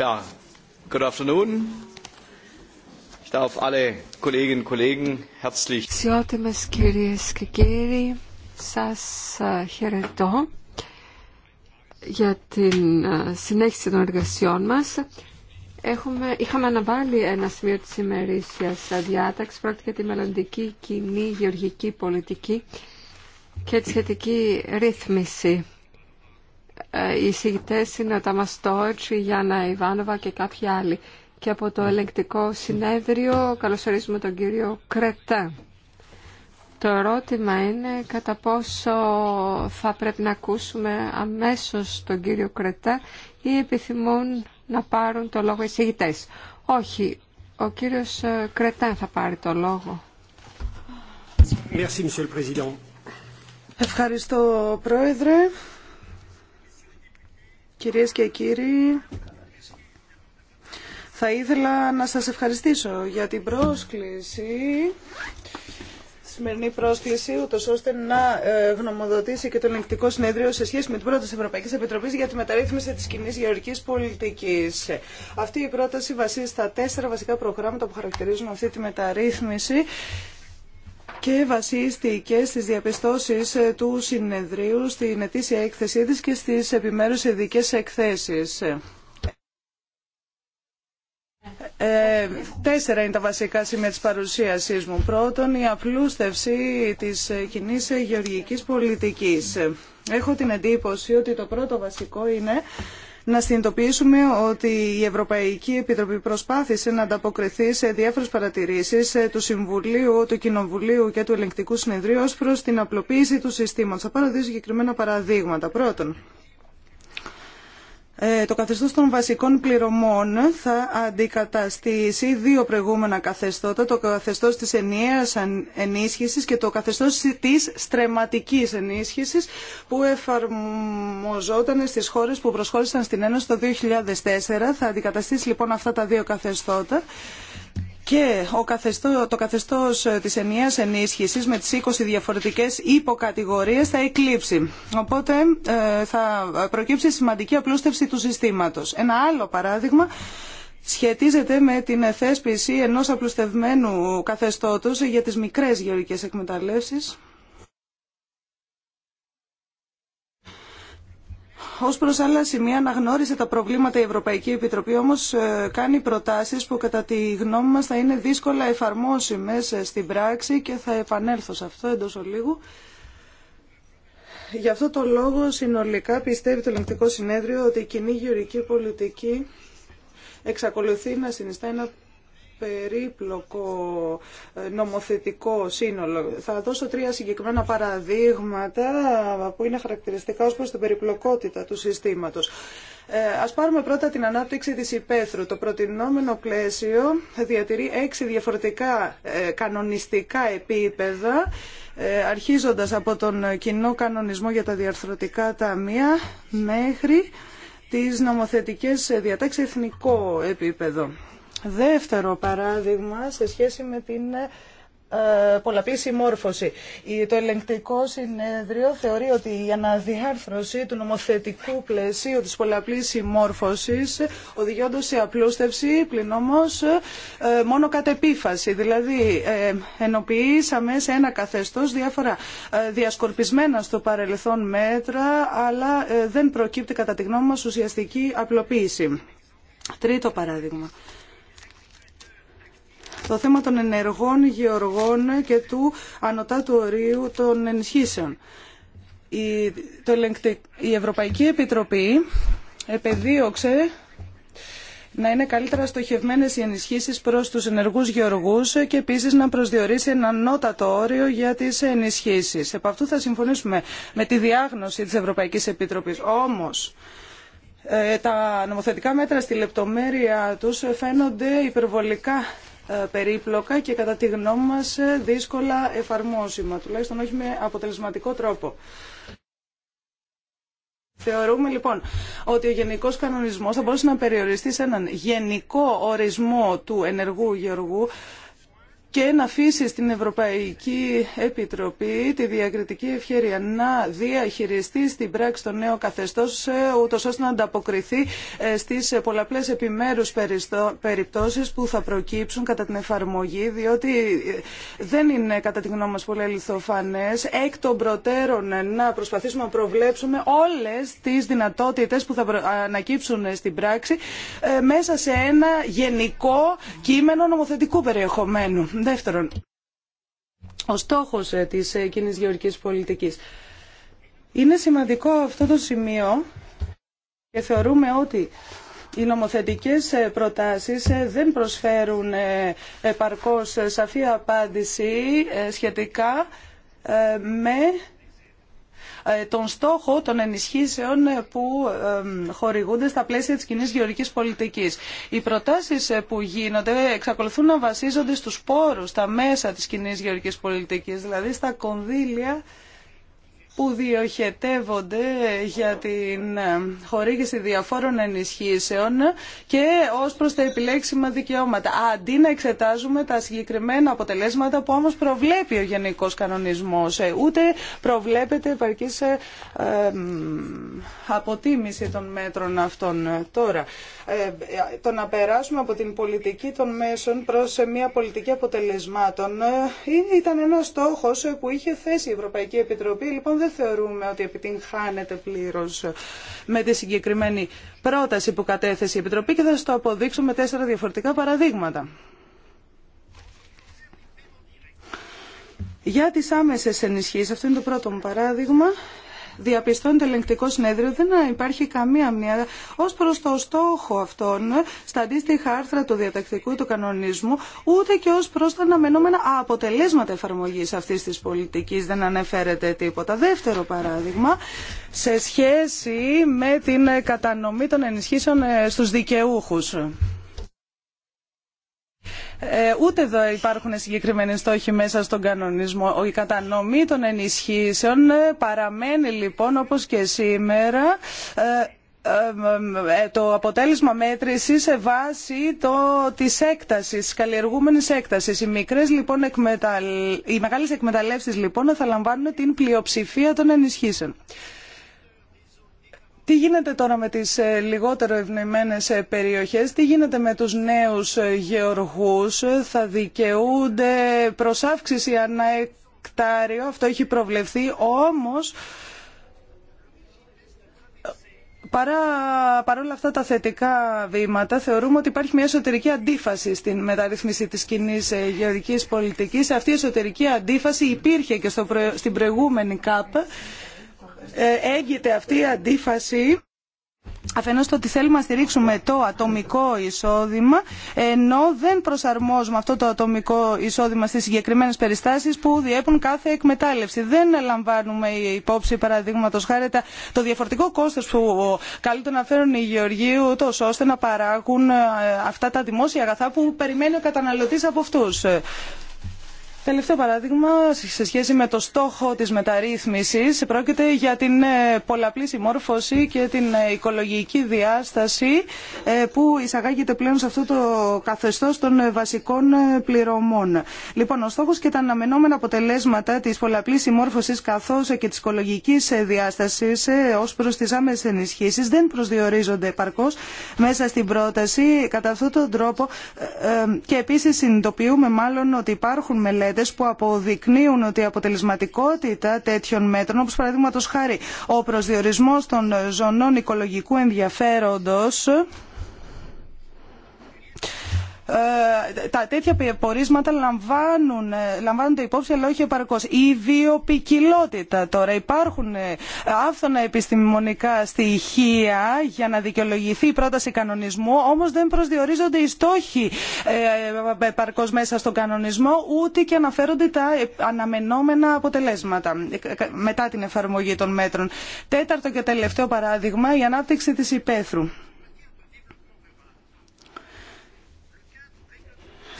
Ja, good afternoon. Ich κυρίες και ε, χαιρετώ για την ε, συνέχιση των εργασιών μας. Έχουμε, είχαμε αναβάλει ένα σημείο της ημερήσιας διάταξη, πρόκειται για τη μελλοντική κοινή γεωργική πολιτική και τη σχετική ρύθμιση. Ε, οι εισηγητές είναι ο Τάμας η Γιάννα Ιβάνοβα και κάποιοι άλλοι. Και από το ελεγκτικό συνέδριο καλωσορίζουμε τον κύριο Κρετά. Το ερώτημα είναι κατά πόσο θα πρέπει να ακούσουμε αμέσως τον κύριο Κρετά ή επιθυμούν να πάρουν το λόγο οι εισηγητές. Όχι, ο κύριος ε, Κρετά θα πάρει το λόγο. Ευχαριστώ, Πρόεδρε. Κυρίες και κύριοι, θα ήθελα να σας ευχαριστήσω για την πρόσκληση, σημερινή πρόσκληση, ούτως ώστε να ε, γνωμοδοτήσει και το ελεγκτικό συνέδριο σε σχέση με την πρόταση Ευρωπαϊκής Επιτροπής για τη μεταρρύθμιση της κοινή γεωργικής πολιτικής. Αυτή η πρόταση βασίζεται στα τέσσερα βασικά προγράμματα που χαρακτηρίζουν αυτή τη μεταρρύθμιση και βασίστηκε στις διαπιστώσεις ε, του συνεδρίου στην ετήσια έκθεσή της και στις επιμέρους ειδικέ εκθέσεις. Ε, τέσσερα είναι τα βασικά σημεία της παρουσίασής μου. Πρώτον, η απλούστευση της ε, κοινή ε, γεωργικής πολιτικής. Έχω την εντύπωση ότι το πρώτο βασικό είναι να συνειδητοποιήσουμε ότι η Ευρωπαϊκή Επιτροπή προσπάθησε να ανταποκριθεί σε διάφορε παρατηρήσει ε, του Συμβουλίου, του Κοινοβουλίου και του Ελεγκτικού Συνεδρίου ω προ την απλοποίηση του συστήματο. Θα πάρω δύο συγκεκριμένα παραδείγματα. Πρώτον, ε, το καθεστώς των βασικών πληρωμών θα αντικαταστήσει δύο προηγούμενα καθεστώτα, το καθεστώς της ενιαίας ενίσχυσης και το καθεστώς της στρεματικής ενίσχυσης που εφαρμοζόταν στις χώρες που προσχώρησαν στην Ένωση το 2004. Θα αντικαταστήσει λοιπόν αυτά τα δύο καθεστώτα και ο καθεστώ, το καθεστώς ε, της ενιαίας ενίσχυσης με τις 20 διαφορετικές υποκατηγορίες θα εκλείψει. Οπότε ε, θα προκύψει σημαντική απλούστευση του συστήματος. Ένα άλλο παράδειγμα σχετίζεται με την θέσπιση ενός απλουστευμένου καθεστώτος για τις μικρές γεωργικές εκμεταλλεύσεις Ως προς άλλα σημεία αναγνώρισε τα προβλήματα η Ευρωπαϊκή Επιτροπή, όμως ε, κάνει προτάσεις που κατά τη γνώμη μας θα είναι δύσκολα εφαρμόσιμες ε, στην πράξη και θα επανέλθω σε αυτό εντός ολίγου. Γι' αυτό το λόγο συνολικά πιστεύει το Ελληνικό Συνέδριο ότι η κοινή γεωρική πολιτική εξακολουθεί να συνιστά ένα περίπλοκο ε, νομοθετικό σύνολο. Θα δώσω τρία συγκεκριμένα παραδείγματα που είναι χαρακτηριστικά ως προς την περιπλοκότητα του συστήματος. Ε, ας πάρουμε πρώτα την ανάπτυξη της υπαίθρου. Το προτινόμενο πλαίσιο διατηρεί έξι διαφορετικά ε, κανονιστικά επίπεδα, ε, αρχίζοντας από τον κοινό κανονισμό για τα διαρθρωτικά ταμεία μέχρι τις νομοθετικές διατάξεις εθνικό επίπεδο. Δεύτερο παράδειγμα σε σχέση με την ε, πολλαπλή συμμόρφωση. Το ελεγκτικό συνέδριο θεωρεί ότι η αναδιάρθρωση του νομοθετικού πλαισίου της πολλαπλής συμμόρφωσης οδηγώντας σε απλούστευση πλην όμως ε, μόνο κατ' επίφαση. Δηλαδή ε, ενοποιήσαμε σε ένα καθεστώς διάφορα διασκορπισμένα στο παρελθόν μέτρα αλλά δεν προκύπτει κατά τη γνώμη μας ουσιαστική απλοποίηση. Τρίτο παράδειγμα το θέμα των ενεργών γεωργών και του ανωτάτου του ορίου των ενισχύσεων. Η, η Ευρωπαϊκή Επιτροπή επεδίωξε να είναι καλύτερα στοχευμένες οι ενισχύσεις προς τους ενεργούς γεωργούς και επίσης να προσδιορίσει ένα ανώτατο όριο για τις ενισχύσεις. Επ' αυτού θα συμφωνήσουμε με τη διάγνωση της Ευρωπαϊκής Επιτροπής. Όμως, ε, τα νομοθετικά μέτρα στη λεπτομέρεια τους φαίνονται υπερβολικά ε, περίπλοκα και κατά τη γνώμη μας ε, δύσκολα εφαρμόσιμα, τουλάχιστον όχι με αποτελεσματικό τρόπο. Θεωρούμε λοιπόν ότι ο γενικός κανονισμός θα μπορούσε να περιοριστεί σε έναν γενικό ορισμό του ενεργού γεωργού και να αφήσει στην Ευρωπαϊκή Επιτροπή τη διακριτική ευχαίρεια να διαχειριστεί στην πράξη το νέο καθεστώς ε, ούτω ώστε να ανταποκριθεί ε, στις ε, πολλαπλές επιμέρους περιπτώσει που θα προκύψουν κατά την εφαρμογή διότι δεν είναι κατά τη γνώμη μα πολύ αληθοφανέ εκ των προτέρων να προσπαθήσουμε να προβλέψουμε όλες τι δυνατότητε που θα ανακύψουν στην πράξη μέσα σε ένα γενικό κείμενο νομοθετικού περιεχομένου Δεύτερον, ο στόχος ε, της ε, κοινή γεωργικής πολιτικής. Είναι σημαντικό αυτό το σημείο και θεωρούμε ότι οι νομοθετικές ε, προτάσεις δεν προσφέρουν επαρκώς σαφή απάντηση σχετικά με ε, τον στόχο των ενισχύσεων ε, που ε, χορηγούνται στα πλαίσια της κοινή γεωρικής πολιτικής. Οι προτάσεις που γίνονται εξακολουθούν να βασίζονται στους πόρους, στα μέσα της κοινή γεωρικής πολιτικής, δηλαδή στα κονδύλια που διοχετεύονται για την ε, χορήγηση διαφόρων ενισχύσεων και ως προς τα επιλέξιμα δικαιώματα. Αντί να εξετάζουμε τα συγκεκριμένα αποτελέσματα που όμως προβλέπει ο Γενικός Κανονισμός, ε, ούτε προβλέπεται επαρκής ε, αποτίμηση των μέτρων αυτών. Τώρα, το να περάσουμε από την πολιτική των μέσων προς μια πολιτική αποτελεσμάτων ήταν ένας στόχος που είχε θέσει η Ευρωπαϊκή Επιτροπή, λοιπόν θεωρούμε ότι επιτυγχάνεται πλήρω με τη συγκεκριμένη πρόταση που κατέθεσε η Επιτροπή και θα σα το αποδείξω με τέσσερα διαφορετικά παραδείγματα. Για τις άμεσες ενισχύσεις, αυτό είναι το πρώτο μου παράδειγμα, διαπιστώνει το ελεγκτικό συνέδριο δεν υπάρχει καμία μία ω προ το στόχο αυτόν στα αντίστοιχα άρθρα του διατακτικού του κανονισμού ούτε και ω προ τα αναμενόμενα αποτελέσματα εφαρμογής αυτής της πολιτικής δεν αναφέρεται τίποτα. Δεύτερο παράδειγμα σε σχέση με την κατανομή των ενισχύσεων ε, στους δικαιούχου. Ε, ούτε εδώ υπάρχουν συγκεκριμένοι στόχοι μέσα στον κανονισμό. Η κατανομή των ενισχύσεων ε, παραμένει λοιπόν όπως και σήμερα ε, το αποτέλεσμα μέτρηση σε βάση το, της έκτασης, της καλλιεργούμενης έκτασης. Οι, μικρές, λοιπόν, εκμεταλ Οι μεγάλες εκμεταλλεύσεις λοιπόν θα λαμβάνουν την πλειοψηφία των ενισχύσεων. Τι γίνεται τώρα με τις ε, λιγότερο ευνοημένες ε, περιοχές, τι γίνεται με τους νέους ε, γεωργούς, θα δικαιούνται προς αύξηση ανά εκτάριο, αυτό έχει προβλεφθεί, όμως παρά, παρόλα αυτά τα θετικά βήματα θεωρούμε ότι υπάρχει μια εσωτερική αντίφαση στην μεταρρύθμιση της κοινή γεωργικής πολιτικής. Αυτή η εσωτερική αντίφαση υπήρχε και στην προηγούμενη ΚΑΠ ε, έγκυται αυτή η αντίφαση αφενός το ότι θέλουμε να στηρίξουμε το ατομικό εισόδημα ενώ δεν προσαρμόζουμε αυτό το ατομικό εισόδημα στις συγκεκριμένες περιστάσεις που διέπουν κάθε εκμετάλλευση. Δεν λαμβάνουμε υπόψη παραδείγματο χάρη το διαφορετικό κόστος που καλούνται να φέρουν οι γεωργοί ούτως ώστε να παράγουν ε, αυτά τα δημόσια αγαθά που περιμένει ο καταναλωτής από αυτούς. Τελευταίο παράδειγμα, σε σχέση με το στόχο της μεταρρύθμισης, πρόκειται για την ε, πολλαπλή συμμόρφωση και την ε, οικολογική διάσταση ε, που εισαγάγεται πλέον σε αυτό το καθεστώς των βασικών πληρωμών. Λοιπόν, ο στόχος και τα αναμενόμενα αποτελέσματα της πολλαπλής συμμόρφωσης καθώς και της οικολογικής διάστασης ως προς τις άμεσες ενισχύσεις δεν προσδιορίζονται επαρκώ μέσα στην πρόταση. Κατά αυτόν τον τρόπο και επίσης συνειδητοποιούμε μάλλον ότι υπάρχουν μελέτε που αποδεικνύουν ότι η αποτελεσματικότητα τέτοιων μέτρων, όπω παραδείγματος χάρη ο προσδιορισμό των ζωνών οικολογικού ενδιαφέροντος, ε, τα τέτοια πορίσματα λαμβάνουν, ε, λαμβάνονται υπόψη αλλά όχι επαρκώς. Η βιοπικιλότητα τώρα. Υπάρχουν ε, άφθονα επιστημονικά στοιχεία για να δικαιολογηθεί η πρόταση κανονισμού, όμως δεν προσδιορίζονται οι στόχοι επαρκώς μέσα στον κανονισμό, ούτε και αναφέρονται τα αναμενόμενα αποτελέσματα μετά την εφαρμογή των μέτρων. Τέταρτο και τελευταίο παράδειγμα, η ανάπτυξη της υπαίθρου.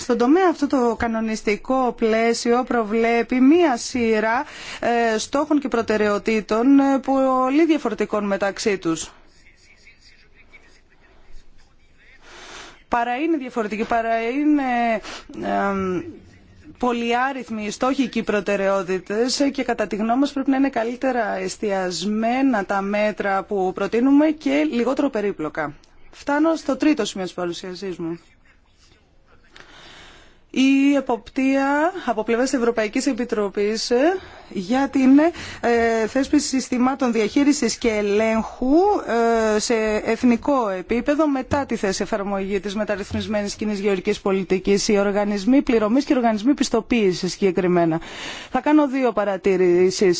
Στον τομέα αυτό το κανονιστικό πλαίσιο προβλέπει μία σειρά ε, στόχων και προτεραιοτήτων ε, πολύ διαφορετικών μεταξύ τους. Παρά είναι διαφορετική, παρά είναι πολυάριθμοι στόχοι και οι προτεραιότητες ε, και κατά τη γνώμη μας πρέπει να είναι καλύτερα εστιασμένα τα μέτρα που προτείνουμε και λιγότερο περίπλοκα. Φτάνω στο τρίτο σημείο της μου η εποπτεία από πλευρά τη Ευρωπαϊκή Επιτροπή ε, για την ε, θέσπιση συστημάτων διαχείριση και ελέγχου ε, σε εθνικό επίπεδο μετά τη θέση εφαρμογή τη μεταρρυθμισμένη κοινή γεωργική πολιτική. Οι οργανισμοί πληρωμή και οι οργανισμοί πιστοποίηση συγκεκριμένα. Θα κάνω δύο παρατηρήσει.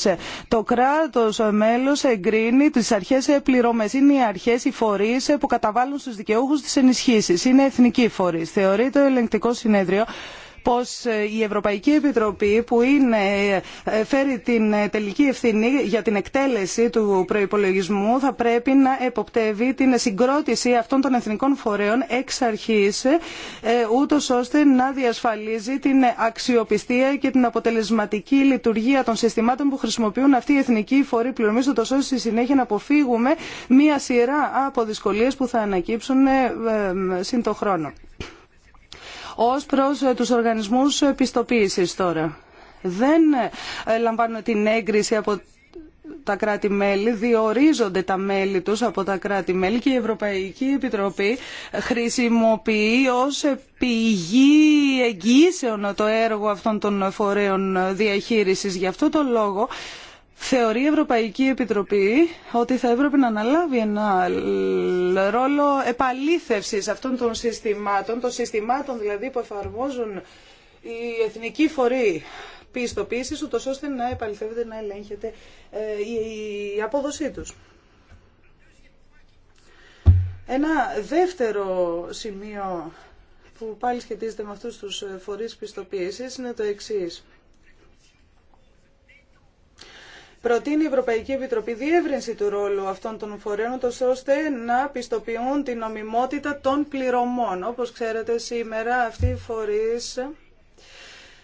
Το κράτο μέλο εγκρίνει τι αρχέ πληρωμέ. Είναι οι αρχέ, οι φορεί που καταβάλουν στου δικαιούχου τι ενισχύσει. Είναι εθνικοί φορεί. Θεωρείται το ελεγκτικό συνέδριο πως ε, η Ευρωπαϊκή Επιτροπή που είναι, ε, φέρει την ε, τελική ευθύνη για την εκτέλεση του προϋπολογισμού θα πρέπει να εποπτεύει την συγκρότηση αυτών των εθνικών φορέων εξ αρχής ούτως ώστε να διασφαλίζει την αξιοπιστία και την αποτελεσματική λειτουργία των συστημάτων που χρησιμοποιούν αυτοί οι εθνικοί φορεί πληρωμής ώστε στη συνέχεια να αποφύγουμε μία σειρά από δυσκολίες που θα ανακύψουν συν το χρόνο. Ως προς ε, τους οργανισμούς επιστοποίησης τώρα. Δεν ε, λαμβάνουν την έγκριση από τα κράτη-μέλη, διορίζονται τα μέλη τους από τα κράτη-μέλη και η Ευρωπαϊκή Επιτροπή χρησιμοποιεί ως πηγή εγγύσεων το έργο αυτών των φορέων διαχείρισης. Γι' αυτό το λόγο Θεωρεί η Ευρωπαϊκή Επιτροπή ότι θα έπρεπε να αναλάβει ένα ρόλο επαλήθευσης αυτών των συστημάτων, των συστημάτων δηλαδή που εφαρμόζουν οι εθνικοί φορεί πιστοποίησης, ούτως ώστε να επαληθεύεται, να ελέγχεται ε, η απόδοσή τους. Ένα δεύτερο σημείο που πάλι σχετίζεται με αυτούς τους φορείς πιστοποίησης είναι το εξής. προτείνει η Ευρωπαϊκή Επιτροπή διεύρυνση του ρόλου αυτών των φορέων, ώστε να πιστοποιούν την νομιμότητα των πληρωμών. Όπως ξέρετε, σήμερα αυτοί οι φορείς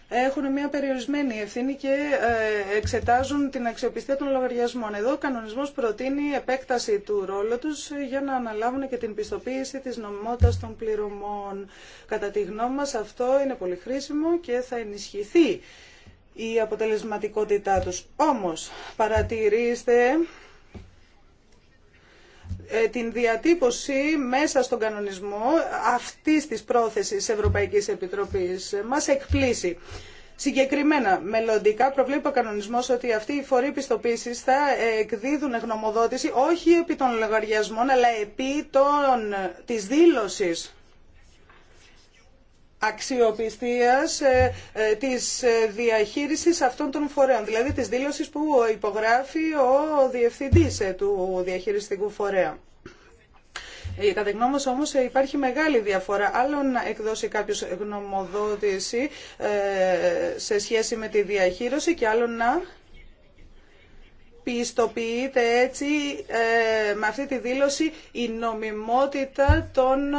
έχουν μια περιορισμένη ευθύνη και ε, εξετάζουν την αξιοπιστία των λογαριασμών. Εδώ ο κανονισμός προτείνει επέκταση του ρόλου τους για να αναλάβουν και την πιστοποίηση της νομιμότητας των πληρωμών. Κατά τη γνώμη μας αυτό είναι πολύ χρήσιμο και θα ενισχυθεί η αποτελεσματικότητά τους. Όμως παρατηρήστε ε, την διατύπωση μέσα στον κανονισμό αυτής της πρόθεσης Ευρωπαϊκής Επιτροπής μας εκπλήσει. Συγκεκριμένα, μελλοντικά προβλέπει ο κανονισμό ότι αυτοί οι φορεί πιστοποίηση θα εκδίδουν γνωμοδότηση όχι επί των λογαριασμών, αλλά επί των, της δήλωσης αξιοπιστίας ε, ε, της ε, διαχείρισης αυτών των φορέων, δηλαδή της δήλωσης που υπογράφει ο διευθυντής του διαχειριστικού φορέα. Κατά γνώμη όμως υπάρχει μεγάλη διαφορά. Άλλο να εκδώσει κάποιος γνωμοδότηση σε σχέση με τη διαχείριση και άλλο να πιστοποιείται έτσι με αυτή τη δήλωση η νομιμότητα των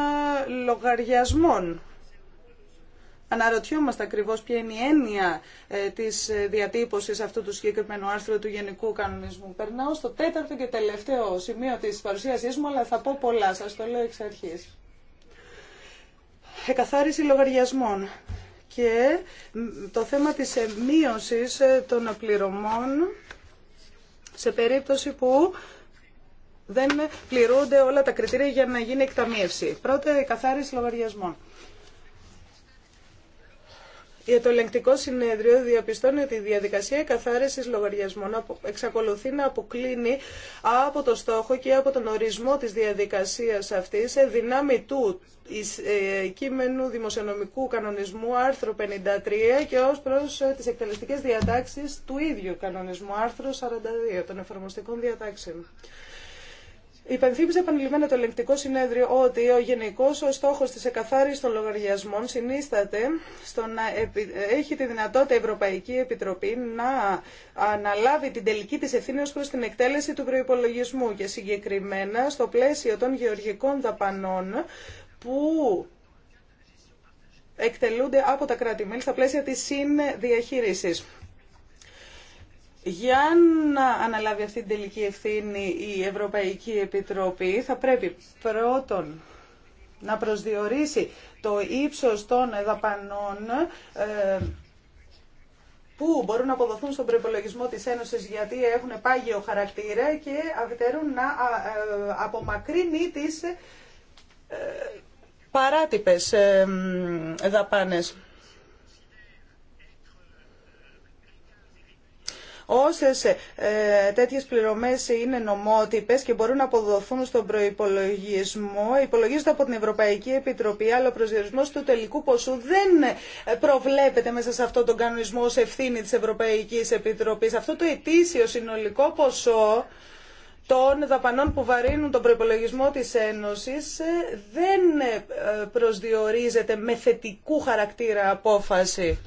λογαριασμών. Αναρωτιόμαστε ακριβώς ποια είναι η έννοια ε, της ε, διατύπωσης αυτού του συγκεκριμένου άρθρου του Γενικού Κανονισμού. Περνάω στο τέταρτο και τελευταίο σημείο της παρουσίασής μου, αλλά θα πω πολλά, σας το λέω εξ αρχής. Εκαθάριση λογαριασμών και το θέμα της ε, μείωσης των πληρωμών σε περίπτωση που δεν πληρούνται όλα τα κριτήρια για να γίνει εκταμίευση. Πρώτα, εκαθάριση λογαριασμών. Για ε, το ελεγκτικό συνέδριο διαπιστώνει ότι η διαδικασία καθάρισης λογαριασμών εξακολουθεί να αποκλίνει από το στόχο και από τον ορισμό της διαδικασίας αυτής σε δυνάμει του ε, κείμενου δημοσιονομικού κανονισμού άρθρου 53 και ως προς ε, τις εκτελεστικές διατάξεις του ίδιου κανονισμού άρθρου 42 των εφαρμοστικών διατάξεων. Υπενθύμιζε επανειλημμένα το ελεγκτικό συνέδριο ότι ο γενικό στόχο τη εκαθάριση των λογαριασμών συνίσταται στο να έχει τη δυνατότητα η Ευρωπαϊκή Επιτροπή να αναλάβει την τελική τη ευθύνη προ την εκτέλεση του προπολογισμού και συγκεκριμένα στο πλαίσιο των γεωργικών δαπανών που εκτελούνται από τα κράτη-μέλη στα πλαίσια της συνδιαχείρισης. Για να αναλάβει αυτή την τελική ευθύνη η Ευρωπαϊκή Επιτροπή θα πρέπει πρώτον να προσδιορίσει το ύψος των δαπανών ε, που μπορούν να αποδοθούν στον προπολογισμό της Ένωσης γιατί έχουν πάγιο χαρακτήρα και αφιτέρουν να ε, απομακρύνει τις ε, παράτυπες δαπάνες. Όσε ε, τέτοιες πληρωμές είναι νομότυπε και μπορούν να αποδοθούν στον προπολογισμό υπολογίζονται από την Ευρωπαϊκή Επιτροπή, αλλά ο προσδιορισμό του τελικού ποσού δεν ε, προβλέπεται μέσα σε αυτόν τον κανονισμό ω ευθύνη τη ευρωπαϊκή επιτροπή. Αυτό το ετήσιο συνολικό ποσό των δαπανών που βαρύνουν τον προπολογισμό της Ένωσης ε, δεν ε, προσδιορίζεται με θετικού χαρακτήρα απόφαση.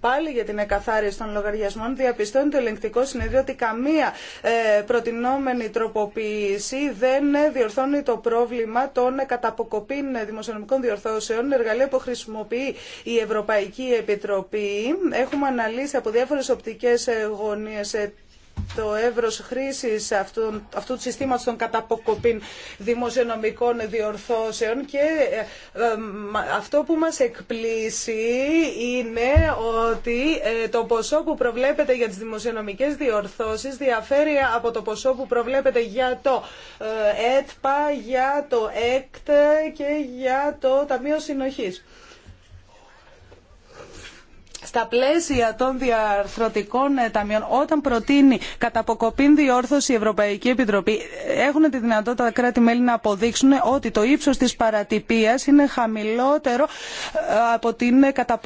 Πάλι για την εκαθάριση των λογαριασμών διαπιστώνει το ελεγκτικό συνεδρίο ότι καμία ε, προτινόμενη τροποποίηση δεν διορθώνει το πρόβλημα των καταποκοπήν δημοσιονομικών διορθώσεων, εργαλεία που χρησιμοποιεί η Ευρωπαϊκή Επιτροπή. Έχουμε αναλύσει από διάφορες οπτικές ε, γωνίες ε, το εύρος χρήσης αυτού, του συστήματος των καταποκοπήν δημοσιονομικών διορθώσεων και ε, ε, αυτό που μας εκπλήσει είναι ότι ε, το ποσό που προβλέπεται για τις δημοσιονομικές διορθώσεις διαφέρει από το ποσό που προβλέπεται για το ΕΤΠΑ, για το ΕΚΤ και για το Ταμείο Συνοχής στα πλαίσια των διαρθρωτικών ε, ταμείων, όταν προτείνει κατά αποκοπήν διόρθωση η Ευρωπαϊκή Επιτροπή, έχουν τη δυνατότητα τα κράτη-μέλη να αποδείξουν ότι το ύψος της παρατυπίας είναι χαμηλότερο ε, από την ε, κατά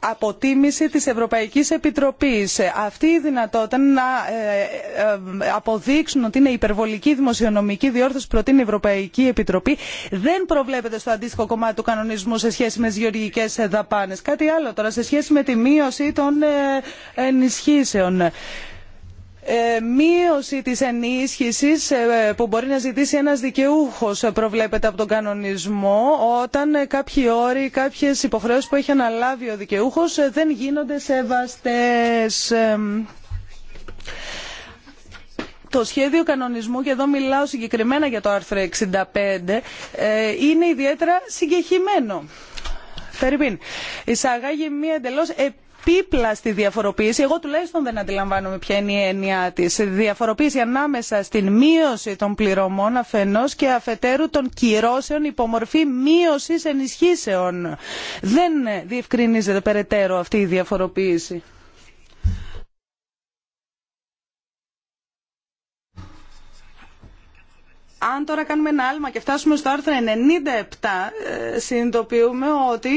αποτίμηση της Ευρωπαϊκής Επιτροπής. Αυτή η δυνατότητα να ε, ε, αποδείξουν ότι είναι υπερβολική δημοσιονομική διόρθωση που προτείνει η Ευρωπαϊκή Επιτροπή δεν προβλέπεται στο αντίστοιχο κομμάτι του κανονισμού σε σχέση με τις γεωργικές δαπάνες. Κάτι άλλο τώρα σε σχέση με τη μείωση των ε, ενισχύσεων. Ε, μείωση της ενίσχυσης ε, που μπορεί να ζητήσει ένας δικαιούχος ε, προβλέπεται από τον κανονισμό όταν κάποιοι όροι, κάποιες υποχρεώσεις που έχει αναλάβει ο δικαιούχος δεν γίνονται σεβαστές. Το σχέδιο κανονισμού, και εδώ μιλάω συγκεκριμένα για το άρθρο 65, είναι ιδιαίτερα συγκεχημένο. εισαγάγει μία στη διαφοροποίηση εγώ τουλάχιστον δεν αντιλαμβάνομαι ποια είναι η έννοια τη διαφοροποίηση ανάμεσα στην μείωση των πληρωμών αφενό και αφετέρου των κυρώσεων υπομορφή μείωση ενισχύσεων. δεν διευκρινίζεται περαιτέρω αυτή η διαφοροποίηση. αν τώρα κάνουμε ένα άλμα και φτάσουμε στο άρθρο 97, ε, συνειδητοποιούμε ότι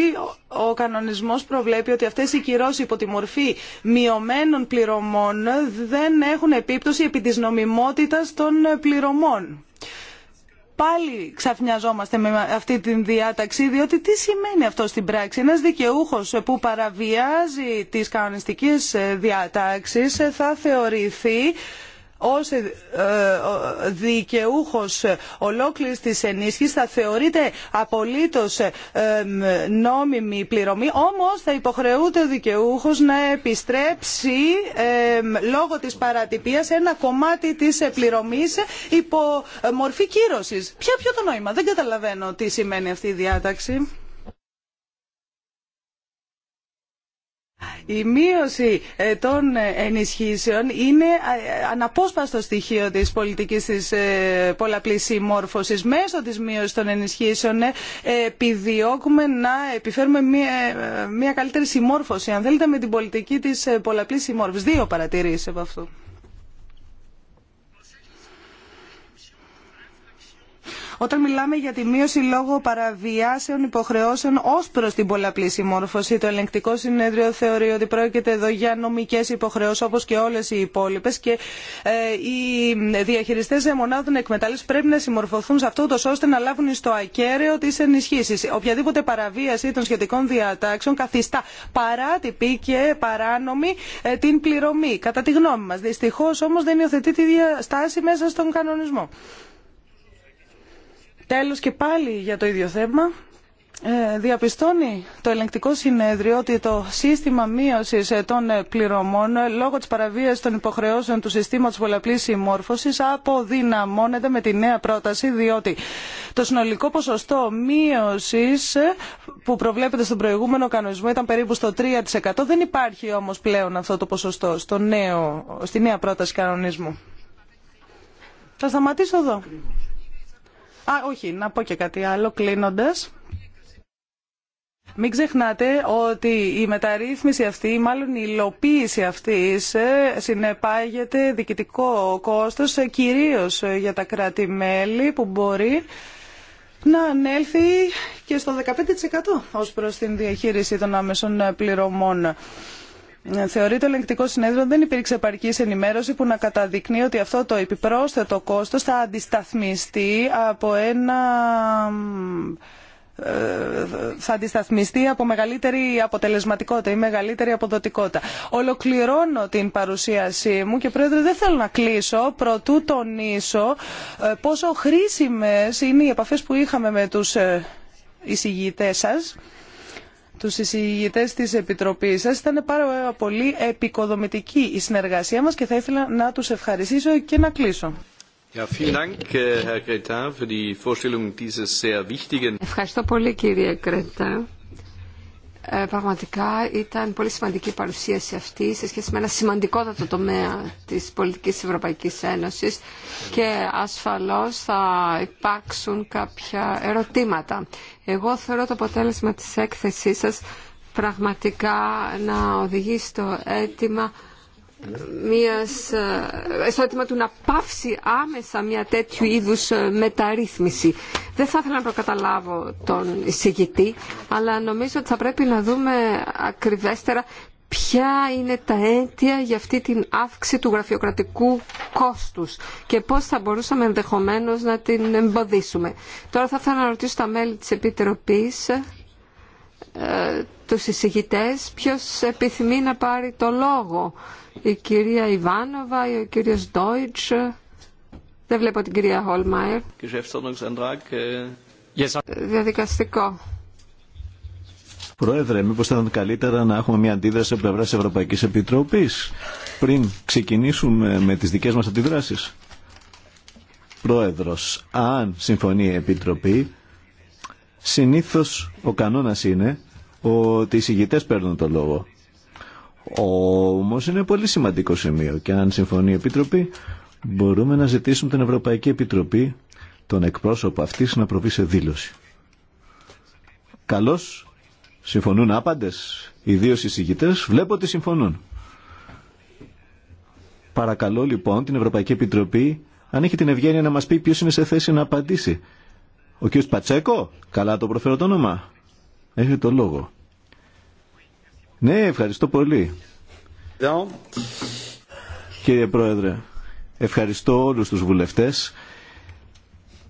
ο κανονισμός προβλέπει ότι αυτές οι κυρώσεις υπό τη μορφή μειωμένων πληρωμών δεν έχουν επίπτωση επί της νομιμότητας των πληρωμών. Πάλι ξαφνιαζόμαστε με αυτή την διάταξη, διότι τι σημαίνει αυτό στην πράξη. ένα δικαιούχο που παραβιάζει τις κανονιστικές ε, διατάξεις ε, θα θεωρηθεί ως ε, ε, δικαιούχος ολόκληρης της ενίσχυσης θα θεωρείται απολύτως ε, νόμιμη πληρωμή, όμως θα υποχρεούται ο δικαιούχος να επιστρέψει λόγω της παρατυπίας ένα κομμάτι της πληρωμής υπό μορφή κύρωσης. Ποια πιο το νόημα. Δεν καταλαβαίνω τι σημαίνει αυτή η διάταξη. Η μείωση ε, των ε, ενισχύσεων είναι ε, αναπόσπαστο στοιχείο της πολιτικής της πολλαπλής συμμόρφωσης. Μέσω της μείωσης των ενισχύσεων επιδιώκουμε να επιφέρουμε μια, καλύτερη συμμόρφωση, αν θέλετε, με την πολιτική της πολλαπλής συμμόρφωσης. Δύο παρατηρήσεις από αυτού. Όταν μιλάμε για τη μείωση λόγω παραβιάσεων υποχρεώσεων ω προ την πολλαπλή συμμόρφωση, το ελεγκτικό συνέδριο θεωρεί ότι πρόκειται εδώ για νομικέ υποχρεώσει όπω και όλε οι υπόλοιπε και ε, οι διαχειριστέ μονάδων εκμετάλλευση πρέπει να συμμορφωθούν σε αυτό τόσο ώστε να λάβουν στο ακέραιο τι ενισχύσει. Οποιαδήποτε παραβίαση των σχετικών διατάξεων καθιστά παράτυπη και παράνομη ε, την πληρωμή, κατά τη γνώμη μα. Δυστυχώ όμω δεν υιοθετεί τη διαστάση μέσα στον κανονισμό. Τέλος και πάλι για το ίδιο θέμα. Ε, διαπιστώνει το ελεγκτικό συνέδριο ότι το σύστημα μείωσης ε, των ε, πληρωμών λόγω της παραβίασης των υποχρεώσεων του συστήματος πολλαπλής συμμόρφωσης αποδυναμώνεται με τη νέα πρόταση διότι το συνολικό ποσοστό μείωσης που προβλέπεται στον προηγούμενο κανονισμό ήταν περίπου στο 3%. Δεν υπάρχει όμως πλέον αυτό το ποσοστό στο νέο, στη νέα πρόταση κανονισμού. Θα σταματήσω εδώ. Α, όχι, να πω και κάτι άλλο κλείνοντας. Μην ξεχνάτε ότι η μεταρρύθμιση αυτή, μάλλον η υλοποίηση αυτή, ε, συνεπάγεται διοικητικό κόστος ε, κυρίως ε, για τα κράτη-μέλη που μπορεί να ανέλθει και στο 15% ως προς την διαχείριση των άμεσων πληρωμών. Θεωρεί το ελεγκτικό συνέδριο δεν υπήρξε επαρκή ενημέρωση που να καταδεικνύει ότι αυτό το επιπρόσθετο κόστος θα αντισταθμιστεί από ένα ε, θα αντισταθμιστεί από μεγαλύτερη αποτελεσματικότητα ή μεγαλύτερη αποδοτικότητα. Ολοκληρώνω την παρουσίασή μου και πρόεδρε δεν θέλω να κλείσω προτού τονίσω ε, πόσο χρήσιμε είναι οι επαφέ που είχαμε με του ε, εισηγητέ σα τους εισηγητές της Επιτροπής σας. Ήταν πάρα πολύ επικοδομητική η συνεργασία μας και θα ήθελα να τους ευχαριστήσω και να κλείσω. Äh, Ευχαριστώ πολύ κύριε Κρέτα ε, πραγματικά ήταν πολύ σημαντική η παρουσίαση αυτή σε σχέση με ένα σημαντικότατο τομέα της πολιτικής Ευρωπαϊκής Ένωσης και ασφαλώς θα υπάρξουν κάποια ερωτήματα. Εγώ θεωρώ το αποτέλεσμα της έκθεσής σας πραγματικά να οδηγεί στο αίτημα μιας, ε, στο αίτημα του να πάυσει άμεσα μια τέτοιου είδους ε, μεταρρύθμιση. Δεν θα ήθελα να προκαταλάβω τον εισηγητή, αλλά νομίζω ότι θα πρέπει να δούμε ακριβέστερα ποια είναι τα αίτια για αυτή την αύξηση του γραφειοκρατικού κόστους και πώς θα μπορούσαμε ενδεχομένως να την εμποδίσουμε. Τώρα θα ήθελα να ρωτήσω τα μέλη της Επιτροπής ε, τους εισηγητές ποιος επιθυμεί να πάρει το λόγο. Η κυρία Ιβάνοβα ή ο κύριος Ντόιτς. Δεν βλέπω την κυρία Χολμάιρ. Ε, Διαδικαστικό. Πρόεδρε, μήπως θα ήταν καλύτερα να έχουμε μια αντίδραση από τη Ευρωπαϊκής Επιτροπής πριν ξεκινήσουμε με τις δικές μας αντιδράσεις. Πρόεδρος, αν συμφωνεί η Επιτροπή, συνήθως ο κανόνας είναι ότι οι συγητές παίρνουν το λόγο. Όμω είναι πολύ σημαντικό σημείο και αν συμφωνεί η Επιτροπή μπορούμε να ζητήσουμε την Ευρωπαϊκή Επιτροπή τον εκπρόσωπο αυτής να προβεί σε δήλωση. Καλώ. συμφωνούν άπαντε. οι δύο συζητητές. Βλέπω ότι συμφωνούν. Παρακαλώ λοιπόν την Ευρωπαϊκή Επιτροπή αν έχει την ευγένεια να μας πει ποιος είναι σε θέση να απαντήσει. Ο κ. Πατσέκο, καλά το προφέρω το όνομα. Έχετε το λόγο. Ναι, ευχαριστώ πολύ. Κύριε Πρόεδρε, ευχαριστώ όλους τους βουλευτές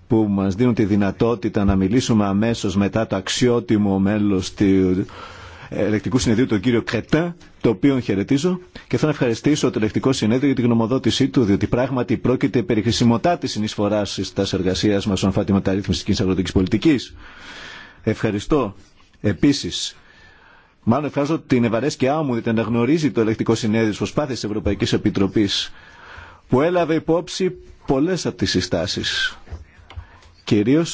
που μας δίνουν τη δυνατότητα να μιλήσουμε αμέσως μετά το αξιότιμο μέλος του Ελεκτικού Συνεδρίου, τον κύριο Κρετά, το οποίο χαιρετίζω και θα ευχαριστήσω το Ελεκτικό Συνέδριο για την γνωμοδότησή του, διότι πράγματι πρόκειται περί χρησιμοτά τη συνεισφορά τη εργασία μα όσον αφορά τη μεταρρύθμιση τη κοινή αγροτική πολιτική. Ευχαριστώ Επίσης, μάλλον εκφράζω την ευαρέσκειά μου, ότι αναγνωρίζει το ελεκτικό συνέδριο τη προσπάθεια τη Ευρωπαϊκής Επιτροπής, που έλαβε υπόψη πολλές από τι συστάσεις, Κυρίω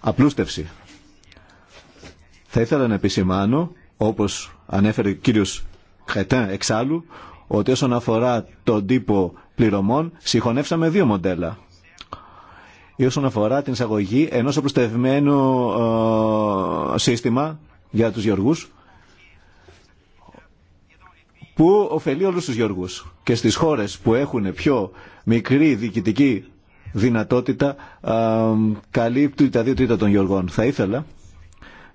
απλούστευση. Θα ήθελα να επισημάνω, όπως ανέφερε ο κύριος Χετάν εξάλλου, ότι όσον αφορά τον τύπο πληρωμών, συγχωνεύσαμε δύο μοντέλα ή όσον αφορά την εισαγωγή ενός απλουστευμένου ε, σύστημα για τους γεωργούς που ωφελεί όλους τους γεωργούς και στις χώρες που έχουν πιο μικρή διοικητική δυνατότητα ε, καλύπτει τα δύο τρίτα των γεωργών. Θα ήθελα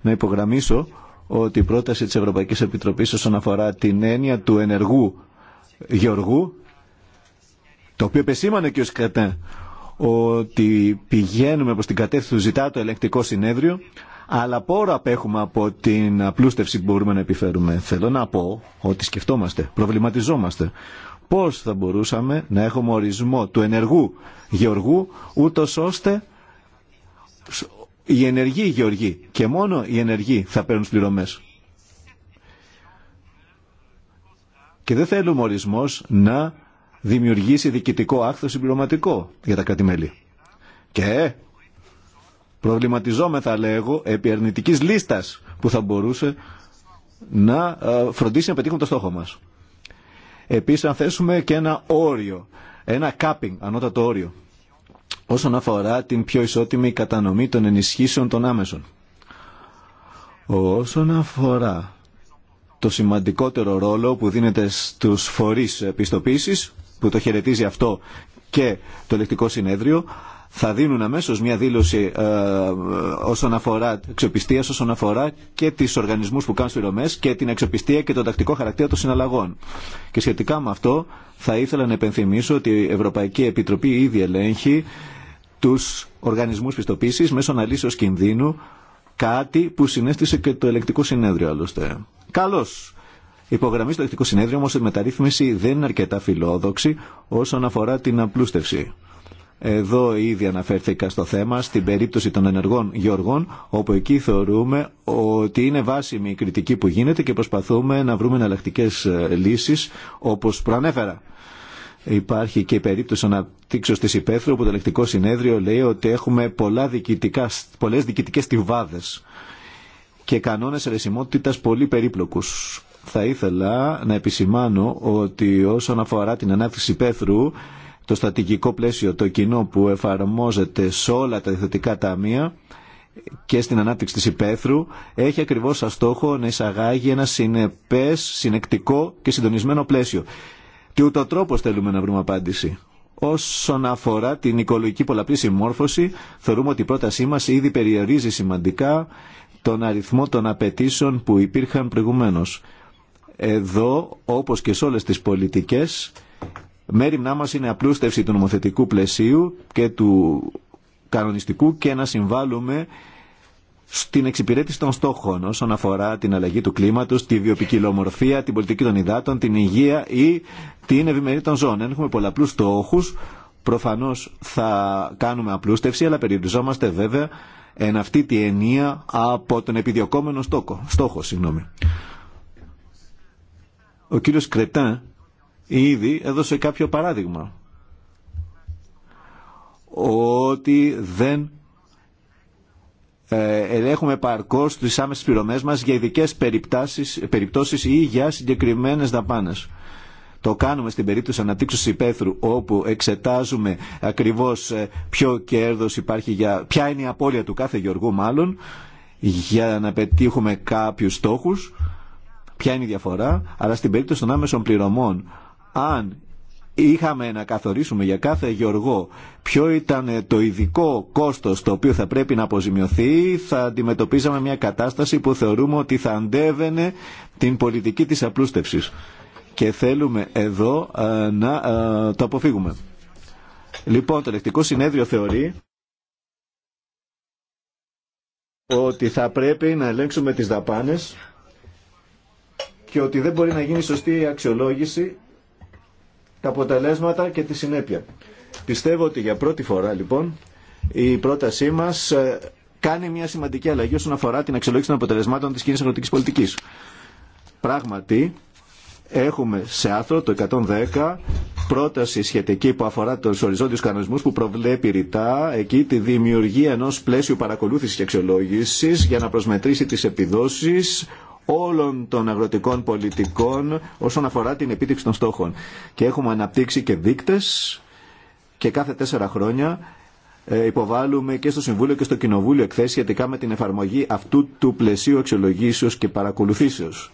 να υπογραμμίσω ότι η πρόταση της Ευρωπαϊκής Επιτροπής όσον αφορά την έννοια του ενεργού γεωργού το οποίο επεσήμανε και ο Σκρατέν ότι πηγαίνουμε προς την κατεύθυνση που ζητά το ελεκτικό συνέδριο, αλλά πόρο απέχουμε από την απλούστευση που μπορούμε να επιφέρουμε. Θέλω να πω ότι σκεφτόμαστε, προβληματιζόμαστε πώς θα μπορούσαμε να έχουμε ορισμό του ενεργού γεωργού, ούτω ώστε οι ενεργοί γεωργοί και μόνο οι ενεργοί θα παίρνουν πληρωμές. Και δεν θέλουμε ορισμός να δημιουργήσει διοικητικό άκθο συμπληρωματικό για τα κρατη Και προβληματιζόμεθα, λέγω, επί αρνητικής που θα μπορούσε να ε, φροντίσει να πετύχουν το στόχο μας. Επίσης, αν θέσουμε και ένα όριο, ένα κάπινγκ, ανώτατο όριο, όσον αφορά την πιο ισότιμη κατανομή των ενισχύσεων των άμεσων. Όσον αφορά το σημαντικότερο ρόλο που δίνεται στους φορείς επιστοποίησης, που το χαιρετίζει αυτό και το ελεκτικό συνέδριο, θα δίνουν αμέσως μια δήλωση ε, όσον αφορά αξιοπιστία, όσον αφορά και τις οργανισμούς που κάνουν πληρωμές και την αξιοπιστία και τον τακτικό χαρακτήρα των συναλλαγών. Και σχετικά με αυτό θα ήθελα να επενθυμίσω ότι η Ευρωπαϊκή Επιτροπή ήδη ελέγχει τους οργανισμούς πιστοποίησης μέσω αναλύσεως κινδύνου, κάτι που συνέστησε και το ελεκτικό συνέδριο άλλωστε. Καλώς! Υπογραμμίζει στο Ελεκτικό Συνέδριο όμω η μεταρρύθμιση δεν είναι αρκετά φιλόδοξη όσον αφορά την απλούστευση. Εδώ ήδη αναφέρθηκα στο θέμα, στην περίπτωση των ενεργών γεωργών, όπου εκεί θεωρούμε ότι είναι βάσιμη η κριτική που γίνεται και προσπαθούμε να βρούμε εναλλακτικέ ε, λύσει, όπω προανέφερα. Υπάρχει και η περίπτωση τύξω της υπαίθρου όπου το ελεκτικό συνέδριο λέει ότι έχουμε πολλέ διοικητικέ πολλές και κανόνε ερεσιμότητας πολύ περίπλοκου. Θα ήθελα να επισημάνω ότι όσον αφορά την ανάπτυξη πέθρου, το στατικικό πλαίσιο, το κοινό που εφαρμόζεται σε όλα τα διθετικά ταμεία και στην ανάπτυξη της υπαίθρου έχει ακριβώς σαν στόχο να εισαγάγει ένα συνεπές, συνεκτικό και συντονισμένο πλαίσιο. Τι ούτω τρόπος θέλουμε να βρούμε απάντηση. Όσον αφορά την οικολογική πολλαπλή συμμόρφωση, θεωρούμε ότι η πρότασή μας ήδη περιορίζει σημαντικά τον αριθμό των απαιτήσεων που υπήρχαν προηγουμένως. Εδώ, όπως και σε όλες τις πολιτικές, μέρημνά μας είναι απλούστευση του νομοθετικού πλαισίου και του κανονιστικού και να συμβάλλουμε στην εξυπηρέτηση των στόχων όσον αφορά την αλλαγή του κλίματος, τη βιοπικιλομορφία, την πολιτική των υδάτων, την υγεία ή την ευημερία των ζώων. Έχουμε πολλαπλούς στόχους, προφανώς θα κάνουμε απλούστευση, αλλά περιοριζόμαστε βέβαια εν αυτή τη ενία από τον επιδιωκόμενο στόχο. στόχο συγγνώμη. Ο κύριος Κρετά ήδη έδωσε κάποιο παράδειγμα ότι δεν ελέγχουμε ε, παρκώς τις άμεσες πληρωμές μας για ειδικές περιπτώσεις ή για συγκεκριμένες δαπάνες. Το κάνουμε στην περίπτωση αναπτύξεως υπαίθρου όπου εξετάζουμε ακριβώς ε, ποιο κέρδος υπάρχει, για, ποια είναι η απώλεια του κάθε γεωργού μάλλον για να πετύχουμε κάποιους στόχους Ποια είναι η διαφορά, αλλά στην περίπτωση των άμεσων πληρωμών, αν είχαμε να καθορίσουμε για κάθε γεωργό ποιο ήταν το ειδικό κόστος το οποίο θα πρέπει να αποζημιωθεί, θα αντιμετωπίζαμε μια κατάσταση που θεωρούμε ότι θα αντέβαινε την πολιτική της απλούστευσης. Και θέλουμε εδώ ε, να ε, το αποφύγουμε. Λοιπόν, το ελεκτικό συνέδριο θεωρεί ότι θα πρέπει να ελέγξουμε τις δαπάνες και ότι δεν μπορεί να γίνει σωστή η αξιολόγηση, τα αποτελέσματα και τη συνέπεια. Πιστεύω ότι για πρώτη φορά λοιπόν η πρότασή μας ε, κάνει μια σημαντική αλλαγή όσον αφορά την αξιολόγηση των αποτελεσμάτων της κοινή αγροτικής πολιτικής. Πράγματι, έχουμε σε άθρο το 110 πρόταση σχετική που αφορά τους οριζόντιους κανονισμούς που προβλέπει ρητά εκεί τη δημιουργία ενός πλαίσιου παρακολούθησης και αξιολόγησης για να προσμετρήσει τις επιδόσεις όλων των αγροτικών πολιτικών όσον αφορά την επίτευξη των στόχων. Και έχουμε αναπτύξει και δείκτες και κάθε τέσσερα χρόνια ε, υποβάλλουμε και στο Συμβούλιο και στο Κοινοβούλιο εκθέσεις σχετικά με την εφαρμογή αυτού του πλαισίου αξιολογήσεως και παρακολουθήσεως.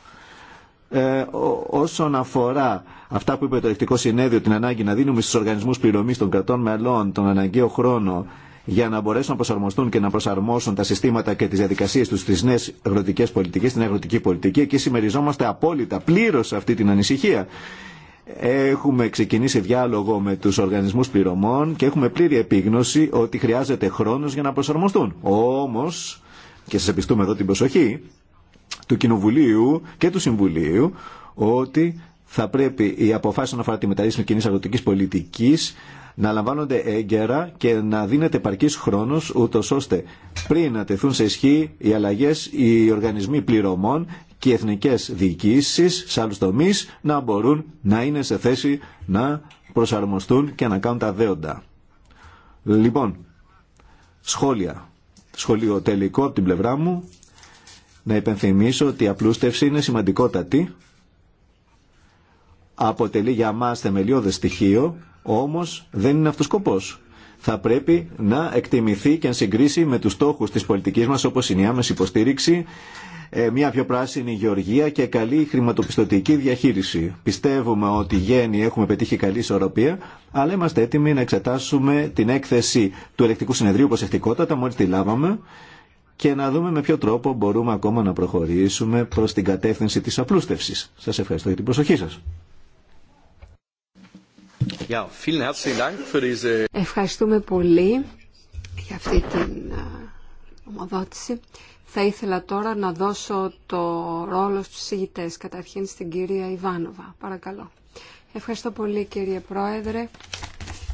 Ε, όσον αφορά αυτά που είπε το Ελεκτικό Συνέδριο, την ανάγκη να δίνουμε στους οργανισμούς πληρωμής των κρατών μελών τον αναγκαίο χρόνο για να μπορέσουν να προσαρμοστούν και να προσαρμόσουν τα συστήματα και τι διαδικασίε του στι νέε αγροτικέ πολιτικέ, στην αγροτική πολιτική. Εκεί συμμεριζόμαστε απόλυτα, πλήρω αυτή την ανησυχία. Έχουμε ξεκινήσει διάλογο με τους οργανισμούς πληρωμών και έχουμε πλήρη επίγνωση ότι χρειάζεται χρόνο για να προσαρμοστούν. Όμω, και σα επιστούμε εδώ την προσοχή, του Κοινοβουλίου και του Συμβουλίου, ότι θα πρέπει οι αποφάσει να αφορά τη μεταρρύθμιση κοινή αγροτική πολιτική να λαμβάνονται έγκαιρα και να δίνεται επαρκή χρόνο, ούτω ώστε πριν να τεθούν σε ισχύ οι αλλαγέ, οι οργανισμοί πληρωμών και οι εθνικέ διοικήσει σε άλλου τομεί να μπορούν να είναι σε θέση να προσαρμοστούν και να κάνουν τα δέοντα. Λοιπόν, σχόλια. Σχολείο τελικό από την πλευρά μου. Να υπενθυμίσω ότι η απλούστευση είναι σημαντικότατη αποτελεί για μας θεμελιώδες στοιχείο, όμως δεν είναι αυτός σκοπός. Θα πρέπει να εκτιμηθεί και να συγκρίσει με τους στόχους της πολιτικής μας όπως είναι η άμεση υποστήριξη, ε, μια πιο πράσινη γεωργία και καλή χρηματοπιστωτική διαχείριση. Πιστεύουμε ότι γέννη έχουμε πετύχει καλή ισορροπία, αλλά είμαστε έτοιμοι να εξετάσουμε την έκθεση του ελεκτικού συνεδρίου προσεκτικότατα, μόλις τη λάβαμε, και να δούμε με ποιο τρόπο μπορούμε ακόμα να προχωρήσουμε προς την κατεύθυνση της απλούστευσης. Σας ευχαριστώ για την προσοχή σας. Ευχαριστούμε πολύ για αυτή την ομοδότηση. Θα ήθελα τώρα να δώσω το ρόλο στους συγητές, καταρχήν στην κυρία Ιβάνοβα. Παρακαλώ. Ευχαριστώ πολύ κύριε Πρόεδρε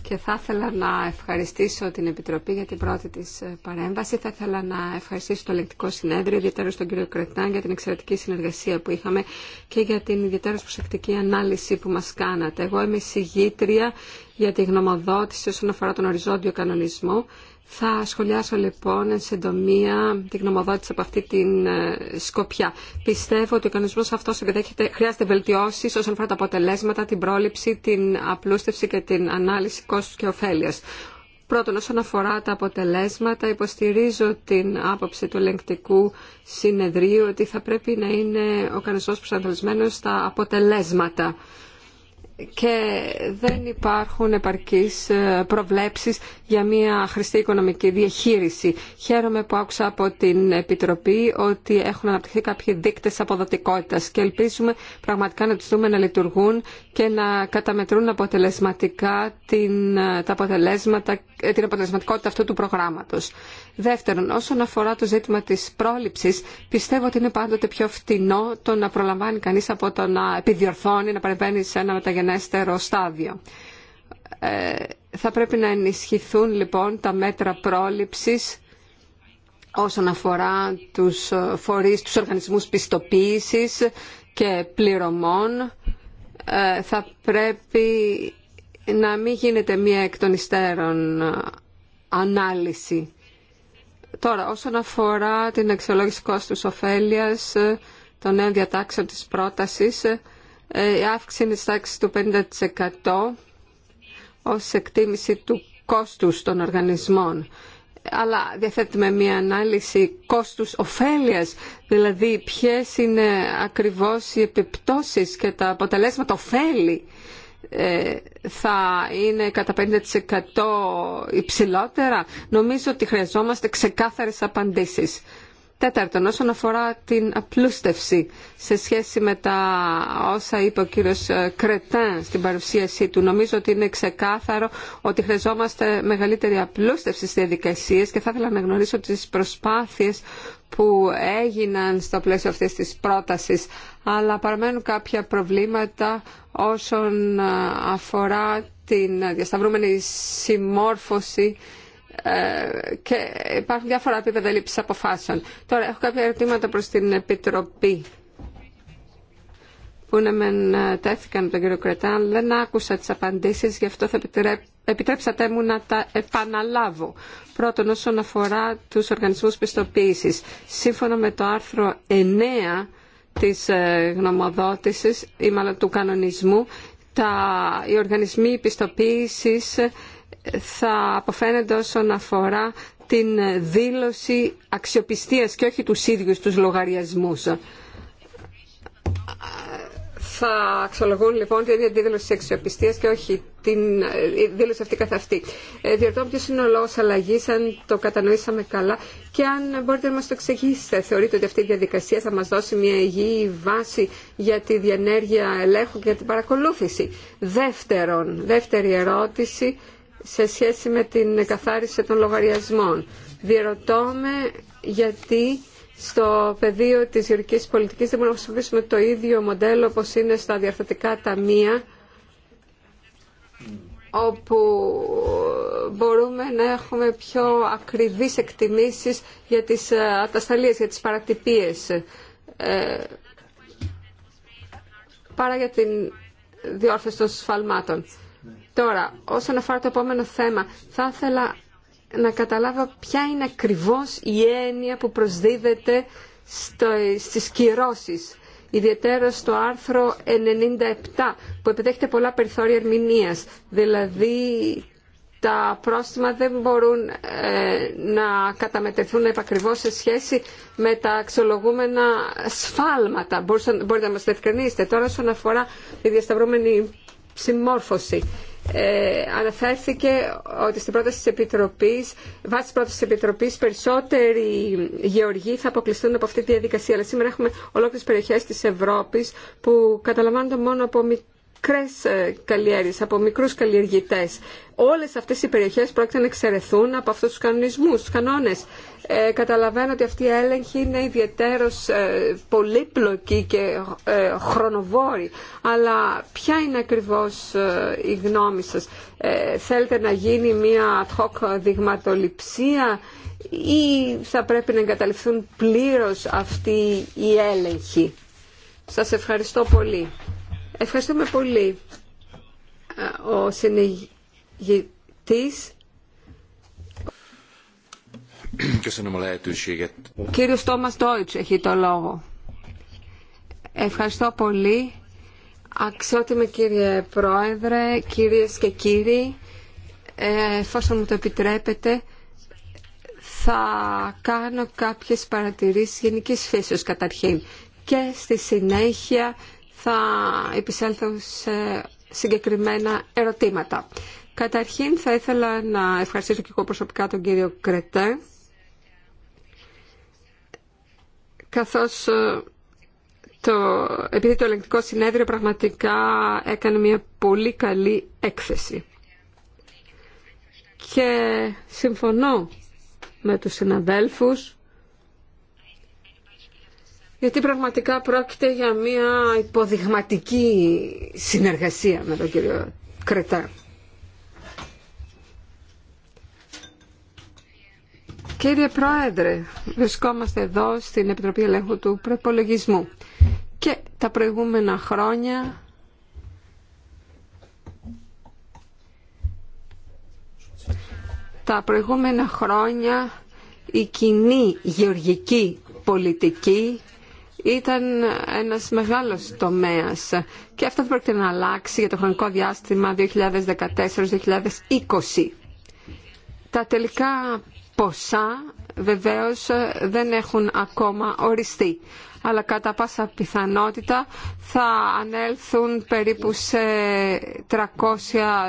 και θα ήθελα να ευχαριστήσω την Επιτροπή για την πρώτη της ε, παρέμβαση. Θα ήθελα να ευχαριστήσω το Ελεκτικό Συνέδριο, ιδιαίτερα τον κύριο Κρετάν για την εξαιρετική συνεργασία που είχαμε και για την ιδιαίτερα προσεκτική ανάλυση που μας κάνατε. Εγώ είμαι συγγήτρια για τη γνωμοδότηση όσον αφορά τον οριζόντιο κανονισμό θα σχολιάσω λοιπόν εν συντομία τη γνωμοδότηση από αυτή την ε, σκοπιά. Πιστεύω ότι ο κανονισμό αυτό χρειάζεται βελτιώσει όσον αφορά τα αποτελέσματα, την πρόληψη, την απλούστευση και την ανάλυση κόστου και ωφέλεια. Πρώτον, όσον αφορά τα αποτελέσματα, υποστηρίζω την άποψη του ελεγκτικού συνεδρίου ότι θα πρέπει να είναι ο κανονισμό προσανατολισμένο στα αποτελέσματα και δεν υπάρχουν επαρκείς ε, προβλέψεις για μια χρηστή οικονομική διαχείριση. Χαίρομαι που άκουσα από την Επιτροπή ότι έχουν αναπτυχθεί κάποιοι δείκτες αποδοτικότητας και ελπίζουμε πραγματικά να τους δούμε να λειτουργούν και να καταμετρούν αποτελεσματικά την, ε, τα αποτελέσματα, ε, την αποτελεσματικότητα αυτού του προγράμματος. Δεύτερον, όσον αφορά το ζήτημα της πρόληψης, πιστεύω ότι είναι πάντοτε πιο φτηνό το να προλαμβάνει κανείς από το να επιδιορθώνει, να παρεμβαίνει σε ένα μεταγενέστερο στάδιο. Ε, θα πρέπει να ενισχυθούν λοιπόν τα μέτρα πρόληψης όσον αφορά τους φορείς, τους οργανισμούς πιστοποίησης και πληρωμών. Ε, θα πρέπει να μην γίνεται μία εκ των υστέρων ανάλυση Τώρα, όσον αφορά την αξιολόγηση κόστους ωφέλειας ε, των νέων διατάξεων της πρότασης, ε, η αύξηση είναι στάξη του 50% ως εκτίμηση του κόστους των οργανισμών. Αλλά διαθέτουμε μια ανάλυση κόστους ωφέλειας, δηλαδή ποιες είναι ακριβώς οι επιπτώσεις και τα αποτελέσματα ωφέλη ε, θα είναι κατά 50% υψηλότερα. Νομίζω ότι χρειαζόμαστε ξεκάθαρες απαντήσεις. Τέταρτον, όσον αφορά την απλούστευση σε σχέση με τα όσα είπε ο κύριος ε, Κρετάν στην παρουσίασή του, νομίζω ότι είναι ξεκάθαρο ότι χρειαζόμαστε μεγαλύτερη απλούστευση στις διαδικασίες και θα ήθελα να γνωρίσω τις προσπάθειες που έγιναν στο πλαίσιο αυτής της πρότασης αλλά παραμένουν κάποια προβλήματα όσον αφορά την διασταυρούμενη συμμόρφωση ε, και υπάρχουν διάφορα επίπεδα λήψη αποφάσεων. Τώρα έχω κάποια ερωτήματα προς την Επιτροπή που να μεν ε, τέθηκαν τον κύριο Κρετάν. Δεν άκουσα τις απαντήσεις, γι' αυτό θα επιτρέψατε μου να τα επαναλάβω. Πρώτον, όσον αφορά τους οργανισμούς πιστοποίησης. Σύμφωνα με το άρθρο 9 της ε, γνωμοδότησης ή μάλλον του κανονισμού τα, οι οργανισμοί πιστοποίησης ε, θα αποφαίνονται όσον αφορά την δήλωση αξιοπιστίας και όχι τους ίδιους τους λογαριασμούς θα αξιολογούν λοιπόν την ίδια τη αξιοπιστία και όχι την ε, δήλωση αυτή καθ' αυτή. Ε, Διερωτώ ποιο είναι ο λόγο αλλαγή, αν το κατανοήσαμε καλά και αν μπορείτε να μα το εξηγήσετε. Θεωρείτε ότι αυτή η διαδικασία θα μα δώσει μια υγιή βάση για τη διενέργεια ελέγχου και για την παρακολούθηση. Δεύτερον, δεύτερη ερώτηση σε σχέση με την καθάριση των λογαριασμών. Διερωτώ με γιατί στο πεδίο της γεωργική πολιτικής δεν μπορούμε να χρησιμοποιήσουμε το ίδιο μοντέλο όπως είναι στα διαρθρωτικά ταμεία όπου μπορούμε να έχουμε πιο ακριβείς εκτιμήσεις για τις ε, ατασταλίες, για τις παρατυπίες ε, παρά για την διόρθωση των σφαλμάτων. Τώρα, όσον αφορά το επόμενο θέμα, θα ήθελα να καταλάβω ποια είναι ακριβώς η έννοια που προσδίδεται στο, στις κυρώσεις. Ιδιαίτερα στο άρθρο 97 που επιδέχεται πολλά περιθώρια ερμηνείας. Δηλαδή τα πρόστιμα δεν μπορούν ε, να καταμετρηθούν επακριβώς σε σχέση με τα αξιολογούμενα σφάλματα. Μπορείτε, να μας διευκρινίσετε. Τώρα όσον αφορά τη διασταυρώμενη συμμόρφωση ε, αναφέρθηκε ότι στην πρόταση της Επιτροπής, βάσει της πρότασης της Επιτροπής, περισσότεροι γεωργοί θα αποκλειστούν από αυτή τη διαδικασία. Αλλά σήμερα έχουμε ολόκληρες περιοχές της Ευρώπης που καταλαμβάνονται μόνο από μικρές ε, καλλιέργειες, από μικρούς καλλιεργητές. Όλες αυτές οι περιοχές πρόκειται να εξαιρεθούν από αυτούς τους κανονισμούς, τους κανόνες. Ε, καταλαβαίνω ότι αυτή η έλεγχη είναι ιδιαιτέρως ε, πολύπλοκη και ε, χρονοβόρη. Αλλά ποια είναι ακριβώς ε, η γνώμη σας. Θέλετε να γίνει μια ad hoc δειγματοληψία ή θα πρέπει να εγκαταλειφθούν πλήρως αυτοί οι έλεγχοι. Σας ευχαριστώ πολύ. Ευχαριστούμε πολύ. Ο συνεγητής Κύριος Τόμας Ντόιτς έχει το λόγο. Ευχαριστώ πολύ. Αξιότιμε κύριε Πρόεδρε, κυρίες και κύριοι, εφόσον μου το επιτρέπετε, θα κάνω κάποιες παρατηρήσεις γενικής φύσεως καταρχήν και στη συνέχεια θα επισέλθω σε συγκεκριμένα ερωτήματα. Καταρχήν θα ήθελα να ευχαριστήσω και εγώ προσωπικά τον κύριο Κρετέ, καθώς ε, το, επειδή το ελεγκτικό συνέδριο πραγματικά έκανε μια πολύ καλή έκθεση. Και συμφωνώ με τους συναδέλφους γιατί πραγματικά πρόκειται για μια υποδειγματική συνεργασία με τον κύριο Κρετά. Κύριε Πρόεδρε, βρισκόμαστε εδώ στην Επιτροπή Ελέγχου του Προπολογισμού και τα προηγούμενα χρόνια τα προηγούμενα χρόνια η κοινή γεωργική πολιτική ήταν ένας μεγάλος τομέας και αυτό θα πρόκειται να αλλάξει για το χρονικό διάστημα 2014-2020. Τα τελικά ποσά βεβαίως δεν έχουν ακόμα οριστεί αλλά κατά πάσα πιθανότητα θα ανέλθουν περίπου σε 300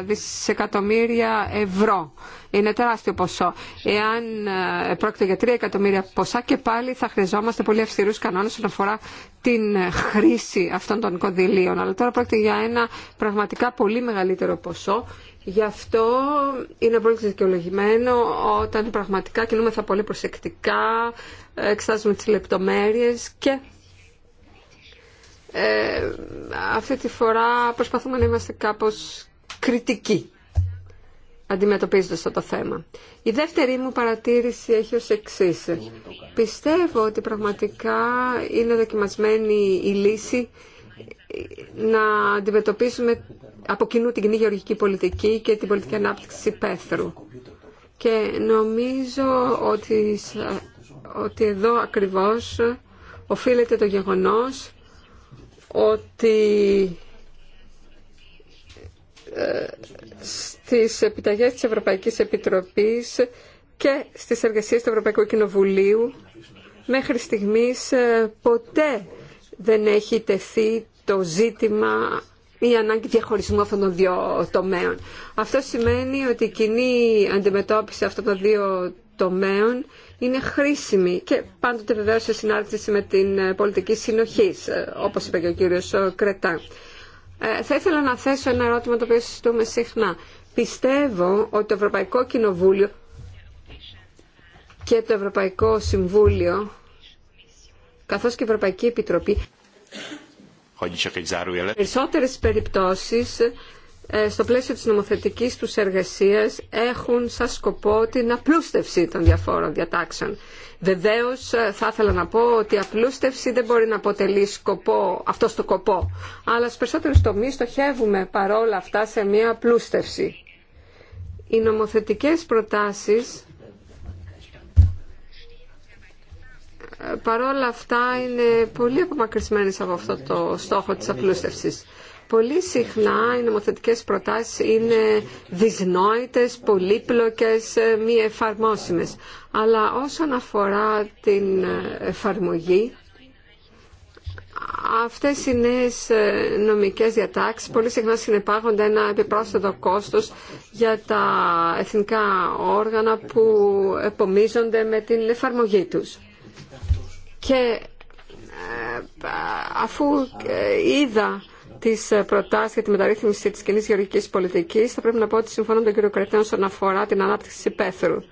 δισεκατομμύρια ευρώ. Είναι τεράστιο ποσό. Εάν ε, πρόκειται για 3 εκατομμύρια ποσά και πάλι θα χρειαζόμαστε πολύ αυστηρού κανόνε όσον αφορά την χρήση αυτών των κονδυλίων. Αλλά τώρα πρόκειται για ένα πραγματικά πολύ μεγαλύτερο ποσό Γι' αυτό είναι πολύ δικαιολογημένο όταν πραγματικά κινούμεθα πολύ προσεκτικά, εξετάζουμε τις λεπτομέρειες και ε, αυτή τη φορά προσπαθούμε να είμαστε κάπως κριτικοί αντιμετωπίζοντας αυτό το θέμα. Η δεύτερη μου παρατήρηση έχει ως εξή. Πιστεύω ότι πραγματικά είναι δοκιμασμένη η λύση να αντιμετωπίσουμε από κοινού την κοινή γεωργική πολιτική και την πολιτική ανάπτυξη πέθρου. Και νομίζω ότι, ότι εδώ ακριβώς οφείλεται το γεγονός ότι ε, στις επιταγές της Ευρωπαϊκής Επιτροπής και στις εργασίες του Ευρωπαϊκού Κοινοβουλίου μέχρι στιγμής ε, ποτέ δεν έχει τεθεί το ζήτημα η ανάγκη διαχωρισμού αυτών των δύο τομέων. Αυτό σημαίνει ότι η κοινή αντιμετώπιση αυτών των δύο τομέων είναι χρήσιμη και πάντοτε βεβαίως σε συνάρτηση με την πολιτική συνοχή, όπως είπε και ο κύριος Κρετά. Ε, θα ήθελα να θέσω ένα ερώτημα το οποίο συζητούμε συχνά. Πιστεύω ότι το Ευρωπαϊκό Κοινοβούλιο και το Ευρωπαϊκό Συμβούλιο καθώς και η Ευρωπαϊκή Επιτροπή Περισσότερες περιπτώσεις ε, στο πλαίσιο της νομοθετικής τους εργασίας έχουν σαν σκοπό την απλούστευση των διαφόρων διατάξεων. Βεβαίως ε, θα ήθελα να πω ότι η απλούστευση δεν μπορεί να αποτελεί σκοπό, αυτό το κοπό, αλλά στους περισσότερους τομείς στοχεύουμε παρόλα αυτά σε μια απλούστευση. Οι νομοθετικές προτάσεις παρόλα αυτά είναι πολύ απομακρυσμένες από αυτό το στόχο της απλούστευσης. Πολύ συχνά οι νομοθετικές προτάσεις είναι δυσνόητες, πολύπλοκες, μη εφαρμόσιμες. Αλλά όσον αφορά την εφαρμογή, αυτές οι νέες ε, νομικές διατάξεις πολύ συχνά συνεπάγονται ένα επιπρόσθετο κόστος για τα εθνικά όργανα που επομίζονται με την εφαρμογή τους. Και ε, αφού ε, είδα τι προτάσει για τη μεταρρύθμιση τη κοινή γεωργικής πολιτική, θα πρέπει να πω ότι συμφωνώ με τον κύριο Κρετέν όσον αφορά την ανάπτυξη υπαίθρου.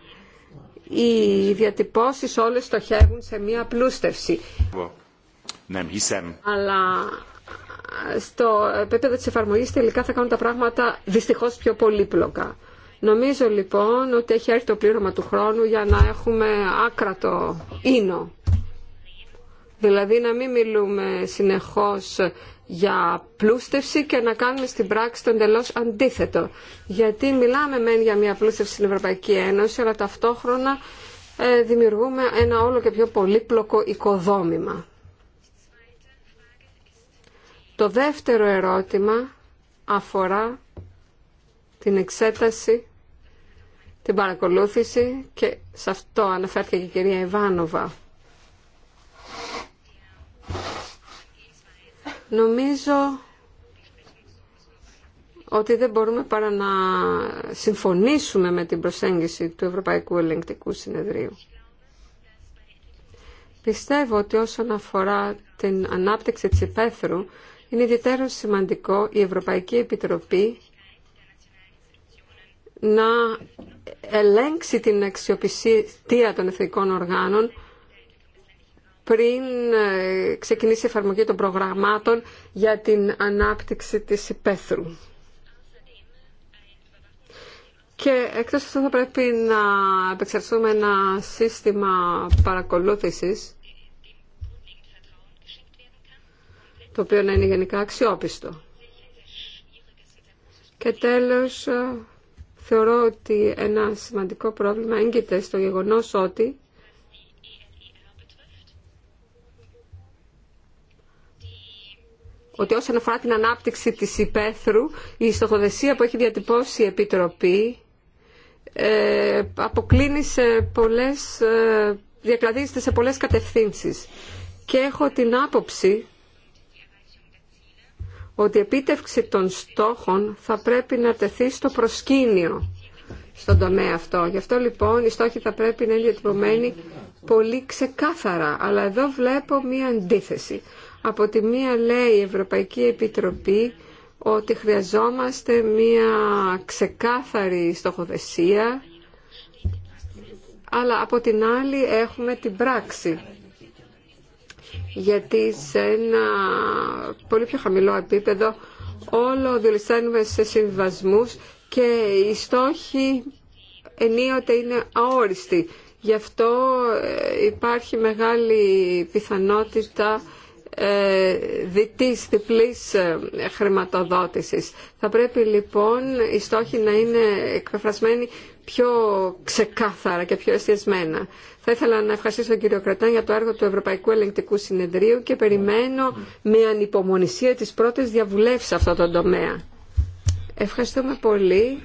Οι διατυπώσει όλες στοχεύουν σε μία πλούστευση. Αλλά ε, στο επίπεδο τη εφαρμογή τελικά θα κάνουν τα πράγματα δυστυχώ πιο πολύπλοκα. Νομίζω λοιπόν ότι έχει έρθει το πλήρωμα του χρόνου για να έχουμε άκρατο ίνο Δηλαδή να μην μιλούμε συνεχώς για πλούστευση και να κάνουμε στην πράξη το εντελώ αντίθετο. Γιατί μιλάμε μεν για μια πλούστευση στην Ευρωπαϊκή Ένωση, αλλά ταυτόχρονα ε, δημιουργούμε ένα όλο και πιο πολύπλοκο οικοδόμημα. Το δεύτερο ερώτημα αφορά την εξέταση, την παρακολούθηση και σε αυτό αναφέρθηκε η κυρία Ιβάνοβα Νομίζω ότι δεν μπορούμε παρά να συμφωνήσουμε με την προσέγγιση του Ευρωπαϊκού Ελεγκτικού Συνεδρίου. Πιστεύω ότι όσον αφορά την ανάπτυξη της υπαίθρου, είναι ιδιαίτερα σημαντικό η Ευρωπαϊκή Επιτροπή να ελέγξει την αξιοπιστία των εθνικών οργάνων πριν ε, ξεκινήσει η εφαρμογή των προγραμμάτων για την ανάπτυξη της υπαίθρου. Και εκτός αυτού θα πρέπει να επεξεργαστούμε ένα σύστημα παρακολούθησης το οποίο να είναι γενικά αξιόπιστο. Και τέλος, ε, θεωρώ ότι ένα σημαντικό πρόβλημα έγκυται στο γεγονός ότι ότι όσον αφορά την ανάπτυξη της υπαίθρου, η στοχοδεσία που έχει διατυπώσει η Επιτροπή ε, αποκλίνει σε πολλές, ε, σε πολλές κατευθύνσεις. Και έχω την άποψη ότι η επίτευξη των στόχων θα πρέπει να τεθεί στο προσκήνιο στον τομέα αυτό. Γι' αυτό λοιπόν οι στόχοι θα πρέπει να είναι διατυπωμένοι πολύ ξεκάθαρα. Αλλά εδώ βλέπω μία αντίθεση. Από τη μία λέει η Ευρωπαϊκή Επιτροπή ότι χρειαζόμαστε μία ξεκάθαρη στοχοθεσία, αλλά από την άλλη έχουμε την πράξη. Γιατί σε ένα πολύ πιο χαμηλό επίπεδο όλο δουλειστάνουμε σε συμβασμούς και οι στόχοι ενίοτε είναι αόριστοι. Γι' αυτό ε, υπάρχει μεγάλη πιθανότητα ε, διτής διπλής ε, χρηματοδότησης. Θα πρέπει λοιπόν οι στόχοι να είναι εκπεφρασμένοι πιο ξεκάθαρα και πιο εστιασμένα. Θα ήθελα να ευχαριστήσω τον κύριο Κρατάν για το έργο του Ευρωπαϊκού Ελεγκτικού Συνεδρίου και περιμένω με ανυπομονησία τις πρώτες διαβουλεύσεις σε αυτό το τομέα. Ευχαριστούμε πολύ.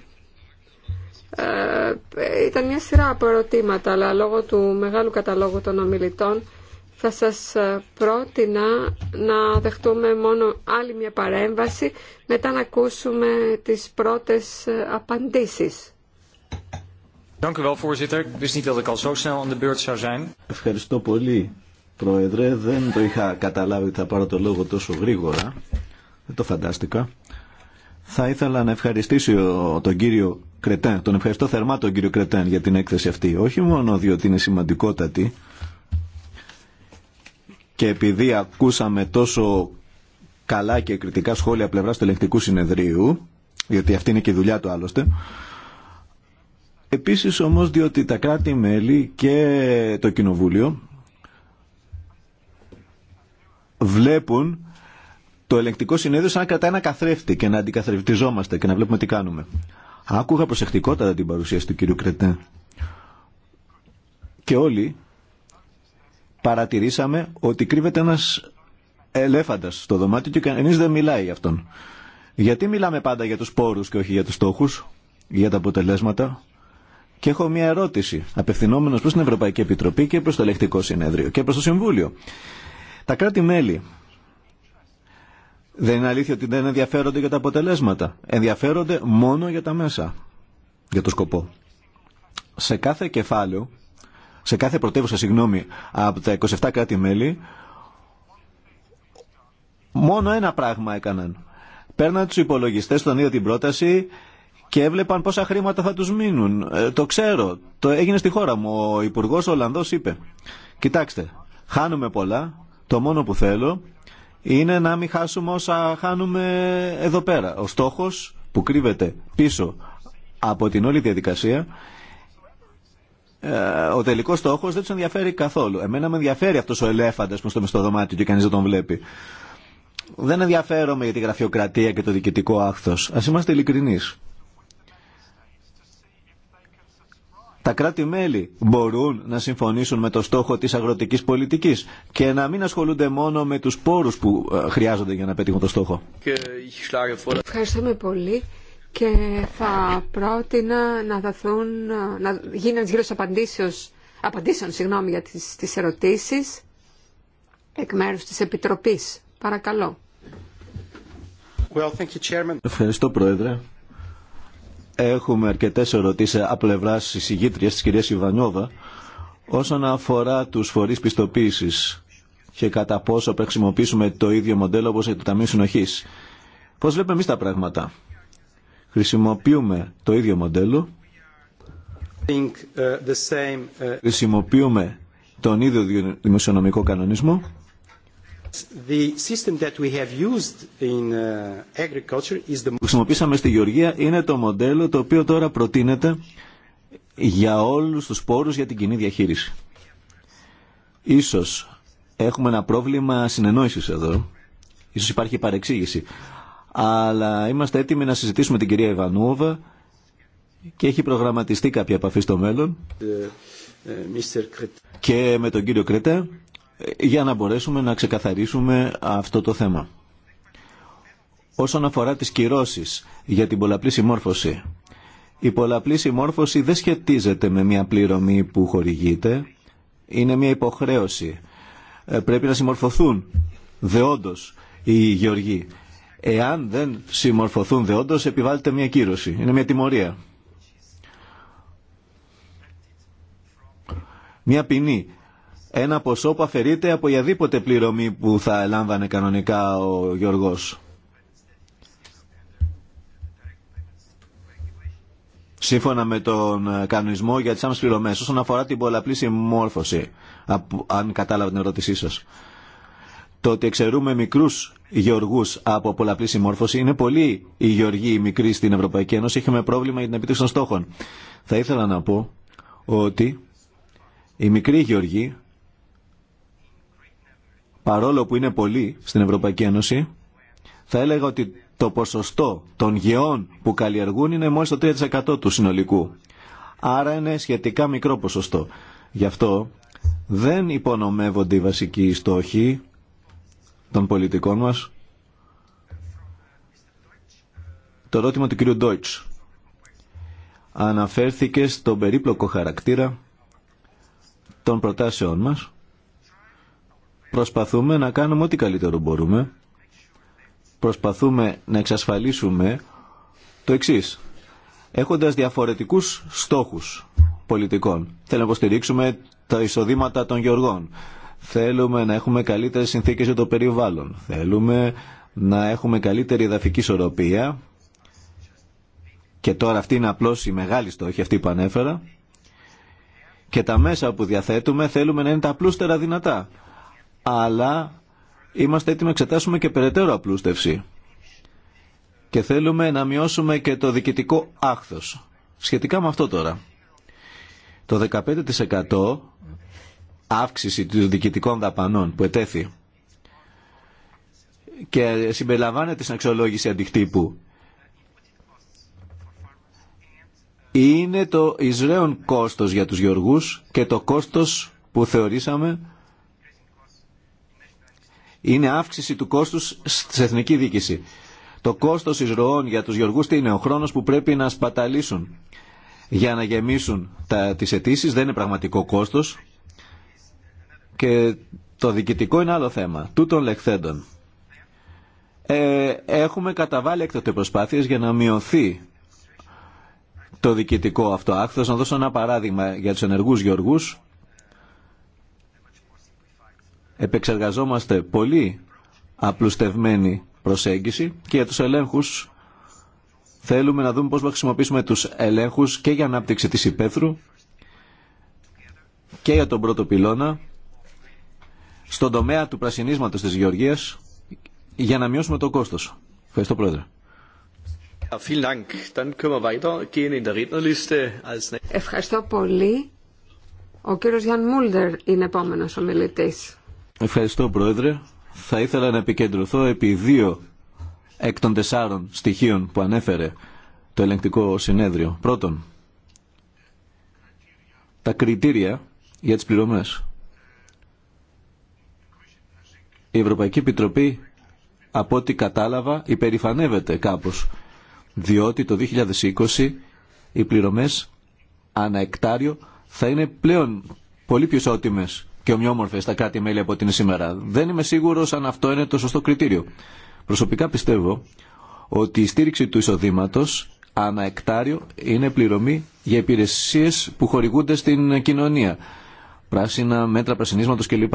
Ε, ήταν μια σειρά από ερωτήματα, αλλά λόγω του μεγάλου καταλόγου των ομιλητών θα σας ε, πρότεινα να δεχτούμε μόνο άλλη μια παρέμβαση, μετά να ακούσουμε τις πρώτες απαντήσεις. Ευχαριστώ πολύ, Πρόεδρε. Δεν το είχα καταλάβει ότι θα πάρω το λόγο τόσο γρήγορα. Δεν το φαντάστηκα. Θα ήθελα να ευχαριστήσω τον κύριο Κρετέν. Τον ευχαριστώ θερμά τον κύριο Κρετέν για την έκθεση αυτή. Όχι μόνο διότι είναι σημαντικότατη, και επειδή ακούσαμε τόσο καλά και κριτικά σχόλια πλευράς του ελεγκτικού συνεδρίου, γιατί αυτή είναι και η δουλειά του άλλωστε, επίσης όμως διότι τα κράτη-μέλη και το Κοινοβούλιο βλέπουν το ελεγκτικό συνέδριο σαν κατά ένα καθρέφτη και να αντικαθρεφτιζόμαστε και να βλέπουμε τι κάνουμε. Άκουγα προσεκτικότατα την παρουσίαση του κύριου Κρετέ. Και όλοι παρατηρήσαμε ότι κρύβεται ένας ελέφαντας στο δωμάτιο και κανείς δεν μιλάει για αυτόν. Γιατί μιλάμε πάντα για τους πόρους και όχι για τους στόχους, για τα αποτελέσματα. Και έχω μια ερώτηση, απευθυνόμενος προς την Ευρωπαϊκή Επιτροπή και προς το Ελεκτικό Συνέδριο και προς το Συμβούλιο. Τα κράτη-μέλη δεν είναι αλήθεια ότι δεν ενδιαφέρονται για τα αποτελέσματα. Ενδιαφέρονται μόνο για τα μέσα, για το σκοπό. Σε κάθε κεφάλαιο σε κάθε πρωτεύουσα, συγγνώμη, από τα 27 κράτη-μέλη, μόνο ένα πράγμα έκαναν. Παίρναν τους υπολογιστές στον ίδιο την πρόταση και έβλεπαν πόσα χρήματα θα τους μείνουν. Ε, το ξέρω, το έγινε στη χώρα μου. Ο Υπουργός Ολλανδός είπε, κοιτάξτε, χάνουμε πολλά, το μόνο που θέλω είναι να μην χάσουμε όσα χάνουμε εδώ πέρα. Ο στόχος που κρύβεται πίσω από την όλη διαδικασία ε, ο τελικό στόχο δεν του ενδιαφέρει καθόλου. Εμένα με ενδιαφέρει αυτό ο ελέφαντα που στο μισθοδωμάτιο και κανεί δεν τον βλέπει. Δεν ενδιαφέρομαι για τη γραφειοκρατία και το διοικητικό άχθο. Α είμαστε ειλικρινεί. Τα κράτη-μέλη μπορούν να συμφωνήσουν με το στόχο της αγροτικής πολιτικής και να μην ασχολούνται μόνο με τους πόρους που ε, χρειάζονται για να πετύχουν το στόχο. Ευχαριστούμε πολύ και θα πρότεινα να, δαθούν, να γίνει ένας γύρος απαντήσεων συγγνώμη, για τις, τις ερωτήσεις εκ μέρους της Επιτροπής. Παρακαλώ. Ευχαριστώ, Πρόεδρε. Έχουμε αρκετές ερωτήσεις από πλευρά της ηγήτριας της κυρίας Ιβανιώβα όσον αφορά τους φορείς πιστοποίησης και κατά πόσο θα χρησιμοποιήσουμε το ίδιο μοντέλο όπως το Ταμείο Συνοχής. Πώς βλέπουμε εμείς τα πράγματα. Χρησιμοποιούμε το ίδιο μοντέλο. Uh, uh, Χρησιμοποιούμε τον ίδιο δημοσιονομικό κανονισμό. που χρησιμοποίησαμε στη Γεωργία είναι το μοντέλο το οποίο τώρα προτείνεται για όλους τους πόρους για την κοινή διαχείριση. Ίσως έχουμε ένα πρόβλημα συνεννόησης εδώ. Ίσως υπάρχει παρεξήγηση αλλά είμαστε έτοιμοι να συζητήσουμε την κυρία Ιβανούβα και έχει προγραμματιστεί κάποια επαφή στο μέλλον και με τον κύριο Κρέτα για να μπορέσουμε να ξεκαθαρίσουμε αυτό το θέμα. Όσον αφορά τις κυρώσεις για την πολλαπλή συμμόρφωση, η πολλαπλή συμμόρφωση δεν σχετίζεται με μια πληρωμή που χορηγείται, είναι μια υποχρέωση. Ε, πρέπει να συμμορφωθούν δεόντως οι γεωργοί. Εάν δεν συμμορφωθούν δεόντως επιβάλλεται μια κύρωση. Είναι μια τιμωρία. Μια ποινή. Ένα ποσό που αφαιρείται από οποιαδήποτε πληρωμή που θα λάμβανε κανονικά ο Γιώργος. σύμφωνα με τον ε, κανονισμό για τις άμεσες πληρωμές όσον αφορά την πολλαπλή συμμόρφωση αν κατάλαβα την ερώτησή σας το ότι εξαιρούμε μικρούς γεωργού από πολλαπλή συμμόρφωση είναι πολύ οι γεωργοί οι μικροί στην Ευρωπαϊκή Ένωση. Είχαμε πρόβλημα για την επίτευξη των στόχων. Θα ήθελα να πω ότι οι μικροί γεωργοί παρόλο που είναι πολλοί στην Ευρωπαϊκή Ένωση θα έλεγα ότι το ποσοστό των γεών που καλλιεργούν είναι μόλις το 3% του συνολικού. Άρα είναι σχετικά μικρό ποσοστό. Γι' αυτό δεν υπονομεύονται οι βασικοί στόχοι των πολιτικών μας. Το ερώτημα του κύριου Ντόιτς αναφέρθηκε στον περίπλοκο χαρακτήρα των προτάσεών μας. Προσπαθούμε να κάνουμε ό,τι καλύτερο μπορούμε. Προσπαθούμε να εξασφαλίσουμε το εξής. Έχοντας διαφορετικούς στόχους πολιτικών. Θέλουμε να υποστηρίξουμε τα εισοδήματα των γεωργών. Θέλουμε να έχουμε καλύτερε συνθήκες για το περιβάλλον. Θέλουμε να έχουμε καλύτερη εδαφική ισορροπία. Και τώρα αυτή είναι απλώ η μεγάλη στόχη αυτή που ανέφερα. Και τα μέσα που διαθέτουμε θέλουμε να είναι τα απλούστερα δυνατά. Αλλά είμαστε έτοιμοι να εξετάσουμε και περαιτέρω απλούστευση. Και θέλουμε να μειώσουμε και το διοικητικό άχθος. Σχετικά με αυτό τώρα. Το 15% αύξηση των διοικητικών δαπανών που ετέθη και συμπεριλαμβάνεται στην αξιολόγηση αντικτύπου είναι το Ισραίον κόστος για τους γεωργούς και το κόστος που θεωρήσαμε είναι αύξηση του κόστους στη εθνική δίκηση. Το κόστος εισρωών για τους γεωργούς είναι ο χρόνος που πρέπει να σπαταλήσουν για να γεμίσουν τα, τις αιτήσει, δεν είναι πραγματικό κόστος. Και το διοικητικό είναι άλλο θέμα, τούτων λεχθέντων. Ε, έχουμε καταβάλει έκτοτε προσπάθειες για να μειωθεί το διοικητικό αυτό άκθος. Να δώσω ένα παράδειγμα για τους ενεργούς γεωργούς. Επεξεργαζόμαστε πολύ απλουστευμένη προσέγγιση και για τους ελέγχους θέλουμε να δούμε πώς θα χρησιμοποιήσουμε τους ελέγχους και για ανάπτυξη της υπαίθρου και για τον πρώτο πυλώνα στον τομέα του πρασινίσματος τη γεωργίας για να μειώσουμε το κόστο. Ευχαριστώ Πρόεδρε. Ευχαριστώ πολύ. Ο κύριος Γιάν Μούλτερ είναι επόμενος ομιλητής. Ευχαριστώ Πρόεδρε. Θα ήθελα να επικεντρωθώ επί δύο εκ των τεσσάρων στοιχείων που ανέφερε το ελεγκτικό συνέδριο. Πρώτον, τα κριτήρια για τις πληρωμές η Ευρωπαϊκή Επιτροπή από ό,τι κατάλαβα υπερηφανεύεται κάπως διότι το 2020 οι πληρωμές αναεκτάριο θα είναι πλέον πολύ πιο σώτιμες και ομοιόμορφες στα κράτη-μέλη από ό,τι είναι σήμερα. Δεν είμαι σίγουρος αν αυτό είναι το σωστό κριτήριο. Προσωπικά πιστεύω ότι η στήριξη του εισοδήματο αναεκτάριο είναι πληρωμή για υπηρεσίες που χορηγούνται στην κοινωνία. Πράσινα, μέτρα πρασινίσματος κλπ.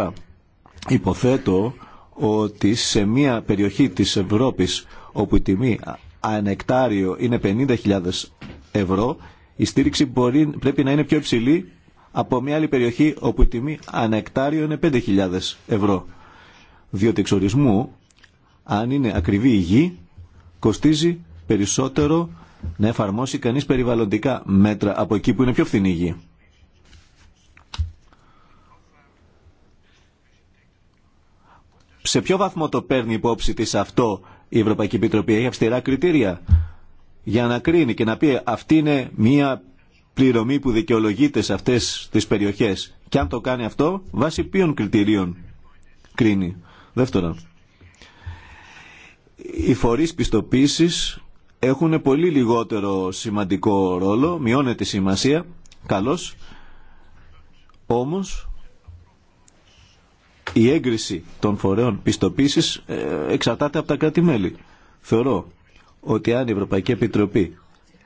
Υποθέτω ότι σε μια περιοχή της Ευρώπης όπου η τιμή ανεκτάριο είναι 50.000 ευρώ, η στήριξη μπορεί, πρέπει να είναι πιο υψηλή από μια άλλη περιοχή όπου η τιμή ανεκτάριο είναι 5.000 ευρώ. Διότι εξορισμού, αν είναι ακριβή η γη, κοστίζει περισσότερο να εφαρμόσει κανείς περιβαλλοντικά μέτρα από εκεί που είναι πιο φθηνή η γη. Σε ποιο βαθμό το παίρνει υπόψη της αυτό η Ευρωπαϊκή Επιτροπή, έχει αυστηρά κριτήρια για να κρίνει και να πει αυτή είναι μία πληρωμή που δικαιολογείται σε αυτές τις περιοχές. Και αν το κάνει αυτό, βάσει ποιων κριτηρίων κρίνει. Δεύτερον, οι φορείς πιστοποίησης έχουν πολύ λιγότερο σημαντικό ρόλο, μειώνεται η σημασία, καλώς, όμως η έγκριση των φορέων πιστοποίησης ε, εξαρτάται από τα κράτη-μέλη. Θεωρώ ότι αν η Ευρωπαϊκή Επιτροπή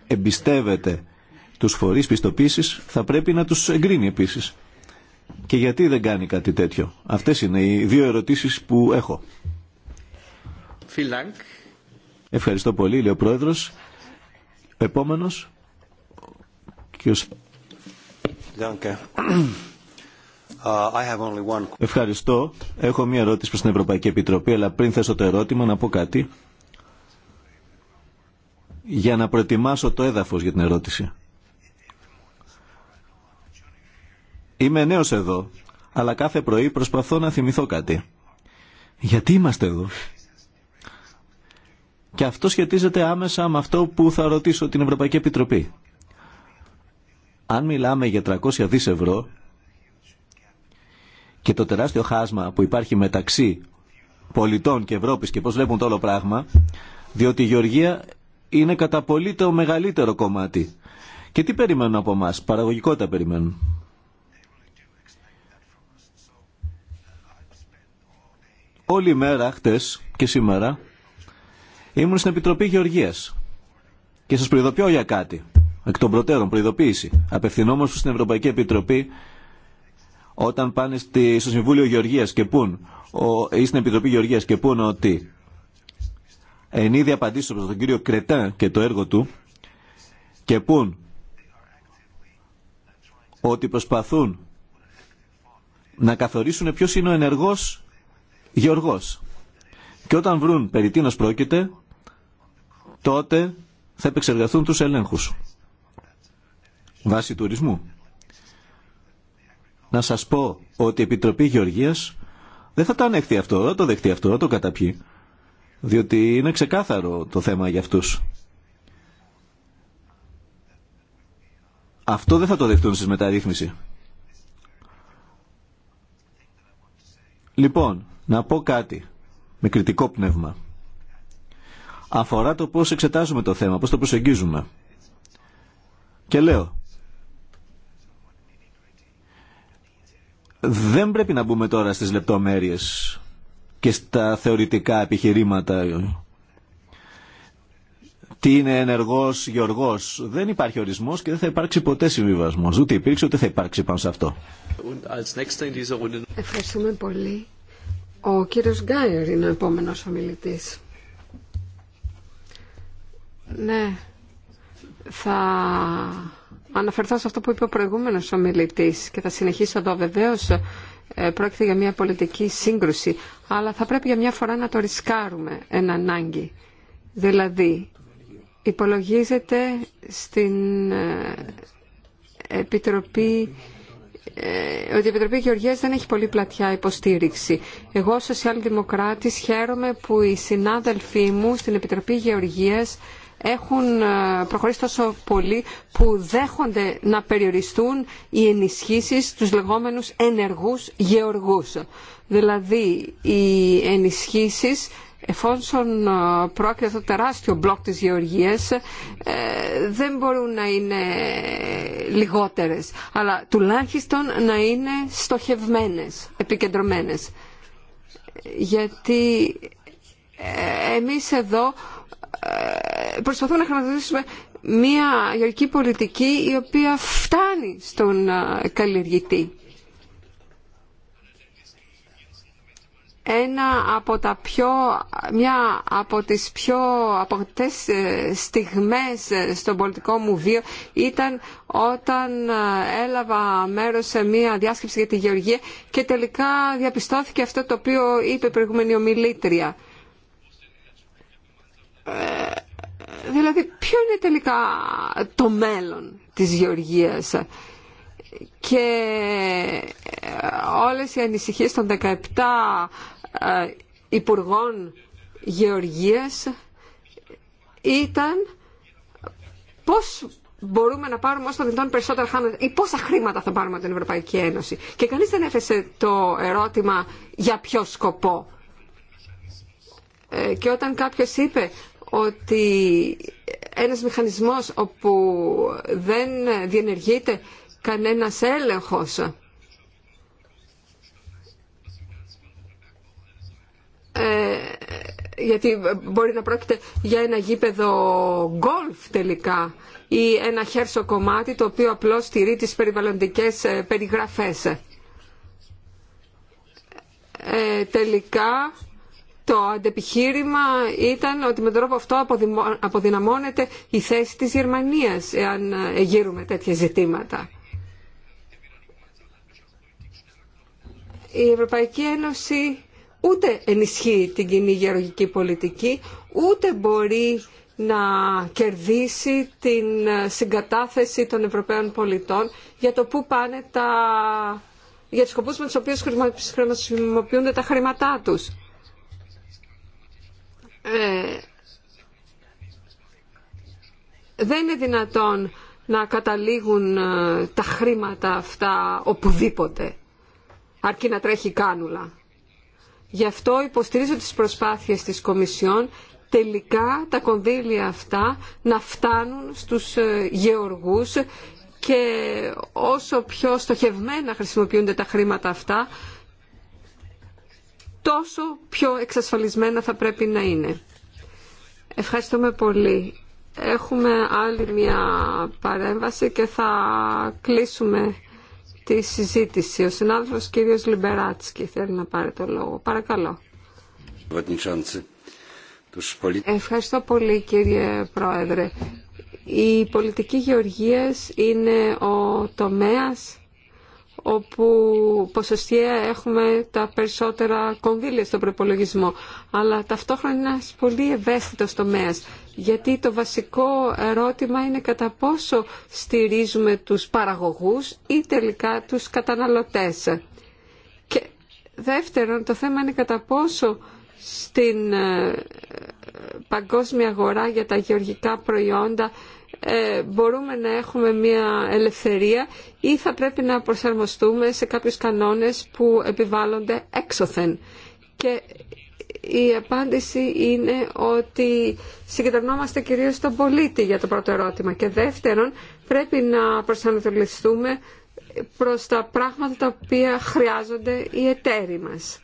εμπιστεύεται τους φορείς πιστοποίηση, θα πρέπει να τους εγκρίνει επίσης. Και γιατί δεν κάνει κάτι τέτοιο. Αυτές είναι οι δύο ερωτήσεις που έχω. Ευχαριστώ πολύ, λέει ο Πρόεδρος. Επόμενος, κύριος. Uh, Ευχαριστώ. Έχω μία ερώτηση προς την Ευρωπαϊκή Επιτροπή, αλλά πριν θέσω το ερώτημα να πω κάτι για να προετοιμάσω το έδαφος για την ερώτηση. Είμαι νέος εδώ, αλλά κάθε πρωί προσπαθώ να θυμηθώ κάτι. Γιατί είμαστε εδώ. Και αυτό σχετίζεται άμεσα με αυτό που θα ρωτήσω την Ευρωπαϊκή Επιτροπή. Αν μιλάμε για 300 δις ευρώ, και το τεράστιο χάσμα που υπάρχει μεταξύ πολιτών και Ευρώπης και πώς βλέπουν το όλο πράγμα, διότι η Γεωργία είναι κατά πολύ το μεγαλύτερο κομμάτι. Και τι περιμένουν από μας παραγωγικότητα περιμένουν. Όλη η μέρα, χτες και σήμερα, ήμουν στην Επιτροπή Γεωργίας και σας προειδοποιώ για κάτι, εκ των προτέρων προειδοποίηση. Απευθυνόμαστε στην Ευρωπαϊκή Επιτροπή όταν πάνε στη, στο Συμβούλιο Γεωργία και πούν ο, ή στην Επιτροπή Γεωργία και πούν ότι εν είδη απαντήσω προ τον κύριο Κρετά και το έργο του και πούν ότι προσπαθούν να καθορίσουν ποιος είναι ο ενεργός γεωργός. Και όταν βρουν περί τίνος πρόκειται, τότε θα επεξεργαστούν τους ελέγχους βάση τουρισμού να σας πω ότι η Επιτροπή Γεωργίας δεν θα το ανέχθει αυτό, δεν το δεχτεί αυτό, δεν το καταπιεί. Διότι είναι ξεκάθαρο το θέμα για αυτούς. Αυτό δεν θα το δεχτούν στις μεταρρύθμιση. Λοιπόν, να πω κάτι με κριτικό πνεύμα. Αφορά το πώς εξετάζουμε το θέμα, πώς το προσεγγίζουμε. Και λέω, Δεν πρέπει να μπούμε τώρα στις λεπτομέρειες και στα θεωρητικά επιχειρήματα. Τι είναι ενεργός γεωργός. Δεν υπάρχει ορισμός και δεν θα υπάρξει ποτέ συμβιβασμός. Ούτε υπήρξε, ούτε θα υπάρξει πάνω σε αυτό. Ευχαριστούμε πολύ. Ο κύριος Γκάιερ είναι ο επόμενος ομιλητής. Ναι, θα αναφερθώ σε αυτό που είπε ο προηγούμενος ομιλητής και θα συνεχίσω εδώ βεβαίως ε, πρόκειται για μια πολιτική σύγκρουση αλλά θα πρέπει για μια φορά να το ρισκάρουμε εν ανάγκη δηλαδή υπολογίζεται στην ε, Επιτροπή ε, ότι η Επιτροπή Γεωργίας δεν έχει πολύ πλατιά υποστήριξη. Εγώ, σοσιαλδημοκράτης, χαίρομαι που οι συνάδελφοί μου στην Επιτροπή Γεωργίας έχουν ε, προχωρήσει τόσο πολύ που δέχονται να περιοριστούν οι ενισχύσεις τους λεγόμενους ενεργούς γεωργούς. Δηλαδή οι ενισχύσεις εφόσον ε, πρόκειται το τεράστιο μπλοκ της γεωργίας ε, δεν μπορούν να είναι λιγότερες αλλά τουλάχιστον να είναι στοχευμένες, επικεντρωμένες. Γιατί εμείς εδώ ε, προσπαθούμε να χρηματοδοτήσουμε μια γεωργική πολιτική η οποία φτάνει στον ε, καλλιεργητή. Ένα από τα πιο, μια από τις πιο αποκτές ε, στιγμές στον πολιτικό μου βίο ήταν όταν έλαβα μέρος σε μια διάσκεψη για τη Γεωργία και τελικά διαπιστώθηκε αυτό το οποίο είπε η προηγούμενη ομιλήτρια ε, δηλαδή ποιο είναι τελικά το μέλλον της γεωργίας και ε, όλες οι ανησυχίες των 17 ε, υπουργών γεωργίας ήταν πώς μπορούμε να πάρουμε όσο το δυνατόν περισσότερα χρήματα ή πόσα χρήματα θα πάρουμε από την Ευρωπαϊκή Ένωση. Και κανείς δεν έφεσε το ερώτημα για ποιο σκοπό. Και όταν κάποιος είπε ότι ένας μηχανισμός όπου δεν διενεργείται κανένας έλεγχος ε, γιατί μπορεί να πρόκειται για ένα γήπεδο γκολφ τελικά ή ένα χέρσο κομμάτι το οποίο απλώς στηρεί τις περιβαλλοντικές ε, περιγραφές. Ε, τελικά το αντεπιχείρημα ήταν ότι με τον τρόπο αυτό αποδυναμώνεται η θέση της Γερμανίας εάν ε, γύρουμε τέτοια ζητήματα. Η Ευρωπαϊκή Ένωση ούτε ενισχύει την κοινή γεωργική πολιτική, ούτε μπορεί να κερδίσει την ε, συγκατάθεση των Ευρωπαίων πολιτών για το πού πάνε τα... για σκοπούς με τους οποίους χρησιμοποιούνται τα χρήματά τους. Ε, δεν είναι δυνατόν να καταλήγουν ε, τα χρήματα αυτά οπουδήποτε, αρκεί να τρέχει κάνουλα. Γι' αυτό υποστηρίζω τις προσπάθειες της Κομισιόν τελικά τα κονδύλια αυτά να φτάνουν στους ε, γεωργούς και όσο πιο στοχευμένα χρησιμοποιούνται τα χρήματα αυτά, τόσο πιο εξασφαλισμένα θα πρέπει να είναι. Ευχαριστούμε πολύ. Έχουμε άλλη μια παρέμβαση και θα κλείσουμε τη συζήτηση. Ο συνάδελφος κύριος Λιμπεράτσκι θέλει να πάρει το λόγο. Παρακαλώ. Ευχαριστώ πολύ κύριε Πρόεδρε. Η πολιτική γεωργίας είναι ο τομέας όπου ποσοστιαία έχουμε τα περισσότερα κονδύλια στον προπολογισμό. Αλλά ταυτόχρονα είναι ένας πολύ ευαίσθητος τομέας, γιατί το βασικό ερώτημα είναι κατά πόσο στηρίζουμε τους παραγωγούς ή τελικά τους καταναλωτές. Και δεύτερον, το θέμα είναι κατά πόσο στην ε, ε, παγκόσμια αγορά για τα γεωργικά προϊόντα ε, μπορούμε να έχουμε μια ελευθερία ή θα πρέπει να προσαρμοστούμε σε κάποιους κανόνες που επιβάλλονται έξωθεν. Και η απάντηση είναι ότι συγκεντρωνόμαστε κυρίως στον πολίτη για το πρώτο ερώτημα και δεύτερον πρέπει να προσανατολιστούμε προς τα πράγματα τα οποία χρειάζονται οι εταίροι μας.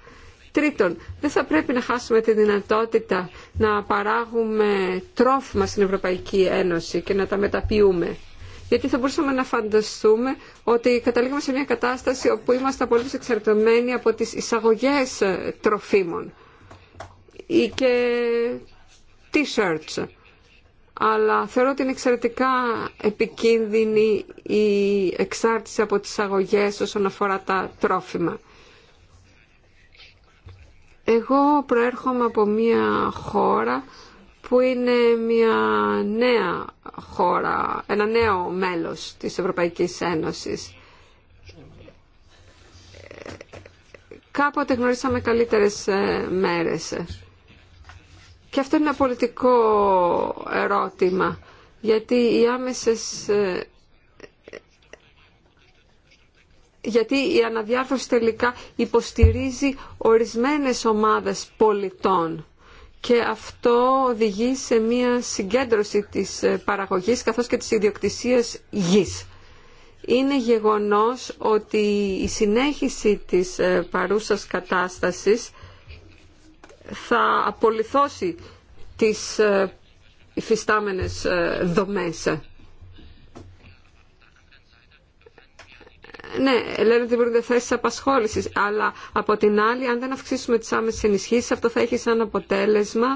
Τρίτον, δεν θα πρέπει να χάσουμε τη δυνατότητα να παράγουμε τρόφιμα στην Ευρωπαϊκή Ένωση και να τα μεταποιούμε. Γιατί θα μπορούσαμε να φανταστούμε ότι καταλήγουμε σε μια κατάσταση όπου είμαστε απολύτως εξαρτημένοι από τις εισαγωγές τροφίμων ή και t-shirts. Αλλά θεωρώ ότι είναι εξαιρετικά επικίνδυνη η εξάρτηση από τις εισαγωγές όσον αφορά τα τρόφιμα. Εγώ προέρχομαι από μια χώρα που είναι μια νέα χώρα, ένα νέο μέλος της Ευρωπαϊκής Ένωσης. Κάποτε γνωρίσαμε καλύτερες ε, μέρες. Και αυτό είναι ένα πολιτικό ερώτημα, γιατί οι άμεσες ε, γιατί η αναδιάρθρωση τελικά υποστηρίζει ορισμένες ομάδες πολιτών και αυτό οδηγεί σε μια συγκέντρωση της ε, παραγωγής καθώς και της ιδιοκτησίας γης. Είναι γεγονός ότι η συνέχιση της ε, παρούσας κατάστασης θα απολυθώσει τις ε, υφιστάμενες δομές. ναι, λένε ότι βρούνται θέσει απασχόληση, αλλά από την άλλη, αν δεν αυξήσουμε τι άμεσε ενισχύσει, αυτό θα έχει σαν αποτέλεσμα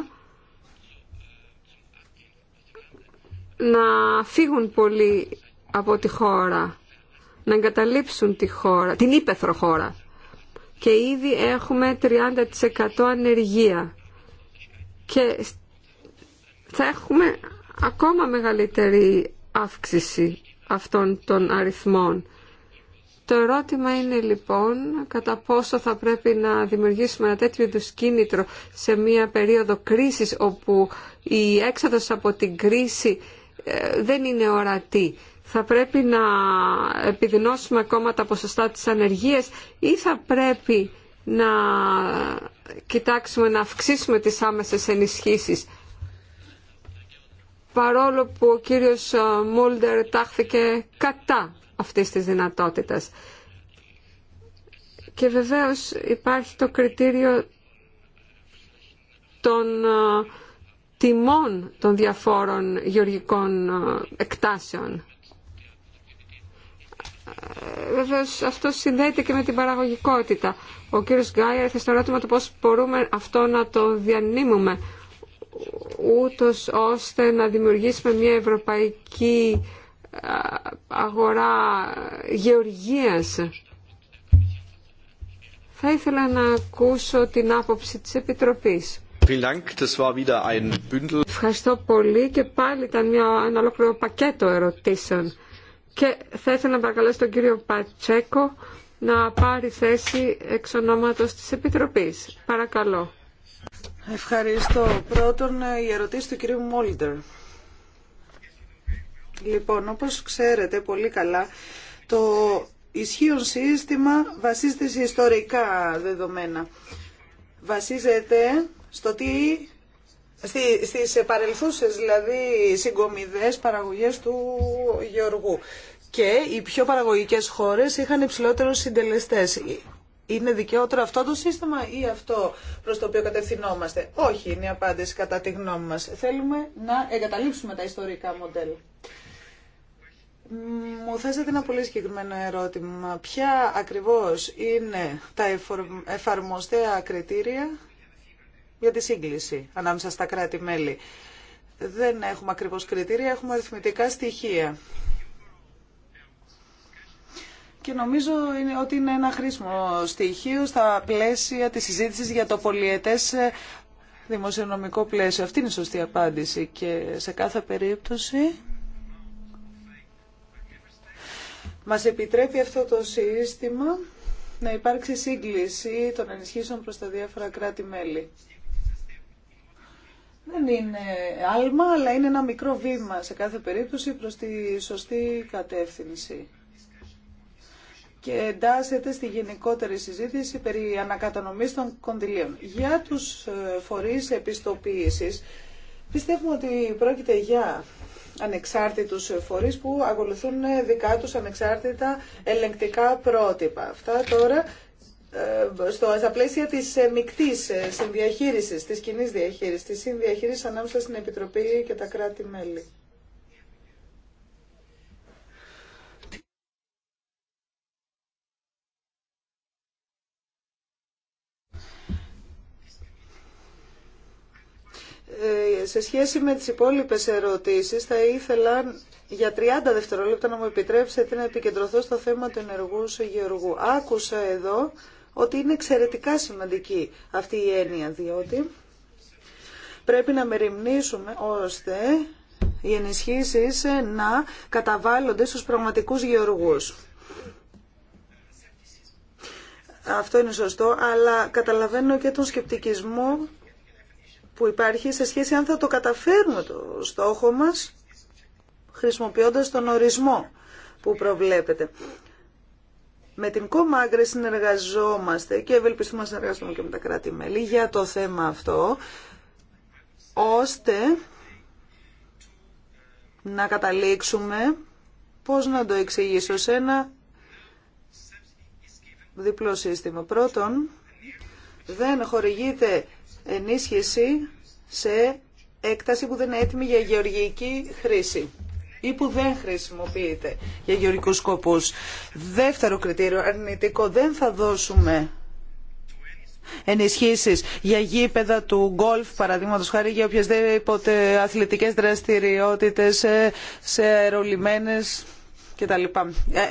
να φύγουν πολύ από τη χώρα, να εγκαταλείψουν τη χώρα, την ύπεθρο χώρα. Και ήδη έχουμε 30% ανεργία. Και θα έχουμε ακόμα μεγαλύτερη αύξηση αυτών των αριθμών. Το ερώτημα είναι λοιπόν κατά πόσο θα πρέπει να δημιουργήσουμε ένα τέτοιο είδου κίνητρο σε μια περίοδο κρίσης όπου η έξοδος από την κρίση ε, δεν είναι ορατή. Θα πρέπει να επιδεινώσουμε ακόμα τα ποσοστά της ανεργίας ή θα πρέπει να κοιτάξουμε να αυξήσουμε τις άμεσες ενισχύσεις. Παρόλο που ο κύριος ε, Μούλτερ τάχθηκε κατά αυτής της δυνατότητας. Και βεβαίως υπάρχει το κριτήριο των ε, τιμών των διαφόρων γεωργικών ε, εκτάσεων. Ε, Βεβαίω αυτό συνδέεται και με την παραγωγικότητα. Ο κύριο Γκάιερ θα το ερώτημα το πώ μπορούμε αυτό να το διανύμουμε, ούτω ώστε να δημιουργήσουμε μια ευρωπαϊκή αγορά γεωργίας. Θα ήθελα να ακούσω την άποψη της Επιτροπής. Ευχαριστώ πολύ και πάλι ήταν μια, ένα ολόκληρο πακέτο ερωτήσεων. Και θα ήθελα να παρακαλέσω τον κύριο Πατσέκο να πάρει θέση εξ ονόματος της Επιτροπής. Παρακαλώ. Ευχαριστώ. Πρώτον, η ερωτήση του κυρίου Μόλιντερ. Λοιπόν, όπως ξέρετε πολύ καλά, το ισχύον σύστημα βασίζεται σε ιστορικά δεδομένα. Βασίζεται στο τι Στι, στις παρελθούσες δηλαδή συγκομιδές παραγωγές του Γεωργού. Και οι πιο παραγωγικές χώρες είχαν υψηλότερους συντελεστές. Είναι δικαιότερο αυτό το σύστημα ή αυτό προς το οποίο κατευθυνόμαστε. Όχι είναι η απάντηση κατά τη γνώμη μας. Θέλουμε να εγκαταλείψουμε τα ιστορικά μοντέλα μου θέσατε ένα πολύ συγκεκριμένο ερώτημα. Ποια ακριβώς είναι τα εφαρμοστέα κριτήρια για τη σύγκληση ανάμεσα στα κράτη-μέλη. Δεν έχουμε ακριβώς κριτήρια, έχουμε αριθμητικά στοιχεία. Και νομίζω είναι, ότι είναι ένα χρήσιμο στοιχείο στα πλαίσια της συζήτησης για το πολιετές ε, δημοσιονομικό πλαίσιο. Αυτή είναι η σωστή απάντηση και σε κάθε περίπτωση... Μας επιτρέπει αυτό το σύστημα να υπάρξει σύγκληση των ενισχύσεων προς τα διάφορα κράτη-μέλη. Δεν είναι άλμα, αλλά είναι ένα μικρό βήμα σε κάθε περίπτωση προς τη σωστή κατεύθυνση και εντάσσεται στη γενικότερη συζήτηση περί ανακατανομής των κονδυλίων. Για τους ε, φορείς επιστοποίησης, πιστεύουμε ότι πρόκειται για ανεξάρτητους φορείς που ακολουθούν δικά τους ανεξάρτητα ελεγκτικά πρότυπα. Αυτά τώρα ε, στο, στα πλαίσια της ε, μικτής ε, συνδιαχείρισης, της κοινή διαχείρισης, της συνδιαχείρισης ανάμεσα στην Επιτροπή και τα κράτη-μέλη. Ε, σε σχέση με τις υπόλοιπες ερωτήσεις θα ήθελα για 30 δευτερόλεπτα να μου επιτρέψετε να επικεντρωθώ στο θέμα του ενεργού γεωργού. Άκουσα εδώ ότι είναι εξαιρετικά σημαντική αυτή η έννοια, διότι πρέπει να μεριμνήσουμε ώστε οι ενισχύσεις να καταβάλλονται στους πραγματικούς γεωργούς. Αυτό είναι σωστό, αλλά καταλαβαίνω και τον σκεπτικισμό που υπάρχει σε σχέση αν θα το καταφέρουμε το στόχο μας χρησιμοποιώντας τον ορισμό που προβλέπεται. Με την ΚΟΜΑΓΡΕ συνεργαζόμαστε και ευελπιστούμε να συνεργαστούμε και με τα κράτη-μέλη για το θέμα αυτό, ώστε να καταλήξουμε, πώς να το εξηγήσω, σε ένα διπλό σύστημα. Πρώτον, δεν χορηγείται ενίσχυση σε έκταση που δεν είναι έτοιμη για γεωργική χρήση ή που δεν χρησιμοποιείται για γεωργικούς σκοπούς. Δεύτερο κριτήριο αρνητικό, δεν θα δώσουμε ενισχύσεις για γήπεδα του γκολφ παραδείγματος χάρη για οποιασδήποτε αθλητικές δραστηριότητες σε ρολιμένες κτλ. Ε,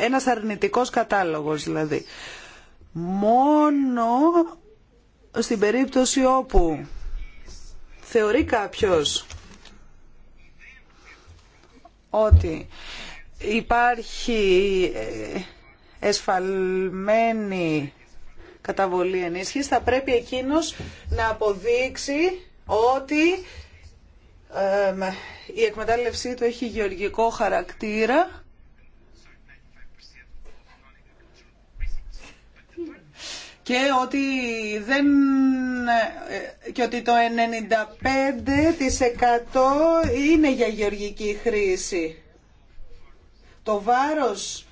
ένας αρνητικός κατάλογος δηλαδή. Μόνο στην περίπτωση όπου θεωρεί κάποιος ότι υπάρχει ε, εσφαλμένη καταβολή ενίσχυσης, θα πρέπει εκείνος να αποδείξει ότι ε, η εκμετάλλευσή του έχει γεωργικό χαρακτήρα και ότι, δεν, ε, και ότι το 95% είναι για γεωργική χρήση. Το βάρος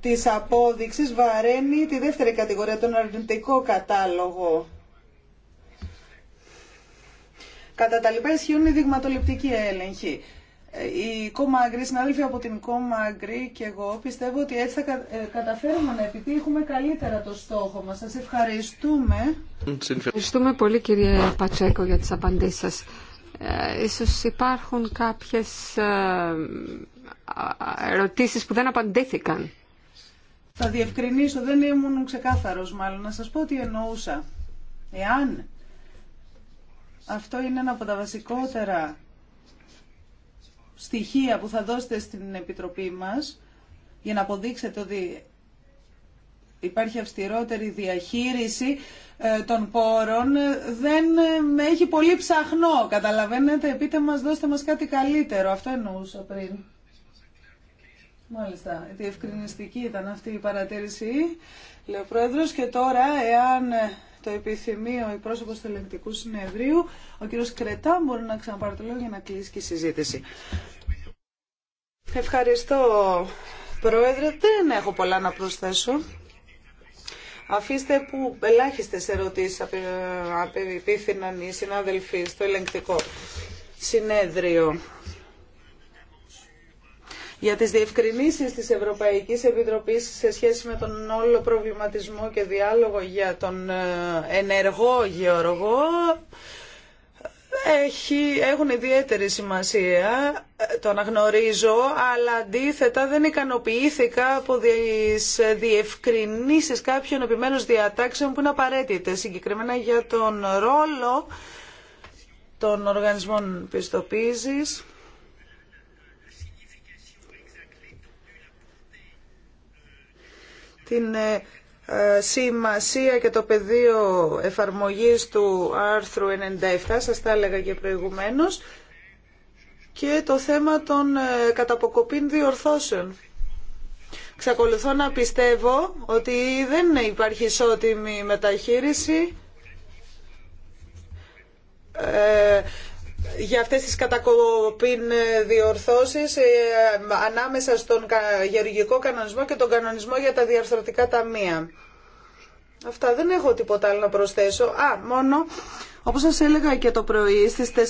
της απόδειξης βαραίνει τη δεύτερη κατηγορία, τον αρνητικό κατάλογο. Κατά τα λοιπά ισχύουν οι δειγματοληπτικοί έλεγχοι η κόμμα Αγκρή, συνάδελφοι από την κόμμα Αγκρή και εγώ πιστεύω ότι έτσι θα ε, καταφέρουμε να επιτύχουμε καλύτερα το στόχο μας. Σας ευχαριστούμε. Ευχαριστούμε πολύ κύριε Πατσέκο για τις απαντήσεις σας. Ε, υπάρχουν κάποιες ε, ε, ερωτήσεις που δεν απαντήθηκαν. Θα διευκρινίσω, δεν ήμουν ξεκάθαρος μάλλον, να σας πω τι εννοούσα. Εάν αυτό είναι ένα από τα βασικότερα στοιχεία που θα δώσετε στην Επιτροπή μας για να αποδείξετε ότι υπάρχει αυστηρότερη διαχείριση ε, των πόρων ε, δεν ε, έχει πολύ ψαχνό. Καταλαβαίνετε, πείτε μας, δώστε μας κάτι καλύτερο. Αυτό εννοούσα πριν. Μάλιστα. Η διευκρινιστική ήταν αυτή η παρατήρηση, λέει ο Πρόεδρος. Και τώρα, εάν το επιθυμεί ο πρόσωπος του ελεγκτικού συνεδρίου. Ο κύριος Κρετά μπορεί να ξαναπάρει το λόγο για να κλείσει και η συζήτηση. Ευχαριστώ, Πρόεδρε. Δεν έχω πολλά να προσθέσω. Αφήστε που ελάχιστες ερωτήσεις απευθύναν οι συνάδελφοι στο ελεγκτικό συνέδριο για τις διευκρινήσεις της Ευρωπαϊκής Επιτροπής σε σχέση με τον όλο προβληματισμό και διάλογο για τον ε, ενεργό γεωργό έχει, έχουν ιδιαίτερη σημασία, ε, το αναγνωρίζω, αλλά αντίθετα δεν ικανοποιήθηκα από τις διευκρινήσεις κάποιων επιμένους διατάξεων που είναι απαραίτητες, συγκεκριμένα για τον ρόλο των οργανισμών πιστοποίησης την ε, ε, σημασία και το πεδίο εφαρμογής του άρθρου 97, σας τα έλεγα και προηγουμένως, και το θέμα των ε, καταποκοπήν διορθώσεων. Ξακολουθώ να πιστεύω ότι δεν υπάρχει ισότιμη μεταχείριση για αυτές τις κατακοπήν ε, διορθώσεις ε, ανάμεσα στον γεωργικό κανονισμό και τον κανονισμό για τα διαρθρωτικά ταμεία. Αυτά δεν έχω τίποτα άλλο να προσθέσω. Α, μόνο, όπως σας έλεγα και το πρωί, στις 4.30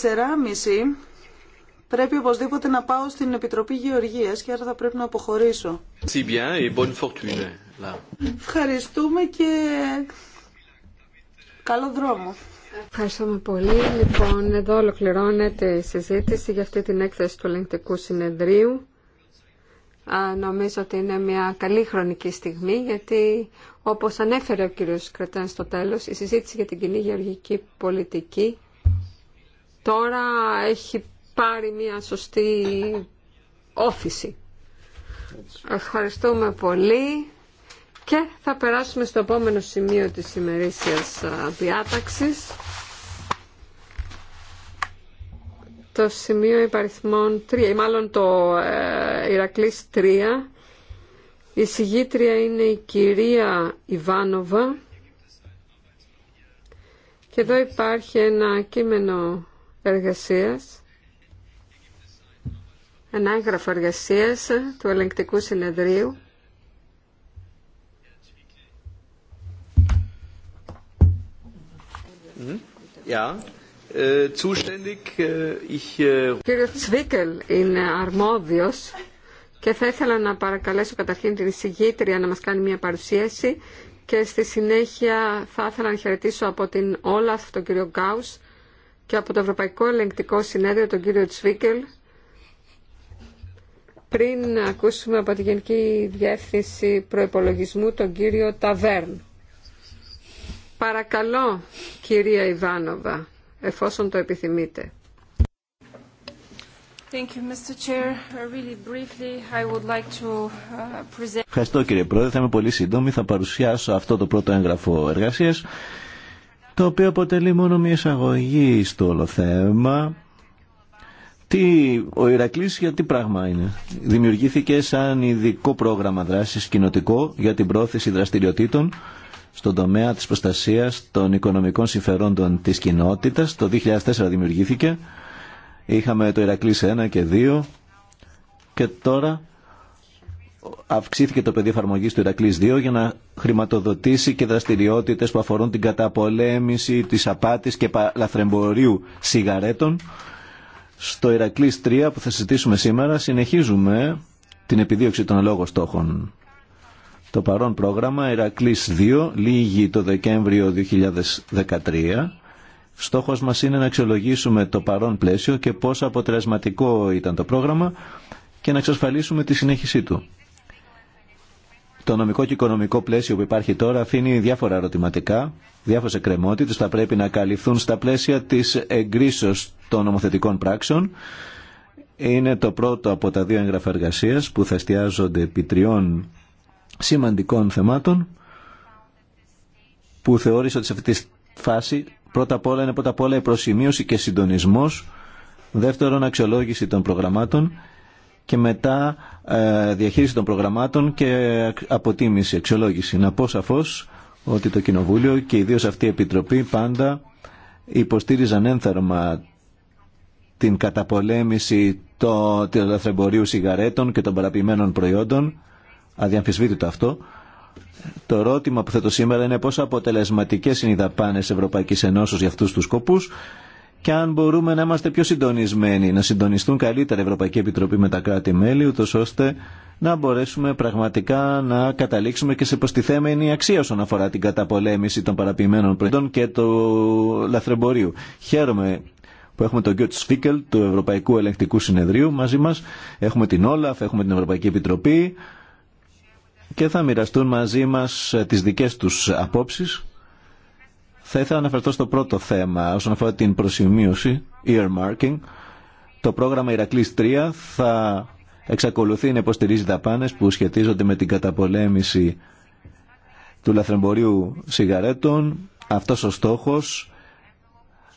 πρέπει οπωσδήποτε να πάω στην Επιτροπή Γεωργίας και άρα θα πρέπει να αποχωρήσω. Ευχαριστούμε και καλό δρόμο. Ευχαριστούμε πολύ. Λοιπόν, εδώ ολοκληρώνεται η συζήτηση για αυτή την έκθεση του ελεγκτικού συνεδρίου. νομίζω ότι είναι μια καλή χρονική στιγμή, γιατί όπως ανέφερε ο κύριος Κρετάν στο τέλος, η συζήτηση για την κοινή γεωργική πολιτική τώρα έχει πάρει μια σωστή όφηση. Ευχαριστούμε πολύ. Και θα περάσουμε στο επόμενο σημείο της ημερήσιας διάταξης. Το σημείο υπαριθμών 3, ή μάλλον το ε, Ηρακλής 3. Η συγγήτρια είναι η κυρία Ιβάνοβα. Και εδώ υπάρχει ένα κείμενο εργασίας, ένα έγγραφο εργασίας του ελεγκτικού συνεδρίου Äh, äh, äh, κύριο Τσβίκελ είναι αρμόδιος και θα ήθελα να παρακαλέσω καταρχήν την εισηγήτρια να μας κάνει μια παρουσίαση και στη συνέχεια θα ήθελα να χαιρετήσω από την Όλαφ τον κύριο Γκάους και από το Ευρωπαϊκό Ελεγκτικό Συνέδριο τον κύριο Τσβίκελ πριν ακούσουμε από τη Γενική Διεύθυνση Προϋπολογισμού τον κύριο Ταβέρν. Παρακαλώ, κυρία Ιβάνοβα, εφόσον το επιθυμείτε. Uh, Ευχαριστώ κύριε Πρόεδρε. Θα είμαι πολύ σύντομη. Θα παρουσιάσω αυτό το πρώτο έγγραφο εργασίας, το οποίο αποτελεί μόνο μια εισαγωγή στο όλο θέμα. Τι, ο Ηρακλής για τι πράγμα είναι. Δημιουργήθηκε σαν ειδικό πρόγραμμα δράσης κοινοτικό για την πρόθεση δραστηριοτήτων στον τομέα της προστασίας των οικονομικών συμφερόντων της κοινότητας. Το 2004 δημιουργήθηκε. Είχαμε το Ηρακλής 1 και 2 και τώρα αυξήθηκε το πεδίο εφαρμογή του Ηρακλής 2 για να χρηματοδοτήσει και δραστηριότητες που αφορούν την καταπολέμηση της απάτης και λαθρεμπορίου σιγαρέτων. Στο Ηρακλής 3 που θα συζητήσουμε σήμερα συνεχίζουμε την επιδίωξη των λόγων στόχων το παρόν πρόγραμμα Ερακλής 2 λύγει το Δεκέμβριο 2013. Στόχος μας είναι να αξιολογήσουμε το παρόν πλαίσιο και πόσο αποτελεσματικό ήταν το πρόγραμμα και να εξασφαλίσουμε τη συνέχισή του. Το νομικό και οικονομικό πλαίσιο που υπάρχει τώρα αφήνει διάφορα ερωτηματικά, διάφορε εκκρεμότητε θα πρέπει να καλυφθούν στα πλαίσια τη εγκρίσεω των νομοθετικών πράξεων. Είναι το πρώτο από τα δύο έγγραφα που θα εστιάζονται επί τριών σημαντικών θεμάτων που θεώρησε ότι σε αυτή τη φάση πρώτα απ' όλα είναι πρώτα απ' όλα η προσημείωση και συντονισμός, δεύτερον αξιολόγηση των προγραμμάτων και μετά ε, διαχείριση των προγραμμάτων και αποτίμηση, αξιολόγηση. Να πω σαφώ ότι το Κοινοβούλιο και ιδίως αυτή η Επιτροπή πάντα υποστήριζαν ένθερμα την καταπολέμηση των λαθρεμπορίου σιγαρέτων και των παραποιημένων προϊόντων αδιαμφισβήτητο αυτό. Το ερώτημα που θέτω σήμερα είναι πόσο αποτελεσματικές είναι οι δαπάνες Ευρωπαϊκής Ενώσεως για αυτούς τους σκοπούς και αν μπορούμε να είμαστε πιο συντονισμένοι, να συντονιστούν καλύτερα η Ευρωπαϊκή Επιτροπή με τα κράτη-μέλη, ούτως ώστε να μπορέσουμε πραγματικά να καταλήξουμε και σε προστιθέμενη αξία όσον αφορά την καταπολέμηση των παραποιημένων προϊόντων και του λαθρεμπορίου. Χαίρομαι που έχουμε τον Γκιότ Σφίκελ του Ευρωπαϊκού Ελεγκτικού Συνεδρίου μαζί μα, Έχουμε την Όλαφ, έχουμε την Ευρωπαϊκή Επιτροπή και θα μοιραστούν μαζί μας ε, τις δικές τους απόψεις. Θα ήθελα να αναφερθώ στο πρώτο θέμα όσον αφορά την προσημείωση, earmarking. Το πρόγραμμα Ηρακλής 3 θα εξακολουθεί να υποστηρίζει δαπάνες που σχετίζονται με την καταπολέμηση του λαθρεμπορίου σιγαρέτων. Αυτός ο στόχος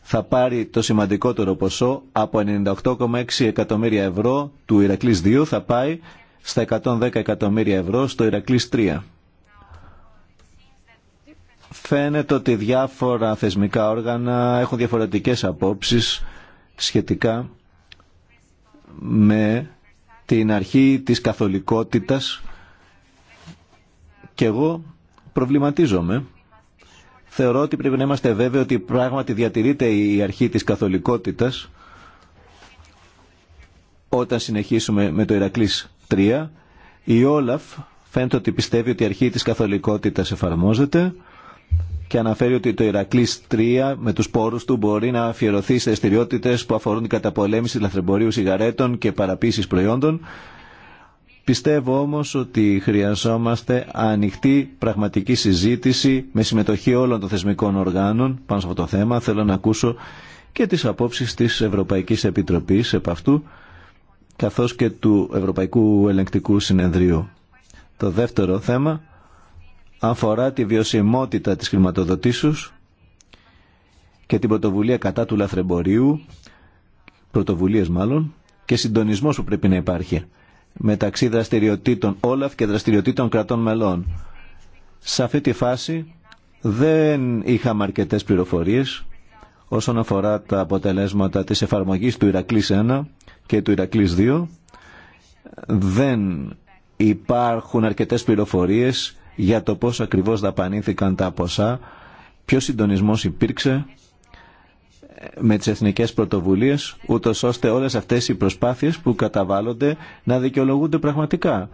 θα πάρει το σημαντικότερο ποσό από 98,6 εκατομμύρια ευρώ του Ηρακλής 2 θα πάει στα 110 εκατομμύρια ευρώ στο Ηρακλής 3. Φαίνεται ότι διάφορα θεσμικά όργανα έχουν διαφορετικές απόψεις σχετικά με την αρχή της καθολικότητας και εγώ προβληματίζομαι. Θεωρώ ότι πρέπει να είμαστε βέβαιοι ότι πράγματι διατηρείται η αρχή της καθολικότητας όταν συνεχίσουμε με το Ηρακλής η Όλαφ φαίνεται ότι πιστεύει ότι η αρχή της καθολικότητας εφαρμόζεται και αναφέρει ότι το Ηρακλή 3 με του πόρους του μπορεί να αφιερωθεί σε δραστηριότητε που αφορούν την καταπολέμηση λαθρεμπορίου σιγαρέτων και παραποίησης προϊόντων. Πιστεύω όμω ότι χρειαζόμαστε ανοιχτή πραγματική συζήτηση με συμμετοχή όλων των θεσμικών οργάνων πάνω σε αυτό το θέμα. Θέλω να ακούσω και τι απόψει τη Ευρωπαϊκή Επιτροπή επ' αυτού καθώς και του Ευρωπαϊκού Ελεγκτικού Συνεδρίου. Το δεύτερο θέμα αφορά τη βιωσιμότητα της χρηματοδοτήσεως και την πρωτοβουλία κατά του λαθρεμπορίου, πρωτοβουλίες μάλλον, και συντονισμός που πρέπει να υπάρχει μεταξύ δραστηριοτήτων Όλαφ και δραστηριοτήτων κρατών μελών. Σε αυτή τη φάση δεν είχαμε αρκετέ πληροφορίες όσον αφορά τα αποτελέσματα της εφαρμογής του Ηρακλής και του Ηρακλής 2 δεν υπάρχουν αρκετές πληροφορίες για το πώς ακριβώς δαπανήθηκαν τα ποσά, ποιο συντονισμός υπήρξε ε, με τις εθνικές πρωτοβουλίες, ούτω ώστε όλες αυτές οι προσπάθειες που καταβάλλονται να δικαιολογούνται πραγματικά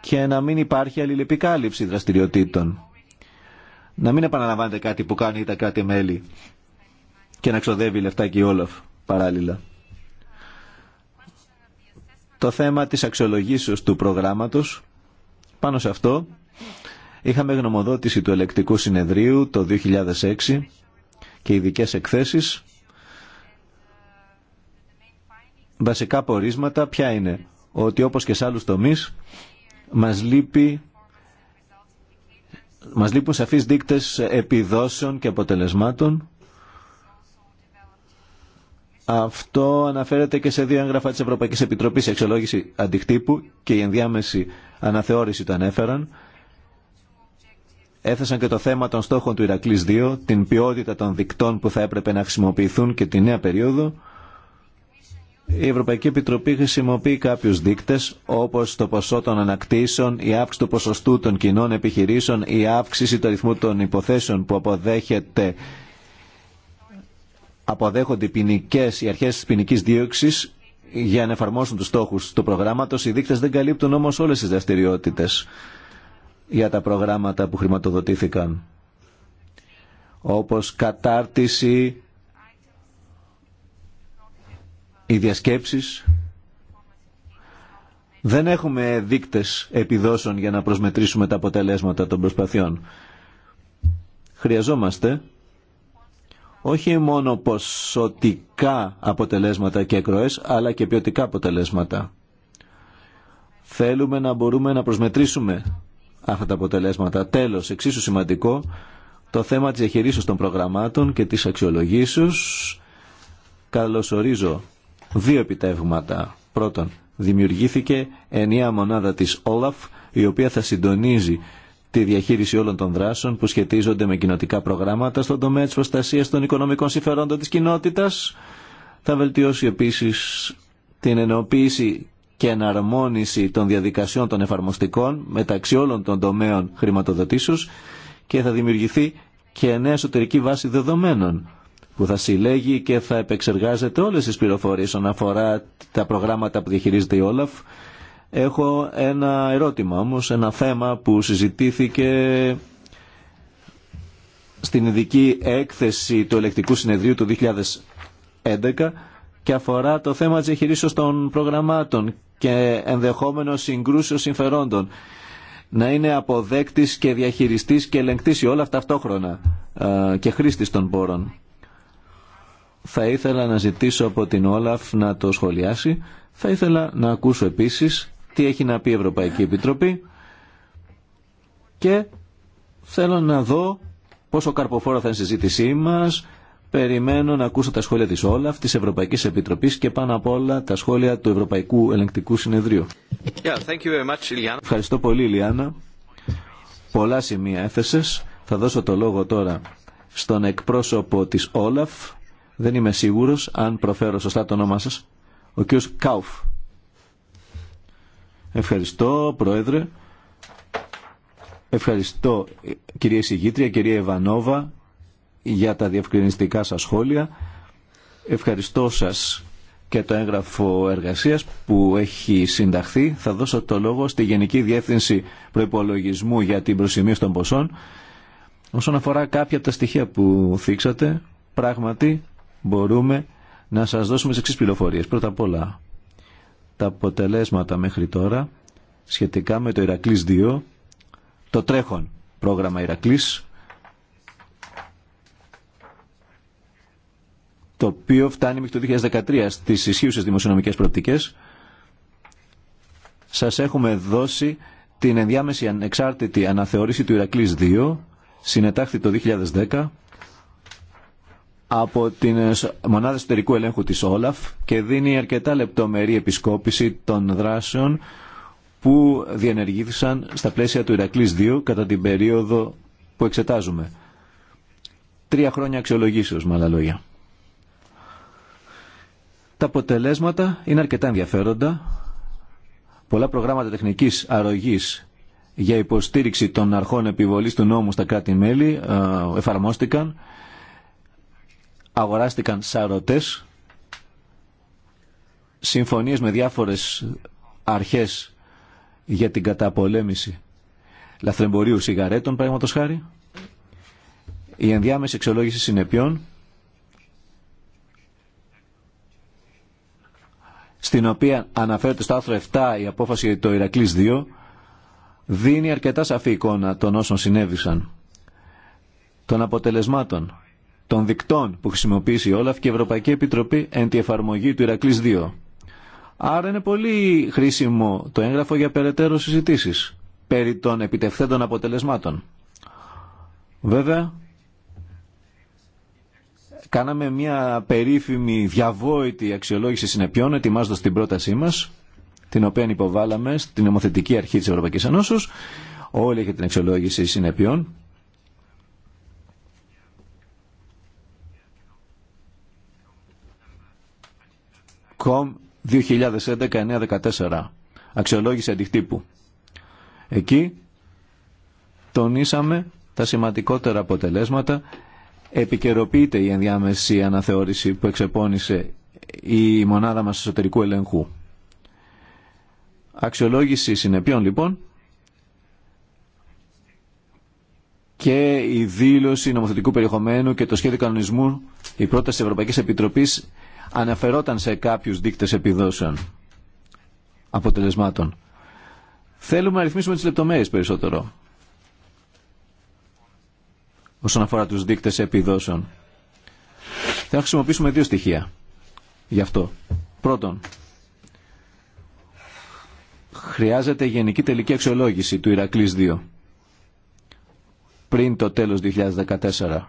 και να μην υπάρχει αλληλεπικάλυψη δραστηριοτήτων. Να μην επαναλαμβάνεται κάτι που κάνει τα κράτη-μέλη και να ξοδεύει λεφτά και η παράλληλα το θέμα της αξιολογήσεως του προγράμματος. Πάνω σε αυτό είχαμε γνωμοδότηση του ελεκτικού συνεδρίου το 2006 και ειδικέ εκθέσεις. Βασικά πορίσματα ποια είναι ότι όπως και σε άλλους τομείς μας, λείπει, μας λείπουν σαφείς δείκτες επιδόσεων και αποτελεσμάτων αυτό αναφέρεται και σε δύο έγγραφα της Ευρωπαϊκής Επιτροπής, η εξολόγηση αντικτύπου και η ενδιάμεση αναθεώρηση το ανέφεραν. Έθεσαν και το θέμα των στόχων του Ηρακλής 2, την ποιότητα των δικτών που θα έπρεπε να χρησιμοποιηθούν και τη νέα περίοδο. Η Ευρωπαϊκή Επιτροπή χρησιμοποιεί κάποιου δείκτε, όπω το ποσό των ανακτήσεων, η αύξηση του ποσοστού των κοινών επιχειρήσεων, η αύξηση του αριθμού των υποθέσεων που αποδέχεται αποδέχονται οι, ποινικές, οι αρχές της ποινικής δίωξης για να εφαρμόσουν τους στόχους του προγράμματος. Οι δείκτες δεν καλύπτουν όμως όλες τις δραστηριότητε για τα προγράμματα που χρηματοδοτήθηκαν. Όπως κατάρτιση, οι διασκέψεις. Δεν έχουμε δείκτες επιδόσεων για να προσμετρήσουμε τα αποτελέσματα των προσπαθειών. Χρειαζόμαστε όχι μόνο ποσοτικά αποτελέσματα και εκροές, αλλά και ποιοτικά αποτελέσματα. Θέλουμε να μπορούμε να προσμετρήσουμε αυτά τα αποτελέσματα. Τέλος, εξίσου σημαντικό, το θέμα της διαχειρίσεως των προγραμμάτων και της αξιολογήσεως. Καλωσορίζω δύο επιτεύγματα. Πρώτον, δημιουργήθηκε ενιαία μονάδα της OLAF, η οποία θα συντονίζει τη διαχείριση όλων των δράσεων που σχετίζονται με κοινοτικά προγράμματα στον τομέα τη προστασία των οικονομικών συμφερόντων τη κοινότητα Θα βελτιώσει επίση την ενοποίηση και εναρμόνιση των διαδικασιών των εφαρμοστικών μεταξύ όλων των τομέων χρηματοδοτήσεως και θα δημιουργηθεί και νέα εσωτερική βάση δεδομένων που θα συλλέγει και θα επεξεργάζεται όλες τις πληροφορίες όσον αφορά τα προγράμματα που διαχειρίζεται η Όλαφ Έχω ένα ερώτημα όμως, ένα θέμα που συζητήθηκε στην ειδική έκθεση του Ελεκτικού Συνεδρίου του 2011 και αφορά το θέμα της εγχειρήσεως των προγραμμάτων και ενδεχόμενο συγκρούσεως συμφερόντων. Να είναι αποδέκτης και διαχειριστής και ελεγκτής όλα αυτά ταυτόχρονα και χρήστης των πόρων. Θα ήθελα να ζητήσω από την Όλαφ να το σχολιάσει. Θα ήθελα να ακούσω επίσης τι έχει να πει η Ευρωπαϊκή Επιτροπή και θέλω να δω πόσο καρποφόρο θα είναι η συζήτησή μας. Περιμένω να ακούσω τα σχόλια της Όλαφ, της Ευρωπαϊκής Επιτροπής και πάνω απ' όλα τα σχόλια του Ευρωπαϊκού Ελεγκτικού Συνεδρίου. Yeah, thank you very much, Ευχαριστώ πολύ, Ιλιάνα. Πολλά σημεία έθεσες. Θα δώσω το λόγο τώρα στον εκπρόσωπο της Όλαφ. Δεν είμαι σίγουρος αν προφέρω σωστά το όνομά σας. Ο κ. Κάουφ. Ευχαριστώ, Πρόεδρε. Ευχαριστώ, κυρία Συγήτρια, κυρία Ευανόβα για τα διευκρινιστικά σας σχόλια. Ευχαριστώ σας και το έγγραφο εργασίας που έχει συνταχθεί. Θα δώσω το λόγο στη Γενική Διεύθυνση Προϋπολογισμού για την προσημείωση των ποσών. Όσον αφορά κάποια από τα στοιχεία που θίξατε, πράγματι μπορούμε να σας δώσουμε τις εξής πληροφορίες. Πρώτα απ' όλα, τα αποτελέσματα μέχρι τώρα σχετικά με το Ηρακλής 2, το τρέχον πρόγραμμα Ηρακλής, το οποίο φτάνει μέχρι το 2013 στις ισχύουσες δημοσιονομικές προοπτικές. Σας έχουμε δώσει την ενδιάμεση ανεξάρτητη αναθεώρηση του Ηρακλής 2, συνετάχθη το 2010 από την μονάδα εσωτερικού ελέγχου της Όλαφ και δίνει αρκετά λεπτομερή επισκόπηση των δράσεων που διενεργήθησαν στα πλαίσια του Ηρακλής 2 κατά την περίοδο που εξετάζουμε. Τρία χρόνια αξιολογήσεως με άλλα λόγια. Τα αποτελέσματα είναι αρκετά ενδιαφέροντα. Πολλά προγράμματα τεχνικής αρρωγής για υποστήριξη των αρχών επιβολής του νόμου στα κράτη-μέλη ε, εφαρμόστηκαν αγοράστηκαν σαρωτές, συμφωνίες με διάφορες αρχές για την καταπολέμηση λαθρεμπορίου σιγαρέτων, πράγματος χάρη, η ενδιάμεση εξολόγηση συνεπιών, στην οποία αναφέρεται στο άρθρο 7 η απόφαση για το Ηρακλής 2, δίνει αρκετά σαφή εικόνα των όσων συνέβησαν, των αποτελεσμάτων των δικτών που χρησιμοποιήσει η Όλαφ και η Ευρωπαϊκή Επιτροπή εν τη εφαρμογή του Ηρακλής 2. Άρα είναι πολύ χρήσιμο το έγγραφο για περαιτέρω συζητήσει περί των επιτευθέντων αποτελεσμάτων. Βέβαια, κάναμε μια περίφημη διαβόητη αξιολόγηση συνεπειών ετοιμάζοντας την πρότασή μας, την οποία υποβάλαμε στην νομοθετική αρχή της Ευρωπαϊκής Ενώσεως. Όλοι έχετε την αξιολόγηση συνεπειών ΚΟΜ 2011-914, αξιολόγηση αντιχτυπου Εκεί τονίσαμε τα σημαντικότερα αποτελέσματα. Επικαιροποιείται η ενδιάμεση αναθεώρηση που εξεπώνησε η μονάδα μας εσωτερικού ελεγχού. Αξιολόγηση συνεπειών λοιπόν και η δήλωση νομοθετικού περιεχομένου και το σχέδιο κανονισμού η πρόταση Ευρωπαϊκής Επιτροπής αναφερόταν σε κάποιους δείκτες επιδόσεων αποτελεσμάτων. Θέλουμε να ρυθμίσουμε τις λεπτομέρειες περισσότερο όσον αφορά τους δείκτες επιδόσεων. Θα χρησιμοποιήσουμε δύο στοιχεία γι' αυτό. Πρώτον, χρειάζεται γενική τελική αξιολόγηση του Ηρακλής 2 πριν το τέλος 2014.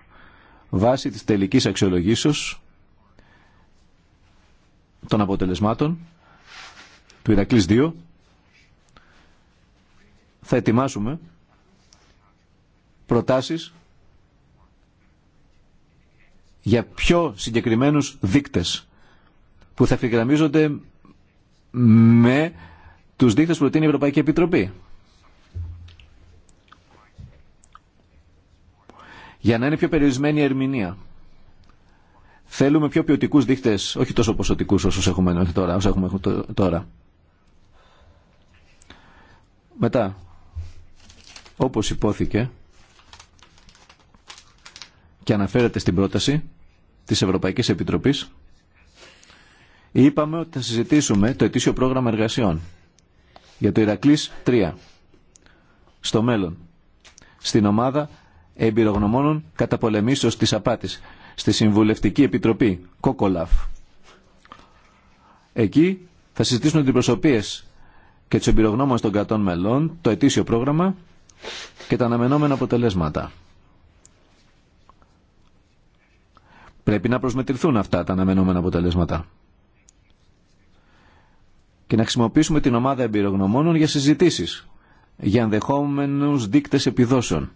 Βάσει της τελικής αξιολογήσεως των αποτελεσμάτων του Ηρακλής 2 θα ετοιμάσουμε προτάσεις για πιο συγκεκριμένους δείκτες που θα ευθυγραμμίζονται με τους δείκτες που προτείνει η Ευρωπαϊκή Επιτροπή. Για να είναι πιο περιορισμένη η ερμηνεία. Θέλουμε πιο ποιοτικού δείχτε, όχι τόσο ποσοτικού όσου έχουμε, τώρα, όσους έχουμε τώρα. Μετά, όπως υπόθηκε και αναφέρεται στην πρόταση τη Ευρωπαϊκή Επιτροπή, είπαμε ότι θα συζητήσουμε το ετήσιο πρόγραμμα εργασιών για το Ηρακλής 3 στο μέλλον στην ομάδα εμπειρογνωμόνων κατά της απάτης στη Συμβουλευτική Επιτροπή, Κόκολαφ. Εκεί θα συζητήσουν τις προσωπίες και τις εμπειρογνώμες των κρατών μελών, το ετήσιο πρόγραμμα και τα αναμενόμενα αποτελέσματα. Πρέπει να προσμετρηθούν αυτά τα αναμενόμενα αποτελέσματα και να χρησιμοποιήσουμε την ομάδα εμπειρογνωμόνων για συζητήσεις για ενδεχόμενους δείκτες επιδόσεων.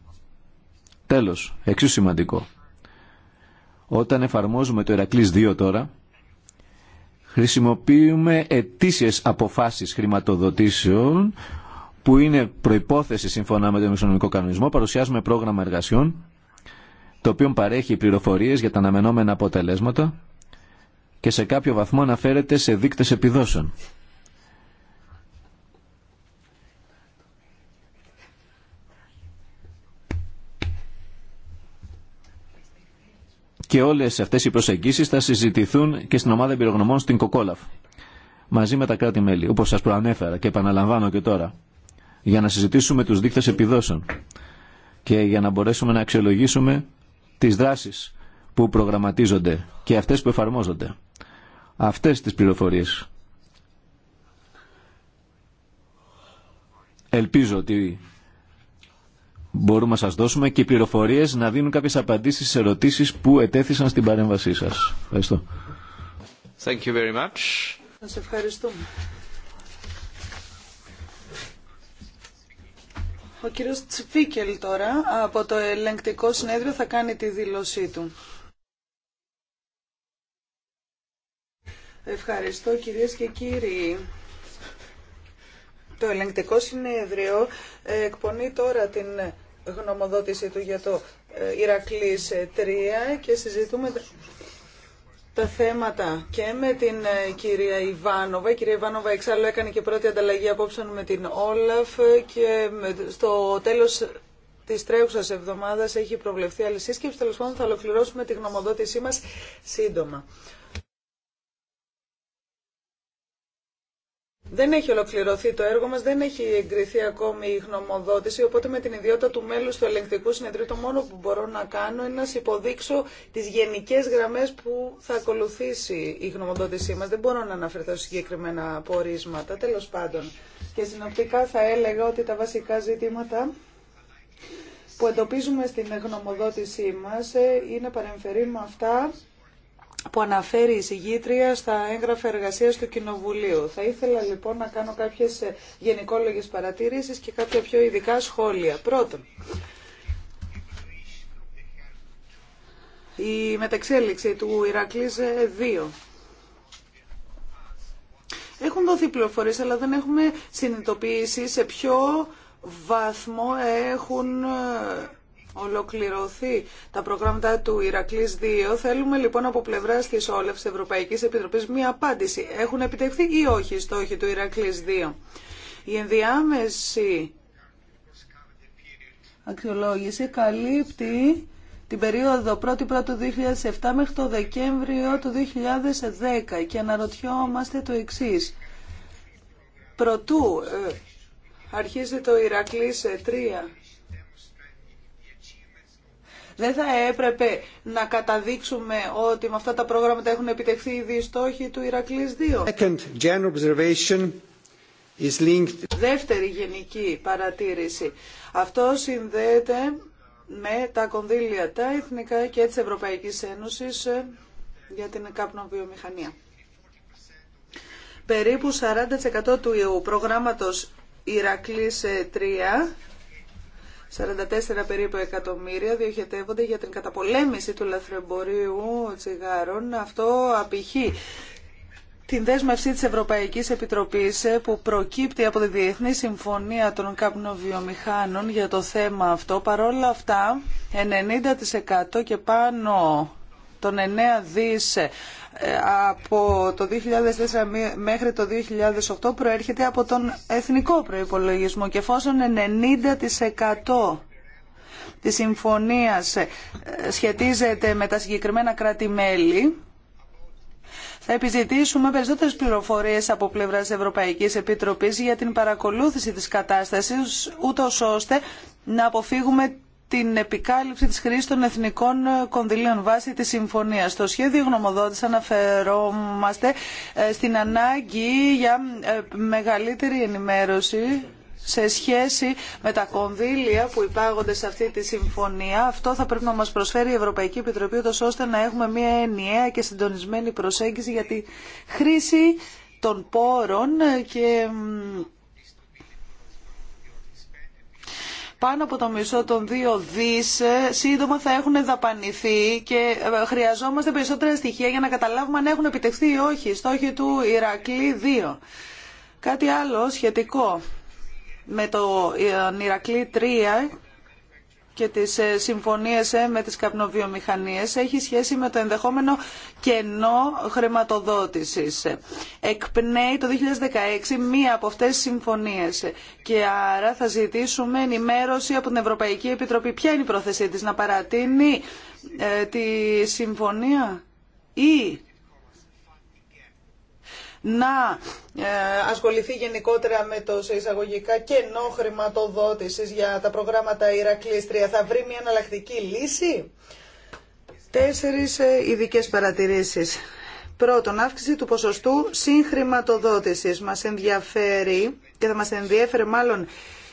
Τέλος, εξίσου σημαντικό. Όταν εφαρμόζουμε το Ερακλής 2 τώρα, χρησιμοποιούμε ετήσιες αποφάσεις χρηματοδοτήσεων που είναι προϋπόθεση σύμφωνα με τον οικονομικό Κανονισμό. Παρουσιάζουμε πρόγραμμα εργασιών, το οποίο παρέχει πληροφορίες για τα αναμενόμενα αποτελέσματα και σε κάποιο βαθμό αναφέρεται σε δείκτες επιδόσεων. Και όλες αυτές οι προσεγγίσεις θα συζητηθούν και στην ομάδα εμπειρογνωμών στην Κοκόλαφ. Μαζί με τα κράτη-μέλη, όπως σας προανέφερα και επαναλαμβάνω και τώρα. Για να συζητήσουμε τους δείκτες επιδόσεων. Και για να μπορέσουμε να αξιολογήσουμε τις δράσεις που προγραμματίζονται και αυτές που εφαρμόζονται. Αυτές τις πληροφορίες. Ελπίζω ότι μπορούμε να σας δώσουμε και οι πληροφορίες να δίνουν κάποιες απαντήσεις σε ερωτήσεις που ετέθησαν στην παρέμβασή σας. Ευχαριστώ. Thank you very much. Σας ευχαριστούμε. Ο κύριος Τσφίκελ τώρα από το ελεγκτικό συνέδριο θα κάνει τη δήλωσή του. Ευχαριστώ κυρίες και κύριοι. Το ελεγκτικό συνέδριο ε, εκπονεί τώρα την γνωμοδότησή του για το ε, Ηρακλής 3 ε, και συζητούμε τα θέματα και με την κυρία Ιβάνοβα. Η κυρία Ιβάνοβα εξάλλου έκανε και πρώτη ανταλλαγή απόψε με την Όλαφ και στο τέλος τη τρέχουσα εβδομάδα έχει προβλεφθεί άλλη σύσκεψη. Τέλο πάντων, θα ολοκληρώσουμε τη γνωμοδότησή μα σύντομα. Δεν έχει ολοκληρωθεί το έργο μας, δεν έχει εγκριθεί ακόμη η γνωμοδότηση, οπότε με την ιδιότητα του μέλου του ελεγκτικού συνεδρίου το μόνο που μπορώ να κάνω είναι να υποδείξω τις γενικές γραμμές που θα ακολουθήσει η γνωμοδότησή μας. Δεν μπορώ να αναφερθώ σε συγκεκριμένα πορίσματα, τέλο πάντων. Και συνοπτικά θα έλεγα ότι τα βασικά ζητήματα που εντοπίζουμε στην γνωμοδότησή μας ε, είναι παρεμφερή με αυτά που αναφέρει η συγγήτρια στα έγγραφα εργασίας του Κοινοβουλίου. Θα ήθελα λοιπόν να κάνω κάποιες ε, γενικόλογες παρατηρήσεις και κάποια πιο ειδικά σχόλια. Πρώτον, η μεταξέλιξη του Ηρακλής 2. Ε, έχουν δοθεί πληροφορίες, αλλά δεν έχουμε συνειδητοποιήσει σε ποιο βαθμό έχουν ε, ολοκληρωθεί τα προγράμματα του Ηρακλής 2. Θέλουμε λοιπόν από πλευρά τη Όλευση Ευρωπαϊκή Επιτροπή μία απάντηση. Έχουν επιτευχθεί ή όχι οι στόχοι του Ηρακλής 2. Η ενδιάμεση αξιολόγηση καλύπτει την περίοδο 1η Πρώτου 2007 μέχρι το Δεκέμβριο του 2010 και αναρωτιόμαστε το εξής. Προτού ε, αρχίζει το Ηρακλής 3 ε, δεν θα έπρεπε να καταδείξουμε ότι με αυτά τα πρόγραμματα έχουν επιτευχθεί ήδη οι στόχοι του Ηρακλής 2. Δεύτερη γενική παρατήρηση. Αυτό συνδέεται με τα κονδύλια τα εθνικά και της Ευρωπαϊκής Ένωσης ε, για την καπνοβιομηχανία. Περίπου 40% του προγράμματος Ηρακλής 3 ε, 44 περίπου εκατομμύρια διοχετεύονται για την καταπολέμηση του λαθρεμπορίου τσιγάρων. Αυτό απηχεί την δέσμευση της Ευρωπαϊκής Επιτροπής ε, που προκύπτει από τη Διεθνή Συμφωνία των Καπνοβιομηχάνων για το θέμα αυτό. Παρόλα αυτά, 90% και πάνω των 9 δις ε, από το 2004 μέχρι το 2008 προέρχεται από τον εθνικό προϋπολογισμό και εφόσον 90% τη συμφωνίας ε, σχετίζεται με τα συγκεκριμένα κράτη-μέλη, θα επιζητήσουμε περισσότερες πληροφορίες από πλευράς Ευρωπαϊκής Επιτροπής για την παρακολούθηση της κατάστασης, ούτως ώστε να αποφύγουμε την επικάλυψη της χρήσης των εθνικών κονδυλίων βάσει της συμφωνίας. Στο σχέδιο γνωμοδότης αναφερόμαστε ε, στην ανάγκη για ε, μεγαλύτερη ενημέρωση σε σχέση με τα κονδύλια που υπάγονται σε αυτή τη συμφωνία. Αυτό θα πρέπει να μας προσφέρει η Ευρωπαϊκή Επιτροπή, ώστε να έχουμε μια ενιαία και συντονισμένη προσέγγιση για τη χρήση των πόρων και πάνω από το μισό των δύο δις ε, σύντομα θα έχουν δαπανηθεί και ε, χρειαζόμαστε περισσότερα στοιχεία για να καταλάβουμε αν έχουν επιτευχθεί ή όχι οι στόχοι του Ηρακλή 2. Κάτι άλλο σχετικό με το ε, Ηρακλή 3 και τις ε, συμφωνίες ε, με τις καπνοβιομηχανίες έχει σχέση με το ενδεχόμενο κενό χρηματοδότησης. Εκπνέει το 2016 μία από αυτές τις συμφωνίες και άρα θα ζητήσουμε ενημέρωση από την Ευρωπαϊκή Επιτροπή. Ποια είναι η πρόθεσή της, να παρατείνει ε, τη συμφωνία ή να ε, ασχοληθεί γενικότερα με το σε εισαγωγικά κενό χρηματοδότηση για τα προγράμματα Ηρακλήστρια. Θα βρει μια εναλλακτική λύση. Τέσσερις ε, ειδικέ παρατηρήσεις. Πρώτον, αύξηση του ποσοστού συγχρηματοδότησης. Μας ενδιαφέρει και θα μας ενδιέφερε μάλλον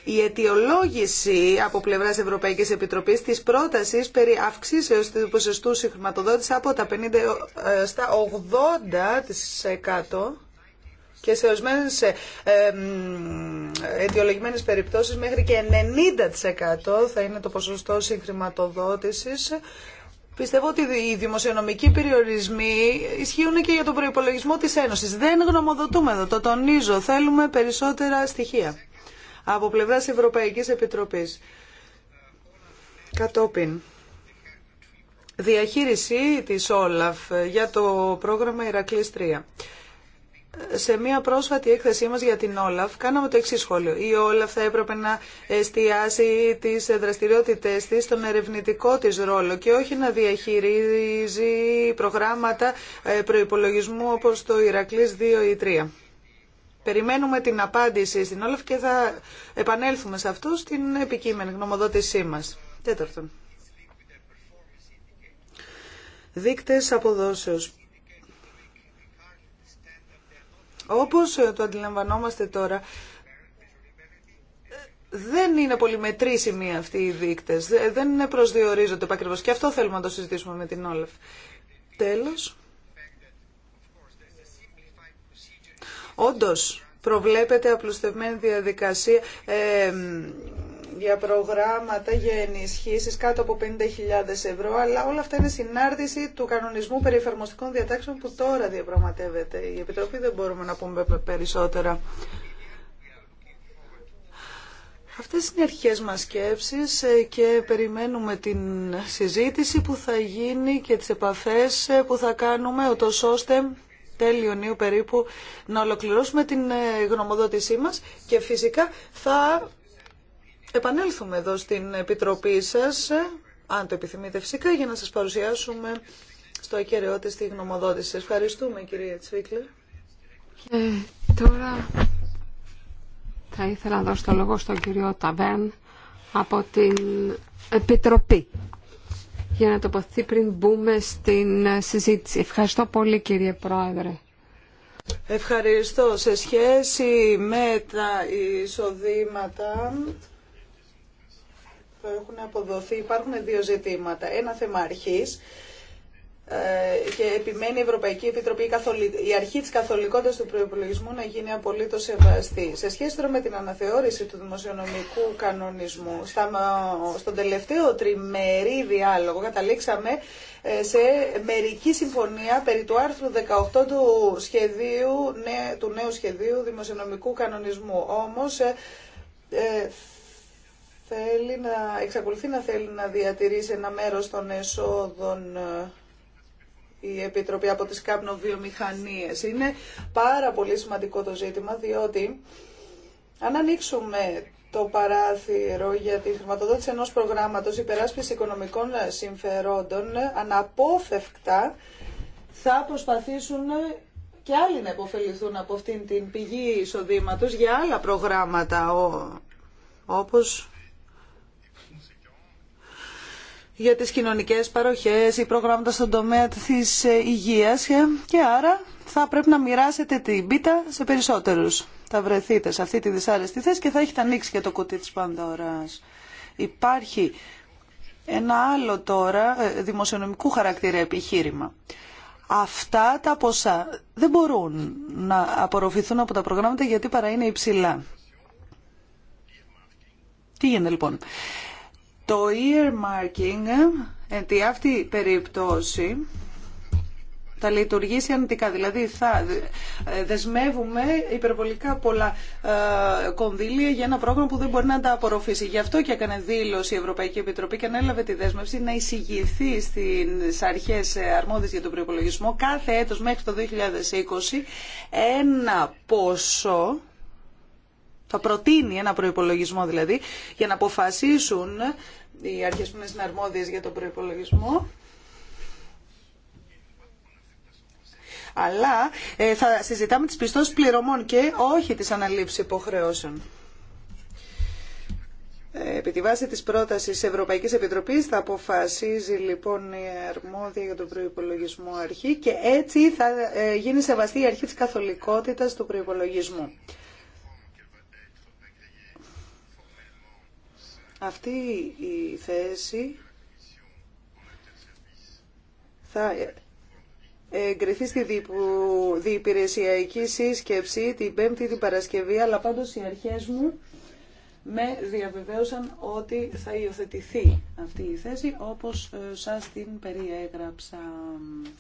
η αιτιολόγηση από πλευρά Ευρωπαϊκή Επιτροπή τη πρόταση περί αυξήσεω του ποσοστού συγχρηματοδότηση από τα 50 ε, στα 80% και σε ορισμένε ε, αιτιολογημένε περιπτώσει μέχρι και 90% θα είναι το ποσοστό συγχρηματοδότηση. Πιστεύω ότι οι δημοσιονομικοί περιορισμοί ισχύουν και για τον προπολογισμό τη Ένωση. Δεν γνωμοδοτούμε εδώ, το τονίζω. Θέλουμε περισσότερα στοιχεία από πλευράς Ευρωπαϊκής Επιτροπής. Κατόπιν, διαχείριση της Όλαφ για το πρόγραμμα Ηρακλής 3. Σε μια πρόσφατη έκθεσή μας για την Όλαφ κάναμε το εξή σχόλιο. Η Όλαφ θα έπρεπε να εστιάσει τις δραστηριότητες της στον ερευνητικό της ρόλο και όχι να διαχειρίζει προγράμματα ε, προϋπολογισμού όπως το Ηρακλής 2 ή 3. Περιμένουμε την απάντηση στην Όλαφ και θα επανέλθουμε σε αυτό στην επικείμενη γνωμοδότησή μας. Τέταρτον. Δείκτες αποδόσεως. Όπως ε, το αντιλαμβανόμαστε τώρα, δεν είναι πολυμετρήσιμοι αυτοί οι δείκτες. Δεν προσδιορίζονται επακριβώς. Και αυτό θέλουμε να το συζητήσουμε με την Όλεφ. Τέλος. Όντως προβλέπεται απλουστευμένη διαδικασία ε, για προγράμματα για ενισχύσεις κάτω από 50.000 ευρώ, αλλά όλα αυτά είναι συνάρτηση του κανονισμού περί εφαρμοστικών διατάξεων που τώρα διαπραγματεύεται. Η Επιτροπή δεν μπορούμε να πούμε περισσότερα. Αυτές είναι οι αρχές μας σκέψεις ε, και περιμένουμε την συζήτηση που θα γίνει και τις επαφές ε, που θα κάνουμε, ούτως ώστε τέλη Ιουνίου περίπου να ολοκληρώσουμε την ε, γνωμοδότησή μας και φυσικά θα επανέλθουμε εδώ στην Επιτροπή σας, ε, αν το επιθυμείτε φυσικά, για να σας παρουσιάσουμε στο ακεραιό της τη γνωμοδότηση. Ευχαριστούμε κυρία Τσίκλε. Και ε, τώρα θα ήθελα να δώσω το λόγο στον κύριο Ταβέν από την Επιτροπή για να τοποθετεί πριν μπούμε στην ε, συζήτηση. Ευχαριστώ πολύ κύριε Πρόεδρε. Ευχαριστώ. Σε σχέση με τα εισοδήματα που έχουν αποδοθεί υπάρχουν δύο ζητήματα. Ένα θέμα αρχής ε, και επιμένει η Ευρωπαϊκή Επιτροπή η αρχή της καθολικότητας του προϋπολογισμού να γίνει απολύτως σεβαστή. Σε σχέση με την αναθεώρηση του δημοσιονομικού κανονισμού, στα, στον τελευταίο τριμερή διάλογο καταλήξαμε ε, σε μερική συμφωνία περί του άρθρου 18 του, σχεδίου, του νέου σχεδίου δημοσιονομικού κανονισμού. Όμως, ε, ε, θέλει να, εξακολουθεί να θέλει να διατηρήσει ένα μέρος των εσόδων η Επιτροπή από τις καπνοβιομηχανίες. Είναι πάρα πολύ σημαντικό το ζήτημα, διότι αν ανοίξουμε το παράθυρο για τη χρηματοδότηση ενός προγράμματος υπεράσπιση οικονομικών συμφερόντων, αναπόφευκτα θα προσπαθήσουν και άλλοι να υποφεληθούν από αυτήν την πηγή εισοδήματος για άλλα προγράμματα, όπως για τις κοινωνικές παροχές ή προγράμματα στον τομέα της ε, υγείας ε, και άρα θα πρέπει να μοιράσετε την πίτα σε περισσότερους. Θα βρεθείτε σε αυτή τη δυσάρεστη θέση και θα έχετε ανοίξει και το κουτί της Πανδώρας. Υπάρχει ένα άλλο τώρα ε, δημοσιονομικού χαρακτήρα επιχείρημα. Αυτά τα ποσά δεν μπορούν να απορροφηθούν από τα προγράμματα γιατί παρά είναι υψηλά. Τι γίνεται λοιπόν. Το earmarking, εν τη αυτή περίπτωση, θα λειτουργήσει αντικά. Δηλαδή θα ε, δεσμεύουμε υπερβολικά πολλά ε, κονδύλια για ένα πρόγραμμα που δεν μπορεί να τα απορροφήσει. Γι' αυτό και έκανε δήλωση η Ευρωπαϊκή Επιτροπή και ανέλαβε τη δέσμευση να εισηγηθεί στι αρχέ ε, αρμόδιες για τον προπολογισμό κάθε έτος μέχρι το 2020 ένα ποσό θα προτείνει ένα προϋπολογισμό δηλαδή, για να αποφασίσουν οι αρχές που είναι για τον προϋπολογισμό. Αλλά ε, θα συζητάμε τις πιστώσεις πληρωμών και όχι τις αναλήψεις υποχρεώσεων. Ε, επί τη βάση της πρότασης Ευρωπαϊκής Επιτροπής θα αποφασίζει λοιπόν η αρμόδια για τον προϋπολογισμό αρχή και έτσι θα ε, γίνει σεβαστή η αρχή της καθολικότητας του προϋπολογισμού. Αυτή η θέση θα εγκριθεί στη διυπηρεσιακή σύσκεψη την Πέμπτη την Παρασκευή, αλλά πάντως οι αρχές μου με διαβεβαίωσαν ότι θα υιοθετηθεί αυτή η θέση όπως ε, σας την περιέγραψα.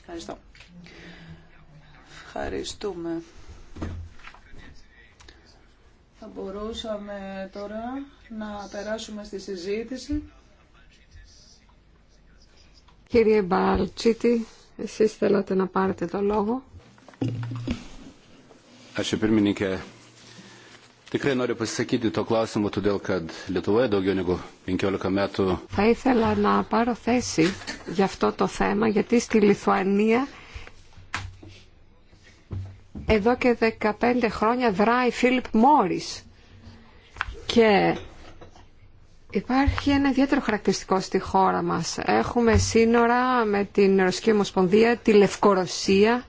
Ευχαριστώ. Ευχαριστούμε. Θα μπορούσαμε τώρα να περάσουμε στη συζήτηση. Κύριε Μπαλτσίτη, εσείς θέλατε να πάρετε το λόγο. Θα ήθελα να πάρω θέση για αυτό το θέμα, γιατί στη Λιθουανία εδώ και 15 χρόνια δράει Φίλιπ Μόρις και υπάρχει ένα ιδιαίτερο χαρακτηριστικό στη χώρα μας. Έχουμε σύνορα με την Ρωσική Ομοσπονδία, τη Λευκορωσία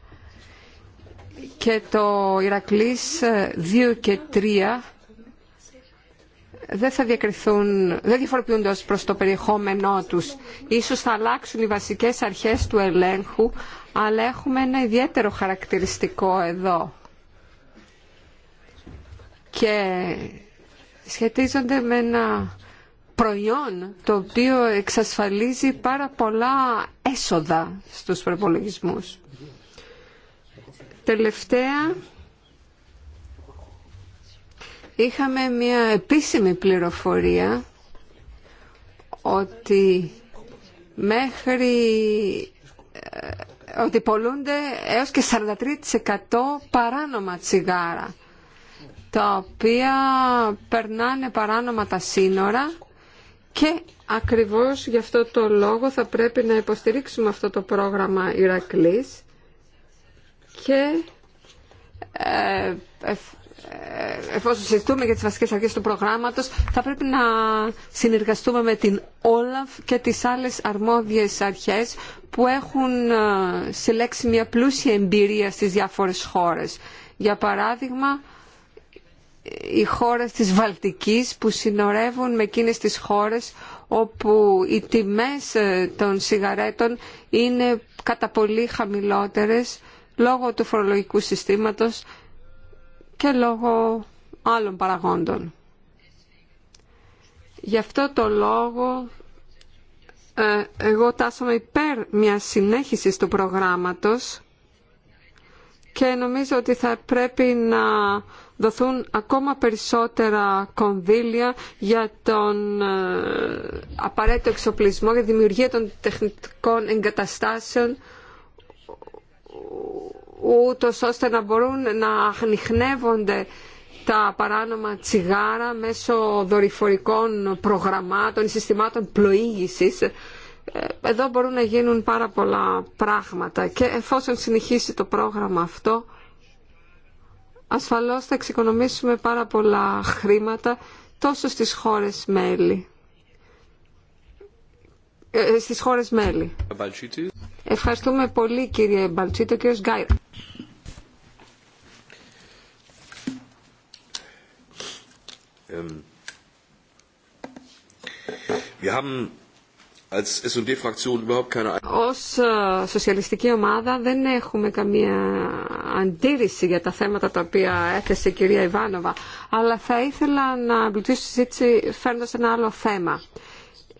και το Ηρακλής 2 και 3 δεν θα διακριθούν, δεν διαφοροποιούνται ως προς το περιεχόμενό τους. Ίσως θα αλλάξουν οι βασικές αρχές του ελέγχου, αλλά έχουμε ένα ιδιαίτερο χαρακτηριστικό εδώ και σχετίζονται με ένα προϊόν το οποίο εξασφαλίζει πάρα πολλά έσοδα στους προπολογισμούς. Τελευταία είχαμε μια επίσημη πληροφορία ότι μέχρι ε, ότι πολλούνται έως και 43% παράνομα τσιγάρα, τα οποία περνάνε παράνομα τα σύνορα και ακριβώς γι' αυτό το λόγο θα πρέπει να υποστηρίξουμε αυτό το πρόγραμμα Ηρακλής και ε, ε εφόσον συζητούμε για τις βασικές αρχές του προγράμματος θα πρέπει να συνεργαστούμε με την Όλαφ και τις άλλες αρμόδιες αρχές που έχουν ε, συλλέξει μια πλούσια εμπειρία στις διάφορες χώρες. Για παράδειγμα, οι χώρες της Βαλτικής που συνορεύουν με εκείνες τις χώρες όπου οι τιμές ε, των σιγαρέτων είναι κατά πολύ χαμηλότερες λόγω του φορολογικού συστήματος και λόγω άλλων παραγόντων. Γι' αυτό το λόγο ε, εγώ τάσομαι υπέρ μια συνέχισης του προγράμματος και νομίζω ότι θα πρέπει να δοθούν ακόμα περισσότερα κονδύλια για τον ε, απαραίτητο εξοπλισμό, για τη δημιουργία των τεχνικών εγκαταστάσεων ούτως ώστε να μπορούν να ανοιχνεύονται τα παράνομα τσιγάρα μέσω δορυφορικών προγραμμάτων ή συστημάτων πλοήγησης. Ε, εδώ μπορούν να γίνουν πάρα πολλά πράγματα και εφόσον συνεχίσει το πρόγραμμα αυτό ασφαλώς θα εξοικονομήσουμε πάρα πολλά χρήματα τόσο στις χώρες μέλη. Ε, ε, στις χώρες μέλη. Ευχαριστούμε πολύ κύριε Μπαλτσίτο, κύριος Γκάιρα. Ähm, wir haben als fraktion überhaupt keine Ως ε, σοσιαλιστική ομάδα δεν έχουμε καμία αντίρρηση για τα θέματα τα οποία έθεσε η κυρία Ιβάνοβα, αλλά θα ήθελα να εμπλουτίσω τη συζήτηση φέρνοντας ένα άλλο θέμα.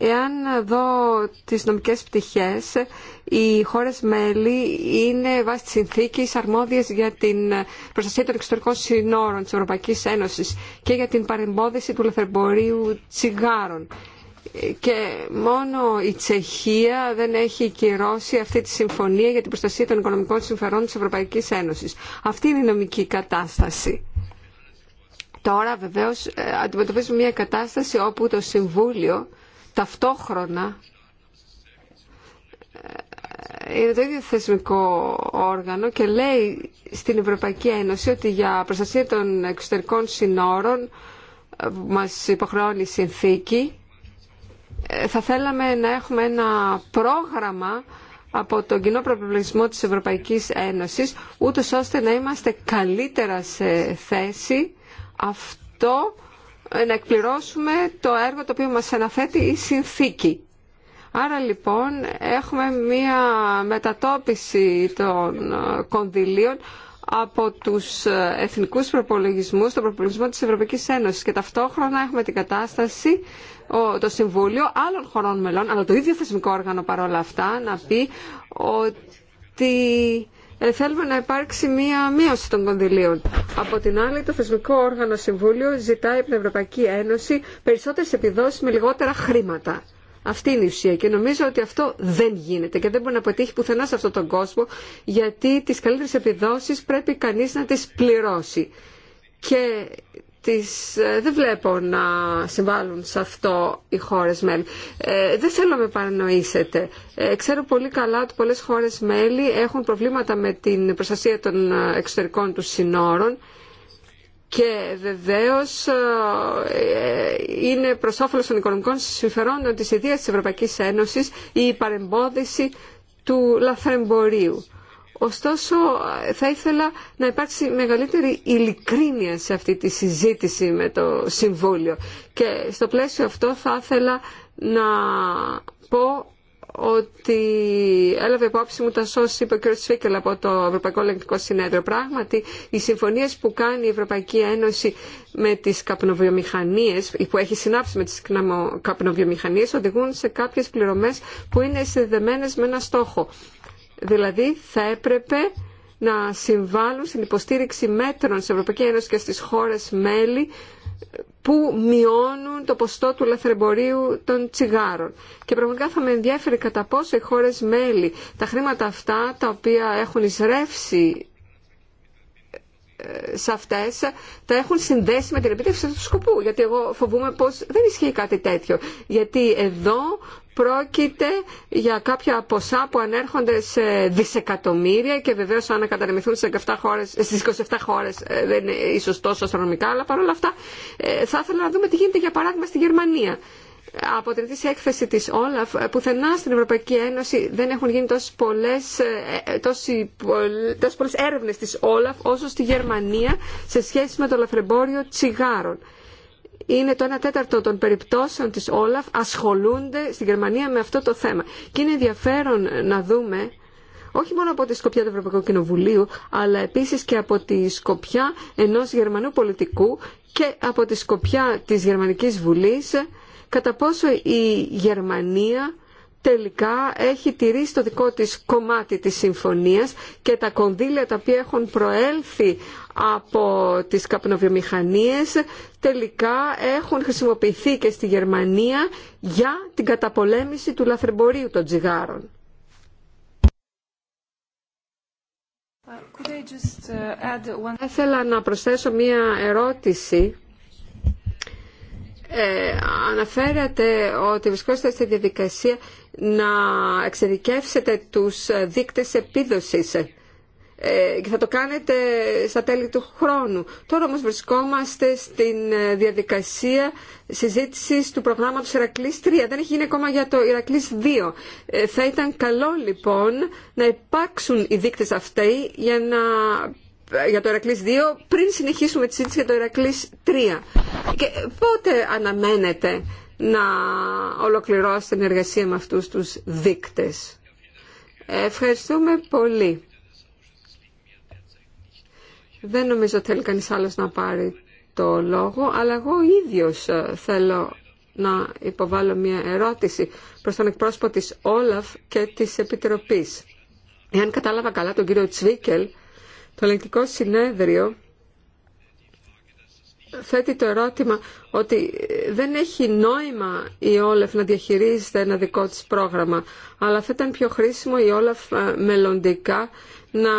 Εάν δω τις νομικές πτυχές, οι χώρες μέλη είναι βάσει της συνθήκης αρμόδιες για την προστασία των εξωτερικών συνόρων της Ευρωπαϊκής Ένωσης και για την παρεμπόδιση του λεφερμπορίου τσιγάρων. Και μόνο η Τσεχία δεν έχει κυρώσει αυτή τη συμφωνία για την προστασία των οικονομικών συμφερόντων της Ευρωπαϊκής Ένωσης. Αυτή είναι η νομική κατάσταση. Τώρα βεβαίως ε, αντιμετωπίζουμε μια κατάσταση όπου το Συμβούλιο ταυτόχρονα ε, είναι το ίδιο θεσμικό όργανο και λέει στην Ευρωπαϊκή Ένωση ότι για προστασία των εξωτερικών συνόρων που ε, μας υποχρεώνει η συνθήκη ε, θα θέλαμε να έχουμε ένα πρόγραμμα από τον κοινό προπολογισμό της Ευρωπαϊκής Ένωσης ούτως ώστε να είμαστε καλύτερα σε θέση αυτό να εκπληρώσουμε το έργο το οποίο μας αναθέτει η συνθήκη. Άρα λοιπόν έχουμε μία μετατόπιση των κονδυλίων από τους εθνικούς προπολογισμούς, τον προπολογισμό της Ευρωπαϊκής Ένωσης και ταυτόχρονα έχουμε την κατάσταση το Συμβούλιο άλλων χωρών μελών, αλλά το ίδιο θεσμικό όργανο παρόλα αυτά, να πει ότι ε, θέλουμε να υπάρξει μία μείωση των κονδυλίων. Από την άλλη, το θεσμικό όργανο Συμβούλιο ζητάει από την Ευρωπαϊκή Ένωση περισσότερε επιδόσει με λιγότερα χρήματα. Αυτή είναι η ουσία και νομίζω ότι αυτό δεν γίνεται και δεν μπορεί να πετύχει πουθενά σε αυτόν τον κόσμο γιατί τις καλύτερες επιδόσεις πρέπει κανείς να τις πληρώσει. Και τις, ε, δεν βλέπω να συμβάλλουν σε αυτό οι χώρες μέλη. Ε, δεν θέλω να με παρανοήσετε. Ε, ξέρω πολύ καλά ότι πολλές χώρες μέλη έχουν προβλήματα με την προστασία των εξωτερικών του συνόρων και βεβαίως είναι προς όφελος των οικονομικών συμφερόντων της ιδίας της Ευρωπαϊκής Ένωσης η παρεμπόδιση του λαθρεμπορίου. Ωστόσο, θα ήθελα να υπάρξει μεγαλύτερη ειλικρίνεια σε αυτή τη συζήτηση με το Συμβούλιο. Και στο πλαίσιο αυτό θα ήθελα να πω ότι έλαβε υπόψη μου τα σώση είπε ο κ. Σφίκελ από το Ευρωπαϊκό Ελεγκτικό Συνέδριο. Πράγματι, οι συμφωνίε που κάνει η Ευρωπαϊκή Ένωση με τι καπνοβιομηχανίε, που έχει συνάψει με τι καπνοβιομηχανίε, οδηγούν σε κάποιε πληρωμέ που είναι συνδεδεμένε με ένα στόχο. Δηλαδή θα έπρεπε να συμβάλλουν στην υποστήριξη μέτρων στην Ευρωπαϊκή Ένωση και στις χώρες μέλη που μειώνουν το ποστό του λαθρεμπορίου των τσιγάρων. Και πραγματικά θα με ενδιαφέρει κατά πόσο οι χώρες μέλη τα χρήματα αυτά τα οποία έχουν εισρεύσει σε αυτέ τα έχουν συνδέσει με την επίτευξη αυτού του σκοπού. Γιατί εγώ φοβούμαι πως δεν ισχύει κάτι τέτοιο. Γιατί εδώ πρόκειται για κάποια ποσά που ανέρχονται σε δισεκατομμύρια και βεβαίω αν κατανεμηθούν στι 27 χώρε 27 χώρες ε, δεν είναι ίσω τόσο αστρονομικά, αλλά παρόλα αυτά ε, θα ήθελα να δούμε τι γίνεται για παράδειγμα στη Γερμανία από την έκθεση της Όλαφ, ε, πουθενά στην Ευρωπαϊκή Ένωση δεν έχουν γίνει τόσες πολλές, ε, ε, τόσοι, τόσοι πολλές έρευνες της Όλαφ όσο στη Γερμανία σε σχέση με το λαφρεμπόριο τσιγάρων. Είναι το 1 τέταρτο των περιπτώσεων της Όλαφ ασχολούνται στη Γερμανία με αυτό το θέμα. Και είναι ενδιαφέρον να δούμε όχι μόνο από τη σκοπιά του Ευρωπαϊκού Κοινοβουλίου, αλλά επίσης και από τη σκοπιά ενός Γερμανού πολιτικού και από τη σκοπιά της Γερμανικής Βουλής, κατά πόσο η Γερμανία τελικά έχει τηρήσει το δικό της κομμάτι της συμφωνίας και τα κονδύλια τα οποία έχουν προέλθει από τις καπνοβιομηχανίες τελικά έχουν χρησιμοποιηθεί και στη Γερμανία για την καταπολέμηση του λαθρεμπορίου των τσιγάρων. Uh, Θα Ήθελα να προσθέσω μία ερώτηση ε, αναφέρατε ότι βρισκόσατε στη διαδικασία να εξειδικεύσετε τους δείκτες επίδοσης ε, και θα το κάνετε στα τέλη του χρόνου. Τώρα όμως βρισκόμαστε στην ε, διαδικασία συζήτησης του προγράμματος Ηρακλής 3. Δεν έχει γίνει ακόμα για το Ηρακλής 2. Ε, θα ήταν καλό λοιπόν να υπάρξουν οι δείκτες αυτοί για να για το Ηρακλής 2 πριν συνεχίσουμε τη συζήτηση για το Ηρακλής 3. Και πότε αναμένετε να ολοκληρώσετε την εργασία με αυτούς τους δείκτες. Ευχαριστούμε πολύ. Δεν νομίζω θέλει κανείς άλλος να πάρει το λόγο, αλλά εγώ ίδιος ε, θέλω να υποβάλω μια ερώτηση προς τον εκπρόσωπο της Όλαφ και της Επιτροπής. Εάν κατάλαβα καλά τον κύριο Τσβίκελ, το ελεγκτικό συνέδριο θέτει το ερώτημα ότι δεν έχει νόημα η Όλεφ να διαχειρίζεται ένα δικό της πρόγραμμα, αλλά θα ήταν πιο χρήσιμο η Όλεφ ε, μελλοντικά να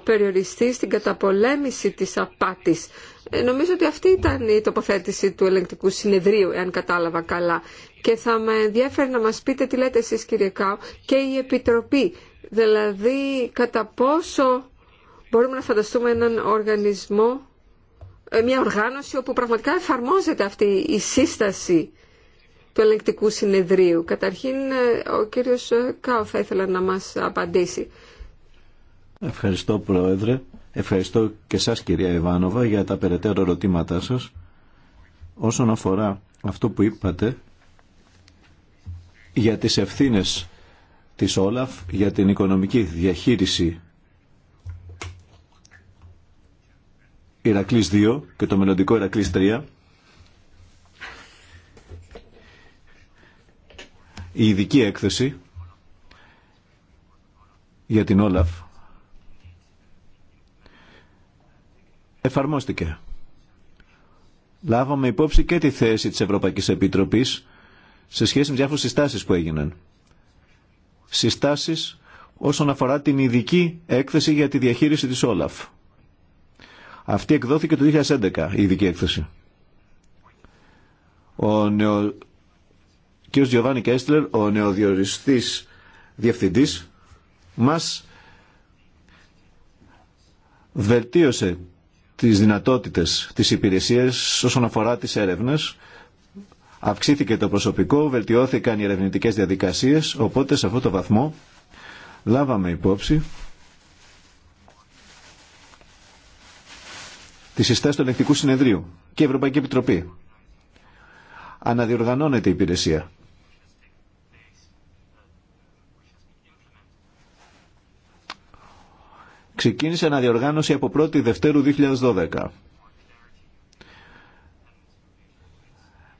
περιοριστεί στην καταπολέμηση της απάτης. Ε, νομίζω ότι αυτή ήταν η τοποθέτηση του ελεγκτικού συνεδρίου, εάν κατάλαβα καλά. Και θα με ενδιαφέρει να μας πείτε τι λέτε εσείς κύριε Κάου και η Επιτροπή. Δηλαδή κατά πόσο Μπορούμε να φανταστούμε έναν οργανισμό, ε, μια οργάνωση όπου πραγματικά εφαρμόζεται αυτή η σύσταση του ελεγκτικού συνεδρίου. Καταρχήν, ε, ο κύριος ε, Κάου θα ήθελα να μας απαντήσει. Ευχαριστώ, Πρόεδρε. Ευχαριστώ και σας, κυρία Ιβάνοβα, για τα περαιτέρω ερωτήματά σας. Όσον αφορά αυτό που είπατε για τις ευθύνες της Όλαφ για την οικονομική διαχείριση Ηρακλής 2 και το μελλοντικό Ηρακλής 3 η ειδική έκθεση για την Όλαφ εφαρμόστηκε. Λάβαμε υπόψη και τη θέση της Ευρωπαϊκής Επιτροπής σε σχέση με διάφορες συστάσεις που έγιναν. Συστάσεις όσον αφορά την ειδική έκθεση για τη διαχείριση της Όλαφ. Αυτή εκδόθηκε το 2011 η ειδική έκθεση. Ο νεο... κ. Γιωβάνι Κέστλερ, ο νεοδιοριστής διευθυντής, μας βελτίωσε τις δυνατότητες της υπηρεσίας όσον αφορά τις έρευνες. Αυξήθηκε το προσωπικό, βελτιώθηκαν οι ερευνητικές διαδικασίες, οπότε σε αυτό το βαθμό λάβαμε υπόψη Τη συστάσεις του Ελεκτικού Συνεδρίου και η Ευρωπαϊκή Επιτροπή. Αναδιοργανώνεται η υπηρεσία. Ξεκίνησε αναδιοργάνωση από 1η Δευτέρου 2012.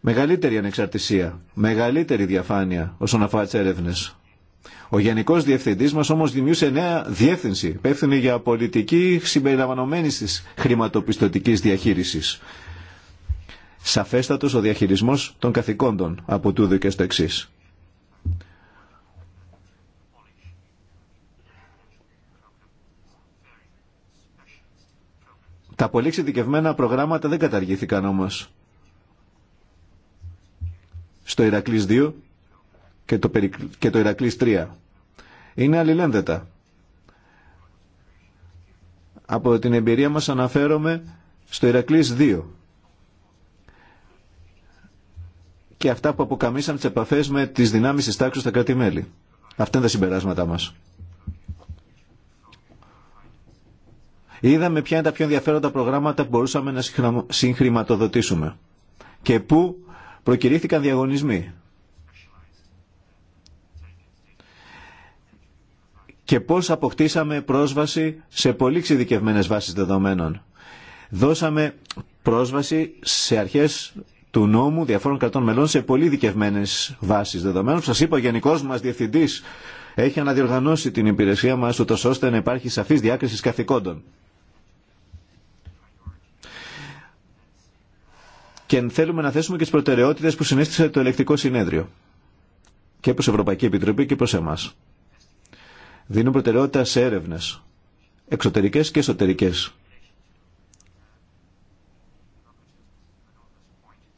Μεγαλύτερη ανεξαρτησία, μεγαλύτερη διαφάνεια όσον αφορά τι έρευνες. Ο Γενικός Διευθυντής μας όμως δημιούσε νέα διεύθυνση, υπεύθυνη για πολιτική συμπεριλαμβανομένης τη χρηματοπιστωτικής διαχείρισης. Σαφέστατος ο διαχειρισμός των καθηκόντων από τούδο και στο εξή. Τα πολύ εξειδικευμένα προγράμματα δεν καταργήθηκαν όμως. Στο Ηρακλής 2 και το, και το Ηρακλής 3. Είναι αλληλένδετα. Από την εμπειρία μας αναφέρομαι στο Ηρακλής 2. και αυτά που αποκαμίσαν τι επαφέ με τι δυνάμει τη τάξη στα κράτη-μέλη. Αυτά είναι τα συμπεράσματά μας Είδαμε ποια είναι τα πιο ενδιαφέροντα προγράμματα που μπορούσαμε να συγχρηματοδοτήσουμε και πού προκυρήθηκαν διαγωνισμοί. και πώς αποκτήσαμε πρόσβαση σε πολύ εξειδικευμένε βάσεις δεδομένων. Δώσαμε πρόσβαση σε αρχές του νόμου διαφόρων κρατών μελών σε πολύ δικευμένε βάσεις δεδομένων. Σας είπα, ο γενικός μας διευθυντής έχει αναδιοργανώσει την υπηρεσία μας ούτως ώστε να υπάρχει σαφής διάκριση καθηκόντων. Και θέλουμε να θέσουμε και τις προτεραιότητες που συνέστησε το ελεκτικό συνέδριο και προς Ευρωπαϊκή Επιτροπή και προς εμάς δίνουν προτεραιότητα σε έρευνες, εξωτερικές και εσωτερικές.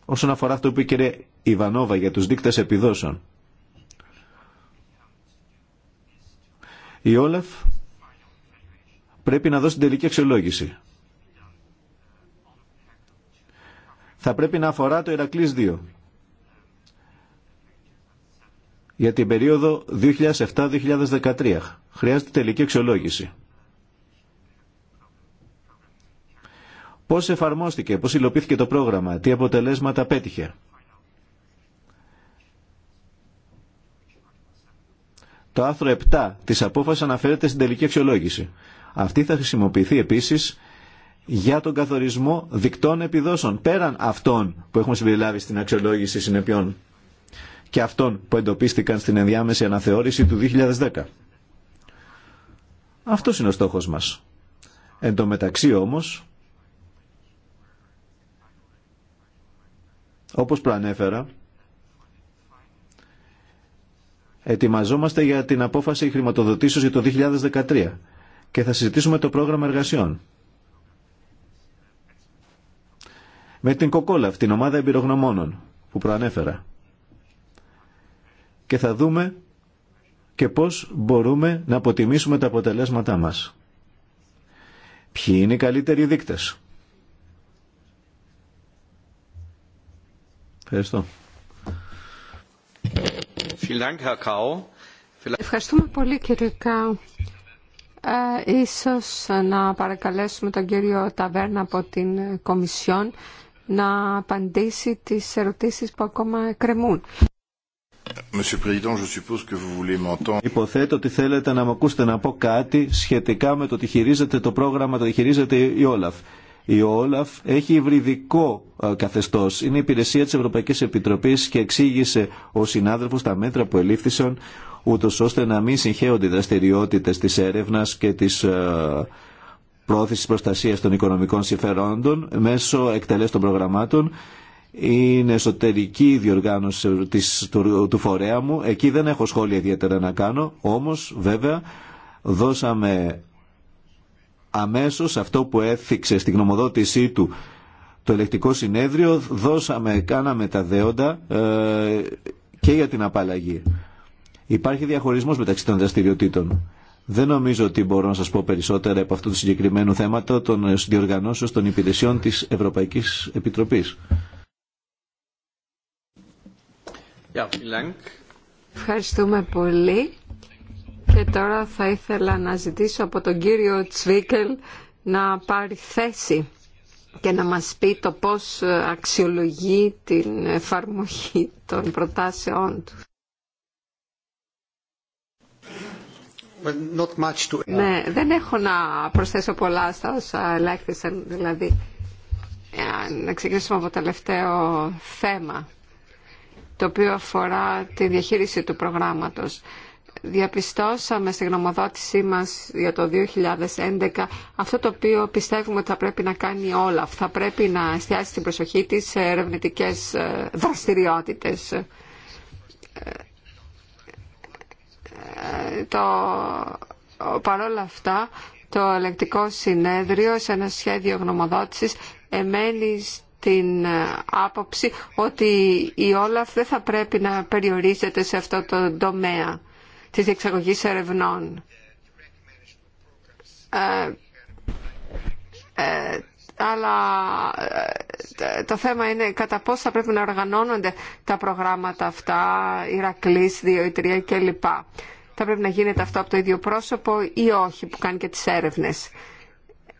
Όσον αφορά αυτό που είπε η Ιβανόβα για τους δείκτες επιδόσεων. Η Όλεφ πρέπει να δώσει την τελική αξιολόγηση. Θα πρέπει να αφορά το Ηρακλής 2 για την περίοδο 2007-2013. Χρειάζεται τελική αξιολόγηση. Πώς εφαρμόστηκε, πώς υλοποιήθηκε το πρόγραμμα, τι αποτελέσματα πέτυχε. Το άρθρο 7 της απόφασης αναφέρεται στην τελική αξιολόγηση. Αυτή θα χρησιμοποιηθεί επίσης για τον καθορισμό δικτών επιδόσεων, πέραν αυτών που έχουμε συμπεριλάβει στην αξιολόγηση συνεπειών και αυτών που εντοπίστηκαν στην ενδιάμεση αναθεώρηση του 2010. Αυτό είναι ο στόχος μας. Εν τω μεταξύ όμως, όπως προανέφερα, ετοιμαζόμαστε για την απόφαση χρηματοδοτήσεως για το 2013 και θα συζητήσουμε το πρόγραμμα εργασιών. Με την κοκόλα, την ομάδα εμπειρογνωμόνων που προανέφερα και θα δούμε και πώς μπορούμε να αποτιμήσουμε τα αποτελέσματά μας. Ποιοι είναι οι καλύτεροι δείκτες. Ευχαριστώ. Ευχαριστούμε πολύ κύριε Κάου. Ε, ίσως να παρακαλέσουμε τον κύριο Ταβέρνα από την Κομισιόν να απαντήσει τις ερωτήσεις που ακόμα κρεμούν. Υποθέτω ότι θέλετε να μου ακούσετε να πω κάτι σχετικά με το ότι χειρίζεται το πρόγραμμα, το ότι χειρίζεται η Όλαφ. Η Όλαφ έχει υβριδικό ε, καθεστω Είναι η υπηρεσία τη Ευρωπαϊκή Επιτροπή και εξήγησε ο συνάδελφο τα μέτρα που ελήφθησαν ούτω ώστε να μην συγχέονται οι δραστηριότητε τη έρευνα και τη ε, πρόθεση προστασία των οικονομικών συμφερόντων μέσω των προγραμμάτων είναι εσωτερική διοργάνωση της, του, φορέα μου. Εκεί δεν έχω σχόλια ιδιαίτερα να κάνω, όμως βέβαια δώσαμε αμέσως αυτό που έθιξε στην γνωμοδότησή του το ελεκτικό συνέδριο, δώσαμε, κάναμε τα δέοντα ε, και για την απαλλαγή. Υπάρχει διαχωρισμός μεταξύ των δραστηριοτήτων. Δεν νομίζω ότι μπορώ να σας πω περισσότερα από αυτού του συγκεκριμένου θέματα των διοργανώσεων των υπηρεσιών της Ευρωπαϊκής Επιτροπής. Ευχαριστούμε πολύ. Και τώρα θα ήθελα να ζητήσω από τον κύριο Τσβίκελ να πάρει θέση και να μας πει το πώς αξιολογεί την εφαρμογή των προτάσεών του. Ναι, δεν έχω να προσθέσω πολλά στα όσα ελέγχθησαν, δηλαδή ε, να ξεκινήσουμε από το τελευταίο θέμα το οποίο αφορά τη διαχείριση του προγράμματος. Διαπιστώσαμε στη γνωμοδότησή μας για το 2011 αυτό το οποίο πιστεύουμε ότι θα πρέπει να κάνει όλα. Θα πρέπει να εστιάσει την προσοχή της σε ερευνητικές ε, δραστηριότητες. Ε, το... Παρόλα αυτά, το ελεκτικό συνέδριο σε ένα σχέδιο γνωμοδότησης εμένει την ε, άποψη ότι η Όλαφ δεν θα πρέπει να περιορίζεται σε αυτό το τομέα της εξαγωγής ερευνών. Ε, ε, αλλά το θέμα είναι κατά πώς θα πρέπει να οργανώνονται τα προγράμματα αυτά, Ηρακλής, 2 ή 3 κλπ. Θα πρέπει να γίνεται αυτό από το ίδιο πρόσωπο ή όχι που κάνει και τις έρευνες.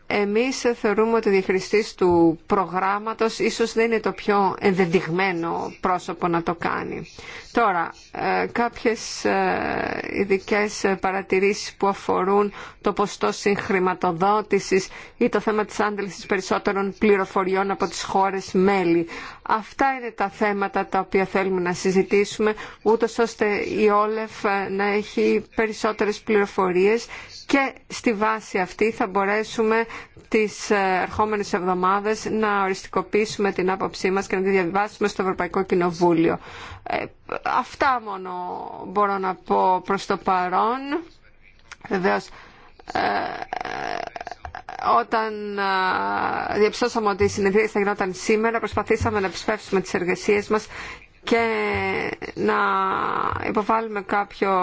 Εμείς θεωρούμε ότι ο διαχειριστής του προγράμματος ίσως δεν είναι το πιο ενδεδειγμένο πρόσωπο να το κάνει. Τώρα, ε, κάποιες ε, ειδικέ ε, παρατηρήσεις που αφορούν το ποστό συγχρηματοδότησης ή το θέμα της άντλησης περισσότερων πληροφοριών από τις χώρες μέλη. Αυτά είναι τα θέματα τα οποία θέλουμε να συζητήσουμε, ούτως ώστε η Όλεφ να έχει περισσότερες πληροφορίες και στη βάση αυτή θα μπορέσουμε τις ε, ερχόμενες εβδομάδες να οριστικοποιήσουμε την άποψή μας και να τη διαβάσουμε στο Ευρωπαϊκό Κοινοβούλιο. Ε, αυτά μόνο μπορώ να πω προς το παρόν. Βεβαίως, ε, όταν διαψώσαμε ότι η συνεδρία θα γινόταν σήμερα, προσπαθήσαμε να επισπεύσουμε τις εργασίες μας και να υποβάλουμε κάποιο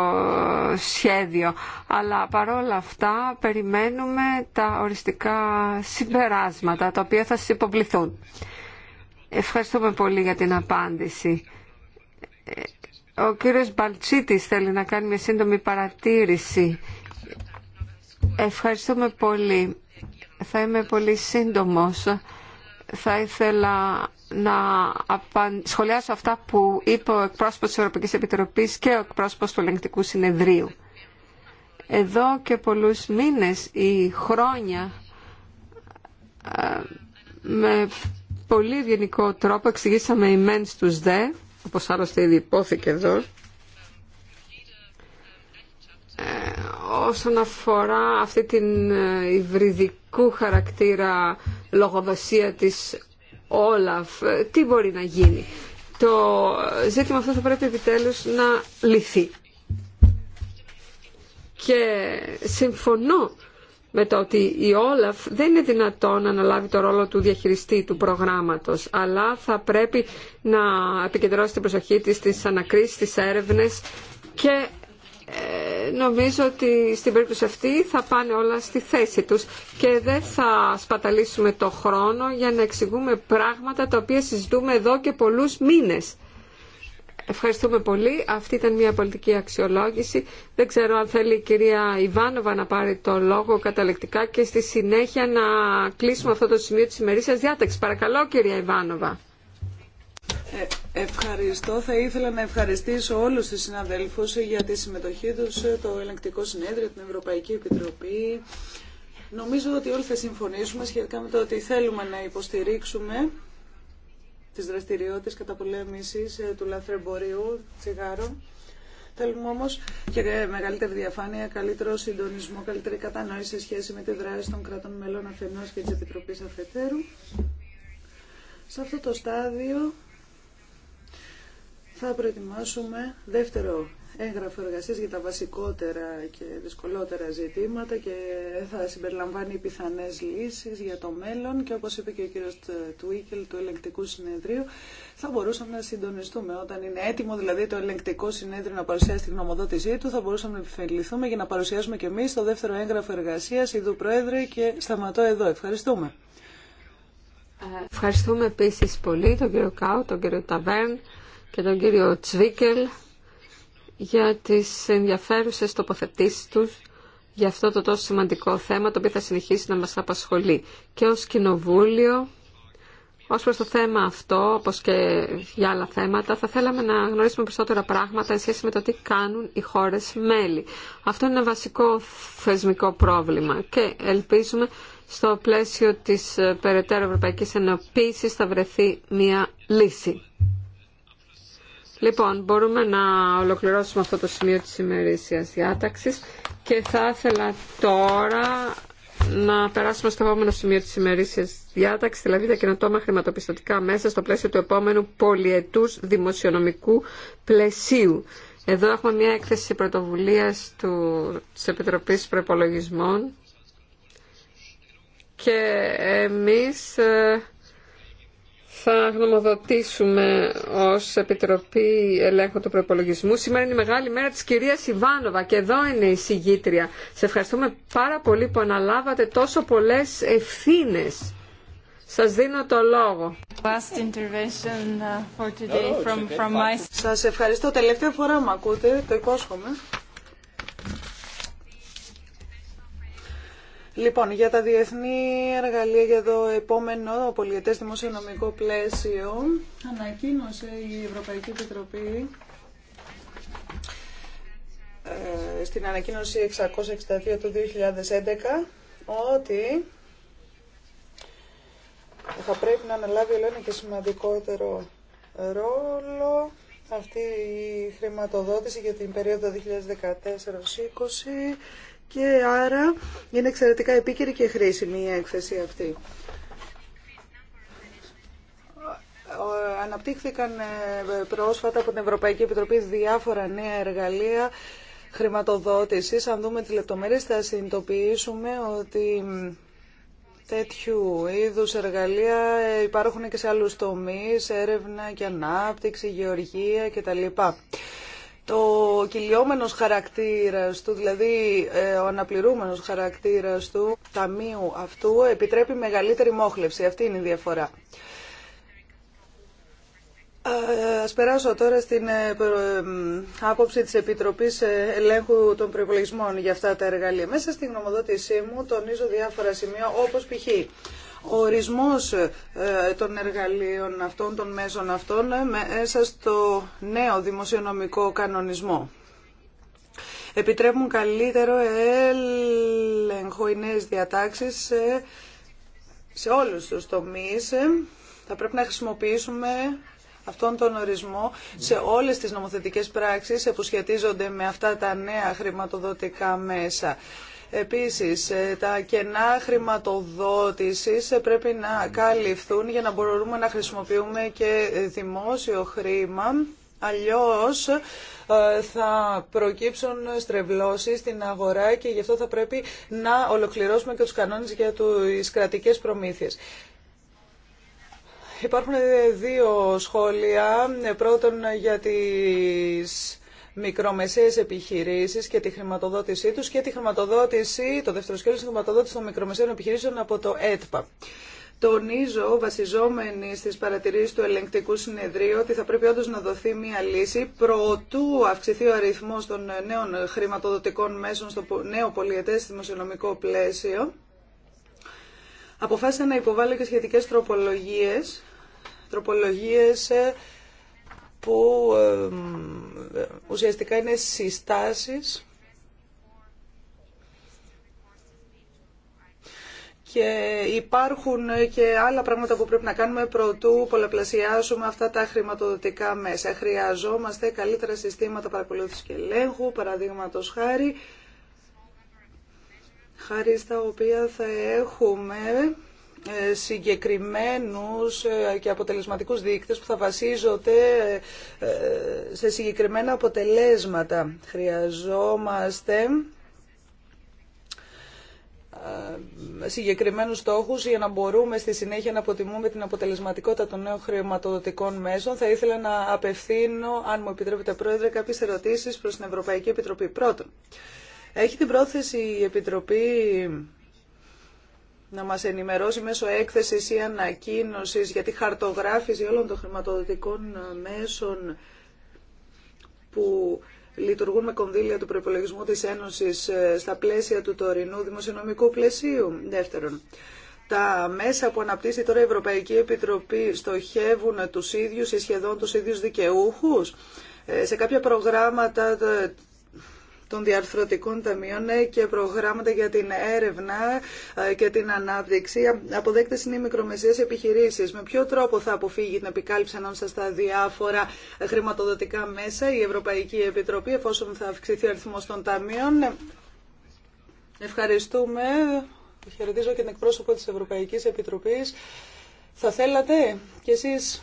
σχέδιο. Αλλά παρόλα αυτά περιμένουμε τα οριστικά συμπεράσματα τα οποία θα σας υποβληθούν. Ευχαριστούμε πολύ για την απάντηση. Ο κύριος Μπαλτσίτης θέλει να κάνει μια σύντομη παρατήρηση. Ευχαριστούμε πολύ. Θα είμαι πολύ σύντομος. Θα ήθελα να σχολιάσω αυτά που είπε ο εκπρόσωπος της Ευρωπαϊκής Επιτροπής και ο εκπρόσωπος του Ελεγκτικού Συνεδρίου. Εδώ και πολλούς μήνες ή χρόνια ε, με πολύ ευγενικό τρόπο εξηγήσαμε οι μεν στους δε, όπως άλλωστε ήδη υπόθηκε εδώ, ε, όσον αφορά αυτή την ε, υβριδικού χαρακτήρα λογοδοσία της Όλαφ, τι μπορεί να γίνει. Το ζήτημα αυτό θα πρέπει επιτέλους να λυθεί. Και συμφωνώ με το ότι η Όλαφ δεν είναι δυνατόν να αναλάβει το ρόλο του διαχειριστή του προγράμματος, αλλά θα πρέπει να επικεντρώσει την προσοχή της στις ανακρίσεις, στις έρευνες και ε, νομίζω ότι στην περίπτωση αυτή θα πάνε όλα στη θέση τους και δεν θα σπαταλήσουμε το χρόνο για να εξηγούμε πράγματα τα οποία συζητούμε εδώ και πολλούς μήνες. Ευχαριστούμε πολύ. Αυτή ήταν μια πολιτική αξιολόγηση. Δεν ξέρω αν θέλει η κυρία Ιβάνοβα να πάρει το λόγο καταλεκτικά και στη συνέχεια να κλείσουμε αυτό το σημείο της ημερήσιας διάταξης. Παρακαλώ κυρία Ιβάνοβα. Ε, ευχαριστώ. Θα ήθελα να ευχαριστήσω όλους τους συναδέλφους για τη συμμετοχή τους το Ελεγκτικό Συνέδριο, την Ευρωπαϊκή Επιτροπή. Νομίζω ότι όλοι θα συμφωνήσουμε σχετικά με το ότι θέλουμε να υποστηρίξουμε τις δραστηριότητες πολέμησης ε, του λαθρεμπορίου τσιγάρων. Θέλουμε όμω και ε, μεγαλύτερη διαφάνεια, καλύτερο συντονισμό, καλύτερη κατανόηση σε σχέση με τη δράση των κρατών μελών αφενό και τη Επιτροπή Αφετέρου. Σε αυτό το στάδιο θα προετοιμάσουμε δεύτερο έγγραφο εργασίας για τα βασικότερα και δυσκολότερα ζητήματα και θα συμπεριλαμβάνει πιθανές λύσεις για το μέλλον και όπως είπε και ο κύριος Τουίκελ του ελεγκτικού συνεδρίου θα μπορούσαμε να συντονιστούμε όταν είναι έτοιμο δηλαδή το ελεγκτικό συνέδριο να παρουσιάσει τη γνωμοδότησή του θα μπορούσαμε να επιφεληθούμε για να παρουσιάσουμε και εμείς το δεύτερο έγγραφο εργασίας Ιδού Πρόεδρε και σταματώ εδώ. Ευχαριστούμε. Ε, ευχαριστούμε επίσης πολύ τον κύριο Κάου, τον κύριο Ταβέρν και τον κύριο Τσβίκελ για τις ενδιαφέρουσες τοποθετήσεις τους για αυτό το τόσο σημαντικό θέμα το οποίο θα συνεχίσει να μας απασχολεί και ως Κοινοβούλιο ως προς το θέμα αυτό, όπως και για άλλα θέματα, θα θέλαμε να γνωρίσουμε περισσότερα πράγματα εν σχέση με το τι κάνουν οι χώρες μέλη. Αυτό είναι ένα βασικό θεσμικό πρόβλημα και ελπίζουμε στο πλαίσιο της ε, περαιτέρω ευρωπαϊκής ενοποίησης θα βρεθεί μια λύση. Λοιπόν, μπορούμε να ολοκληρώσουμε αυτό το σημείο της ημερήσιας διάταξης και θα ήθελα τώρα να περάσουμε στο επόμενο σημείο της ημερήσιας διάταξης, δηλαδή τα κοινοτόμα χρηματοπιστωτικά μέσα στο πλαίσιο του επόμενου πολιετούς δημοσιονομικού πλαισίου. Εδώ έχουμε μια έκθεση πρωτοβουλίας του, της Επιτροπής Προπολογισμών και εμείς ε, θα γνωμοδοτήσουμε ως Επιτροπή Ελέγχου του Προπολογισμού. Σήμερα είναι η μεγάλη μέρα της κυρίας Ιβάνοβα και εδώ είναι η συγγήτρια. Σε ευχαριστούμε πάρα πολύ που αναλάβατε τόσο πολλές ευθύνες. Σας δίνω το λόγο. Uh, Σας ευχαριστώ. Τελευταία φορά με ακούτε, το υπόσχομαι. Λοιπόν, για τα διεθνή εργαλεία για το επόμενο πολιετές δημοσιονομικό πλαίσιο ανακοίνωσε η Ευρωπαϊκή Επιτροπή ε, στην ανακοίνωση 662 του 2011 ότι θα πρέπει να αναλάβει λένε και σημαντικότερο ρόλο αυτή η χρηματοδότηση για την περίοδο 2014-2020 και άρα είναι εξαιρετικά επίκαιρη και χρήσιμη η έκθεση αυτή. Αναπτύχθηκαν ε, πρόσφατα από την Ευρωπαϊκή Επιτροπή διάφορα νέα εργαλεία χρηματοδότησης. Αν δούμε τις λεπτομέρειες θα συνειδητοποιήσουμε ότι τέτοιου είδους εργαλεία ε, υπάρχουν και σε άλλους τομείς, έρευνα και ανάπτυξη, γεωργία κτλ το κυλιόμενος χαρακτήρας του, δηλαδή ε, ο αναπληρούμενος χαρακτήρας του ταμείου αυτού επιτρέπει μεγαλύτερη μόχλευση. Αυτή είναι η διαφορά. Ε, ας περάσω τώρα στην ε, άποψη της Επιτροπής Ελέγχου των Προϋπολογισμών για αυτά τα εργαλεία. Μέσα στην γνωμοδότησή μου τονίζω διάφορα σημεία όπως π.χ ο ορισμός ε, των εργαλείων αυτών, των μέσων αυτών, ε, μέσα ε, στο νέο δημοσιονομικό κανονισμό. Επιτρέπουν καλύτερο έλεγχο οι νέες διατάξεις σε, σε όλους τους τομείς. Θα πρέπει να χρησιμοποιήσουμε αυτόν τον ορισμό σε όλες τις νομοθετικές πράξεις που σχετίζονται με αυτά τα νέα χρηματοδοτικά μέσα. Επίσης, ε, τα κενά χρηματοδότησης ε, πρέπει να καλυφθούν για να μπορούμε να χρησιμοποιούμε και ε, δημόσιο χρήμα. Αλλιώς θα προκύψουν στρεβλώσεις στην αγορά και γι' αυτό θα πρέπει να ολοκληρώσουμε και τους κανόνες για τις κρατικές προμήθειες. Υπάρχουν δύο σχόλια. Πρώτον για τις μικρομεσαίες επιχειρήσεις και τη χρηματοδότησή τους και τη χρηματοδότηση, το δεύτερο σκέλος, τη χρηματοδότηση των μικρομεσαίων επιχειρήσεων από το ΕΤΠΑ. Τονίζω, βασιζόμενοι στι παρατηρήσει του ελεγκτικού συνεδρίου, ότι θα πρέπει όντω να δοθεί μια λύση προτού αυξηθεί ο αριθμό των νέων χρηματοδοτικών μέσων στο νέο πολιετέ δημοσιονομικό πλαίσιο. Αποφάσισα να υποβάλω και σχετικέ τροπολογίε. Τροπολογίες ε, που ουσιαστικά είναι συστάσεις και υπάρχουν και άλλα πράγματα που πρέπει να κάνουμε προτού πολλαπλασιάσουμε αυτά τα χρηματοδοτικά μέσα. Χρειαζόμαστε καλύτερα συστήματα παρακολούθησης και ελέγχου, παραδείγματο χάρη, χάρη στα οποία θα έχουμε ε, συγκεκριμένους ε, και αποτελεσματικούς δείκτες που θα βασίζονται ε, σε συγκεκριμένα αποτελέσματα. Χρειαζόμαστε συγκεκριμένους στόχους για να μπορούμε στη συνέχεια να αποτιμούμε την αποτελεσματικότητα των νέων χρηματοδοτικών μέσων. Θα ήθελα να απευθύνω, αν μου επιτρέπετε Πρόεδρε, κάποιες ερωτήσεις προς την Ευρωπαϊκή Επιτροπή. Πρώτον, έχει την πρόθεση η Επιτροπή να μας ενημερώσει μέσω έκθεσης ή ανακοίνωσης για τη χαρτογράφηση όλων των χρηματοδοτικών μέσων που λειτουργούν με κονδύλια του προπολογισμού της Ένωσης ε, στα πλαίσια του τωρινού δημοσιονομικού πλαισίου. Δεύτερον, τα μέσα που αναπτύσσει τώρα η Ευρωπαϊκή Επιτροπή στοχεύουν τους ίδιους ή σχεδόν τους ίδιους δικαιούχους ε, σε κάποια προγράμματα ε, των διαρθρωτικών ταμείων ε, και προγράμματα για την έρευνα ε, και την ανάπτυξη. Αποδέκτες είναι οι μικρομεσαίες επιχειρήσει. Με ποιο τρόπο θα αποφύγει την επικάλυψη ανάμεσα στα διάφορα χρηματοδοτικά μέσα η Ευρωπαϊκή Επιτροπή εφόσον θα αυξηθεί ο αριθμό των ταμείων. Ευχαριστούμε. Χαιρετίζω και την εκπρόσωπο της Ευρωπαϊκής Επιτροπής. Θα θέλατε κι εσείς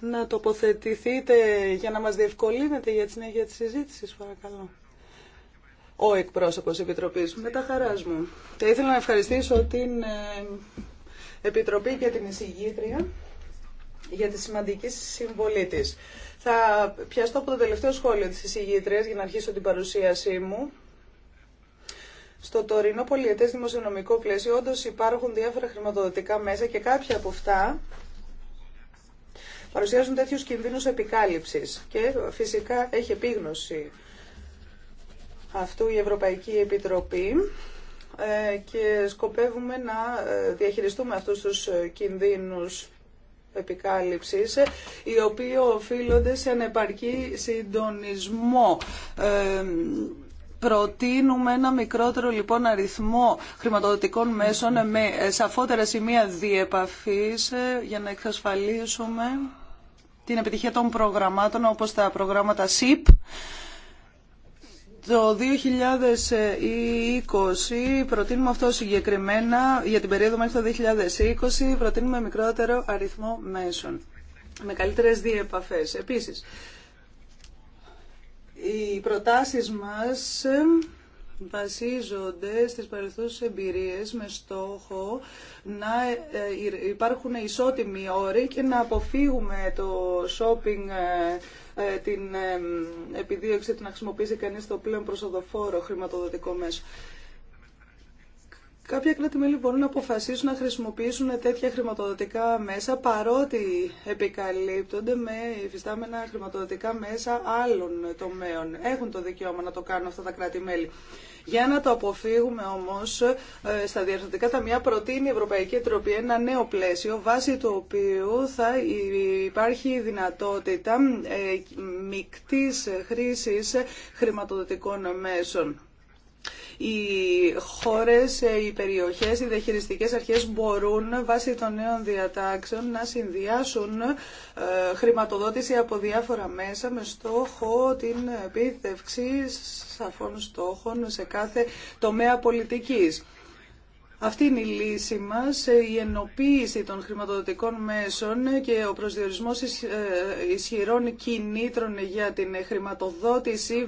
να τοποθετηθείτε για να μας διευκολύνετε για τη συνέχεια της συζήτησης, παρακαλώ ο εκπρόσωπος Επιτροπής. Με τα χαράς μου. Θα ήθελα να ευχαριστήσω την ε, Επιτροπή και την εισηγήτρια για τη σημαντική συμβολή της. Θα πιαστώ από το τελευταίο σχόλιο της εισηγήτριας για να αρχίσω την παρουσίασή μου. Στο τωρινό πολιετές δημοσιονομικό πλαίσιο όντως υπάρχουν διάφορα χρηματοδοτικά μέσα και κάποια από αυτά παρουσιάζουν τέτοιους κινδύνους επικάλυψης και φυσικά έχει επίγνωση αυτού η Ευρωπαϊκή Επιτροπή ε, και σκοπεύουμε να ε, διαχειριστούμε αυτούς τους ε, κινδύνους επικάλυψης, οι οποίοι οφείλονται σε ανεπαρκή συντονισμό. Προτείνουμε ένα μικρότερο λοιπόν αριθμό χρηματοδοτικών μέσων με σαφότερα σημεία διεπαφής για να εξασφαλίσουμε την επιτυχία των προγραμμάτων όπως τα προγράμματα SIP το 2020 προτείνουμε αυτό συγκεκριμένα για την περίοδο μέχρι το 2020 προτείνουμε μικρότερο αριθμό μέσων με καλύτερες διεπαφές. Επίσης, οι προτάσεις μας βασίζονται στις παρελθούσες εμπειρίες με στόχο να ε, ε, υπάρχουν ισότιμοι όροι και να αποφύγουμε το shopping ε, ε, την ε, επιδίωξη την να χρησιμοποιήσει κανείς το πλέον προσοδοφόρο χρηματοδοτικό μέσο. Κάποια κράτη-μέλη μπορούν να αποφασίσουν να χρησιμοποιήσουν τέτοια χρηματοδοτικά μέσα παρότι επικαλύπτονται με υφιστάμενα χρηματοδοτικά μέσα άλλων τομέων. Έχουν το δικαίωμα να το κάνουν αυτά τα κράτη-μέλη. Για να το αποφύγουμε όμως, ε, στα διαρθρωτικά ταμεία προτείνει η Ευρωπαϊκή Επιτροπή ένα νέο πλαίσιο, βάσει του οποίου θα υπάρχει δυνατότητα ε, μικτής χρήσης χρηματοδοτικών μέσων οι χώρες, ε, οι περιοχές, οι διαχειριστικές αρχές μπορούν βάσει των νέων διατάξεων να συνδυάσουν ε, χρηματοδότηση από διάφορα μέσα με στόχο την επίτευξη σαφών στόχων σε κάθε τομέα πολιτικής. Αυτή είναι η λύση μας, η ενοποίηση των χρηματοδοτικών μέσων και ο προσδιορισμός ε, ισχυρών κινήτρων για την χρηματοδότηση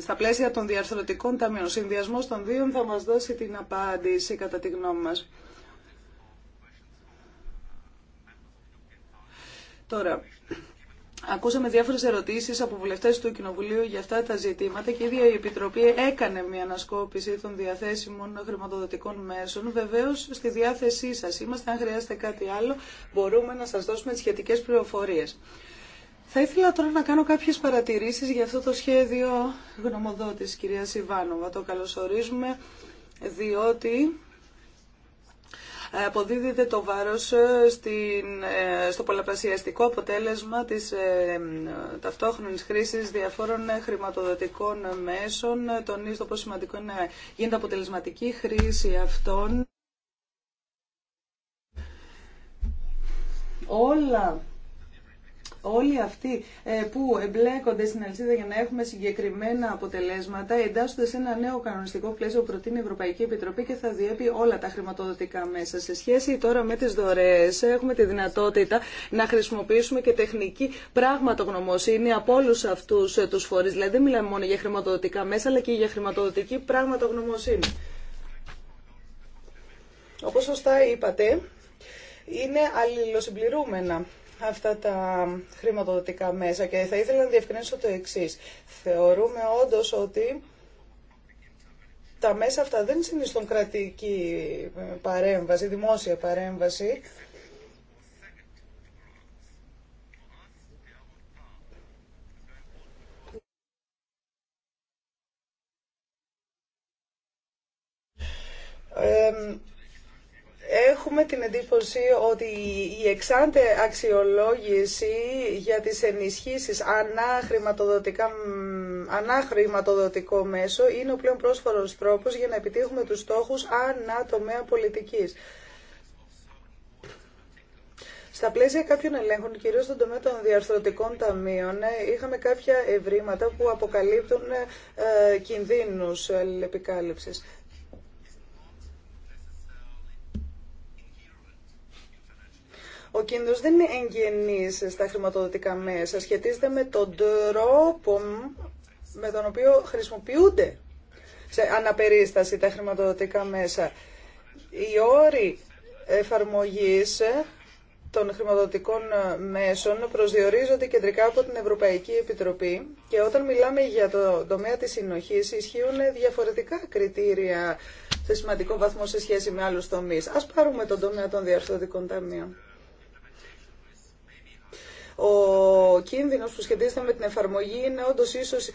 στα πλαίσια των διαρθρωτικών ταμείων. Ο συνδυασμός των δύο θα μας δώσει την απάντηση κατά τη γνώμη μας. Τώρα, Ακούσαμε διάφορες ερωτήσεις από βουλευτές του Κοινοβουλίου για αυτά τα ζητήματα και η ίδια η Επιτροπή έκανε μια ανασκόπηση των διαθέσιμων χρηματοδοτικών μέσων. Βεβαίως στη διάθεσή σας είμαστε, αν χρειάζεται κάτι άλλο μπορούμε να σας δώσουμε τις σχετικές πληροφορίες. Θα ήθελα τώρα να κάνω κάποιες παρατηρήσεις για αυτό το σχέδιο γνωμοδότης, κυρία Σιβάνοβα. Το καλωσορίζουμε διότι αποδίδεται το βάρος ε, στην, ε, στο πολλαπλασιαστικό αποτέλεσμα της ε, ταυτόχρονης χρήσης διαφόρων χρηματοδοτικών μέσων. Τονίζει το πόσο σημαντικό είναι να γίνεται αποτελεσματική χρήση αυτών. Όλα Όλοι αυτοί ε, που εμπλέκονται στην αλυσίδα για να έχουμε συγκεκριμένα αποτελέσματα εντάσσονται σε ένα νέο κανονιστικό πλαίσιο που προτείνει η Ευρωπαϊκή Επιτροπή και θα διέπει όλα τα χρηματοδοτικά μέσα. Σε σχέση τώρα με τι δωρεέ, έχουμε τη δυνατότητα να χρησιμοποιήσουμε και τεχνική πραγματογνωμοσύνη από όλου αυτού ε, του φορεί. Δηλαδή, δεν μιλάμε μόνο για χρηματοδοτικά μέσα, αλλά και για χρηματοδοτική πραγματογνωμοσύνη. Όπω σωστά είπατε, είναι αλληλοσυμπληρούμενα αυτά τα χρηματοδοτικά μέσα και θα ήθελα να διευκρινίσω το εξής. Θεωρούμε όντω ότι τα μέσα αυτά δεν συνιστούν κρατική παρέμβαση, δημόσια παρέμβαση. Έχουμε την εντύπωση ότι η εξάντε αξιολόγηση για τις ενισχύσεις ανά ανάχρηματοδοτικό μέσο είναι ο πλέον πρόσφορος τρόπος για να επιτύχουμε τους στόχους ανά τομέα πολιτικής. Στα πλαίσια κάποιων ελέγχων, κυρίως στον τομέα των διαρθρωτικών ταμείων, είχαμε κάποια ευρήματα που αποκαλύπτουν ε, κινδύνους αλληλεπικάλυψης. Ε, Ο κίνδυνο δεν είναι εγγενή στα χρηματοδοτικά μέσα, σχετίζεται με τον τρόπο με τον οποίο χρησιμοποιούνται σε αναπερίσταση τα χρηματοδοτικά μέσα. Οι όροι εφαρμογής των χρηματοδοτικών μέσων προσδιορίζονται κεντρικά από την Ευρωπαϊκή Επιτροπή και όταν μιλάμε για το τομέα της συνοχής ισχύουν διαφορετικά κριτήρια σε σημαντικό βαθμό σε σχέση με άλλους τομείς. Ας πάρουμε τον τομέα των διαρθρωτικών ταμείων. Ο κίνδυνος που σχετίζεται με την εφαρμογή είναι όντως ίσως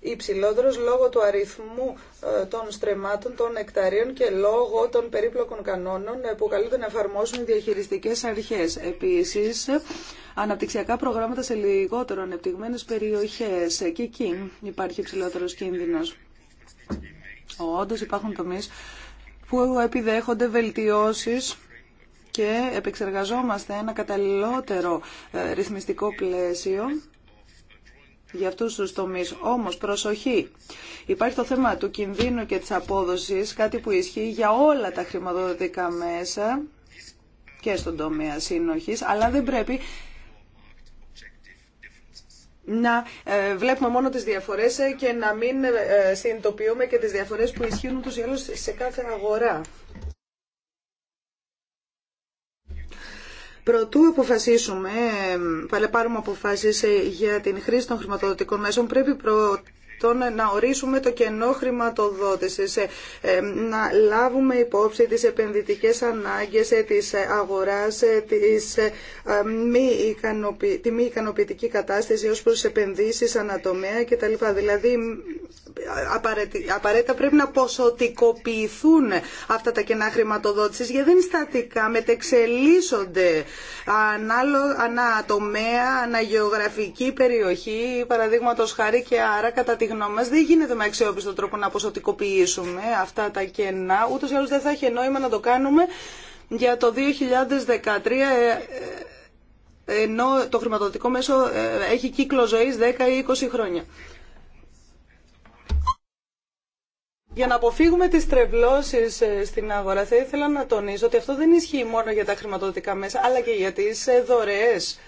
υψηλότερος λόγω του αριθμού ε, των στρεμάτων, των εκταρίων και λόγω των περίπλοκων κανόνων ε, που καλούνται να εφαρμόσουν οι διαχειριστικές αρχές. Επίσης, ε, αναπτυξιακά προγράμματα σε λιγότερο ανεπτυγμένες περιοχές. Και εκεί υπάρχει υψηλότερος κίνδυνος. Όντω υπάρχουν τομείς που επιδέχονται βελτιώσεις και επεξεργαζόμαστε ένα καταλληλότερο ε, ρυθμιστικό πλαίσιο για αυτούς τους τομείς. Όμως, προσοχή, υπάρχει το θέμα του κινδύνου και της απόδοσης, κάτι που ισχύει για όλα τα χρηματοδοτικά μέσα και στον τομέα σύνοχης, αλλά δεν πρέπει να ε, βλέπουμε μόνο τις διαφορές ε, και να μην συνειδητοποιούμε και τις διαφορές που ισχύουν τους ή σε κάθε αγορά. Προτού αποφασίσουμε, πάρουμε αποφάσεις ε, για την χρήση των χρηματοδοτικών μέσων, πρέπει πρώτα να ορίσουμε το κενό χρηματοδότησης, ε, ε, να λάβουμε υπόψη τις επενδυτικές ανάγκες ε, της αγοράς, της, τη μη ικανοποιητική κατάσταση ως προς επενδύσεις, ανατομέα κτλ. Δηλαδή απαραίτητα πρέπει να ποσοτικοποιηθούν αυτά τα κενά χρηματοδότησης γιατί δεν είναι στατικά, μετεξελίσσονται ανά τομέα, γεωγραφική περιοχή, παραδείγματο χάρη και άρα κατά τη γνώμη μας δεν γίνεται με αξιόπιστο τρόπο να ποσοτικοποιήσουμε αυτά τα κενά. Ούτως ή άλλως δεν θα έχει νόημα να το κάνουμε για το 2013 ε, ε, ενώ το χρηματοδοτικό μέσο ε, έχει κύκλο ζωής 10 ή 20 χρόνια. Για να αποφύγουμε τις τρευλώσεις στην αγορά θα ήθελα να τονίσω ότι αυτό δεν ισχύει μόνο για τα χρηματοδοτικά μέσα αλλά και για τις δωρεές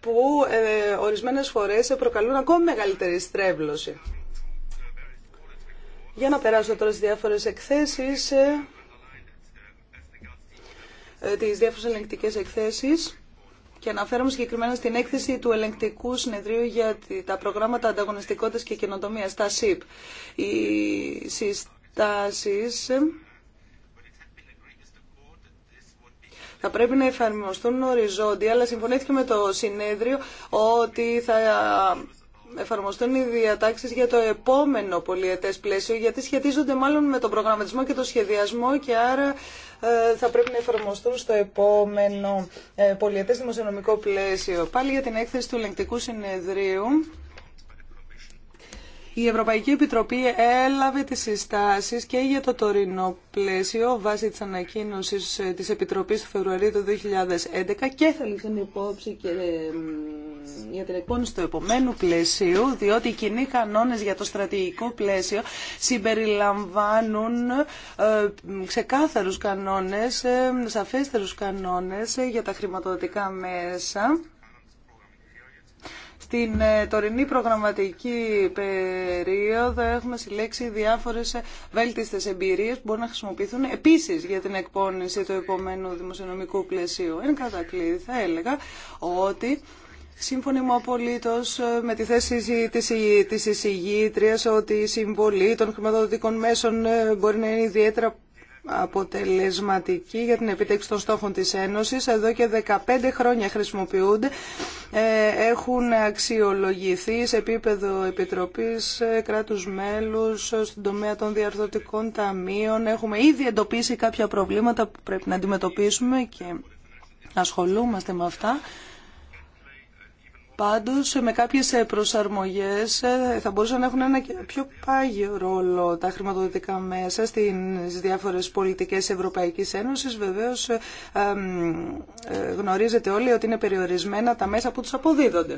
που ε, ορισμένες φορές ε, προκαλούν ακόμη μεγαλύτερη στρέβλωση. Για να περάσω τώρα στις διάφορες εκθέσεις, ε, τις διάφορες ελεγκτικές εκθέσεις και αναφέρομαι συγκεκριμένα στην έκθεση του ελεγκτικού συνεδρίου για τα προγράμματα ανταγωνιστικότητας και καινοτομίας, τα ΣΥΠ. Οι συστάσεις θα πρέπει να εφαρμοστούν οριζόντια, αλλά συμφωνήθηκε με το συνέδριο ότι θα εφαρμοστούν οι διατάξεις για το επόμενο πολιετές πλαίσιο, γιατί σχετίζονται μάλλον με τον προγραμματισμό και το σχεδιασμό και άρα ε, θα πρέπει να εφαρμοστούν στο επόμενο ε, πολιετές δημοσιονομικό πλαίσιο. Πάλι για την έκθεση του ελεγκτικού συνεδρίου. Η Ευρωπαϊκή Επιτροπή έλαβε τις συστάσεις και για το τωρινό πλαίσιο βάσει της ανακοίνωσης ε, της Επιτροπής του Φεβρουαρίου του 2011 και θα να υπόψη και για ε, την εκπόνηση του επομένου πλαισίου διότι οι κοινοί κανόνες για το στρατηγικό πλαίσιο συμπεριλαμβάνουν ε, ξεκάθαρους κανόνες, ε, σαφέστερους κανόνες ε, για τα χρηματοδοτικά μέσα στην ε, τωρινή προγραμματική περίοδο έχουμε συλλέξει διάφορες ε, βέλτιστες εμπειρίες που μπορούν να χρησιμοποιηθούν επίσης για την εκπόνηση του επομένου δημοσιονομικού πλαισίου. Εν κατακλείδη θα έλεγα ότι Σύμφωνοι μου απολύτω ε, με τη θέση τη εισηγήτρια ότι η συμβολή των χρηματοδοτικών μέσων μπορεί να είναι ιδιαίτερα αποτελεσματική για την επίτευξη των στόχων της Ένωσης. Εδώ και 15 χρόνια χρησιμοποιούνται. Ε, έχουν αξιολογηθεί σε επίπεδο Επιτροπής κράτους μέλους, στον τομέα των διαρθρωτικών ταμείων. Έχουμε ήδη εντοπίσει κάποια προβλήματα που πρέπει να αντιμετωπίσουμε και ασχολούμαστε με αυτά. Πάντως με κάποιες ε, προσαρμογές ε, θα μπορούσαν να έχουν ένα πιο πάγιο ρόλο τα χρηματοδοτικά μέσα στις διάφορες πολιτικές Ευρωπαϊκής Ένωσης. Βεβαίως ε, γνωρίζετε όλοι ότι είναι περιορισμένα τα μέσα που τους αποδίδονται.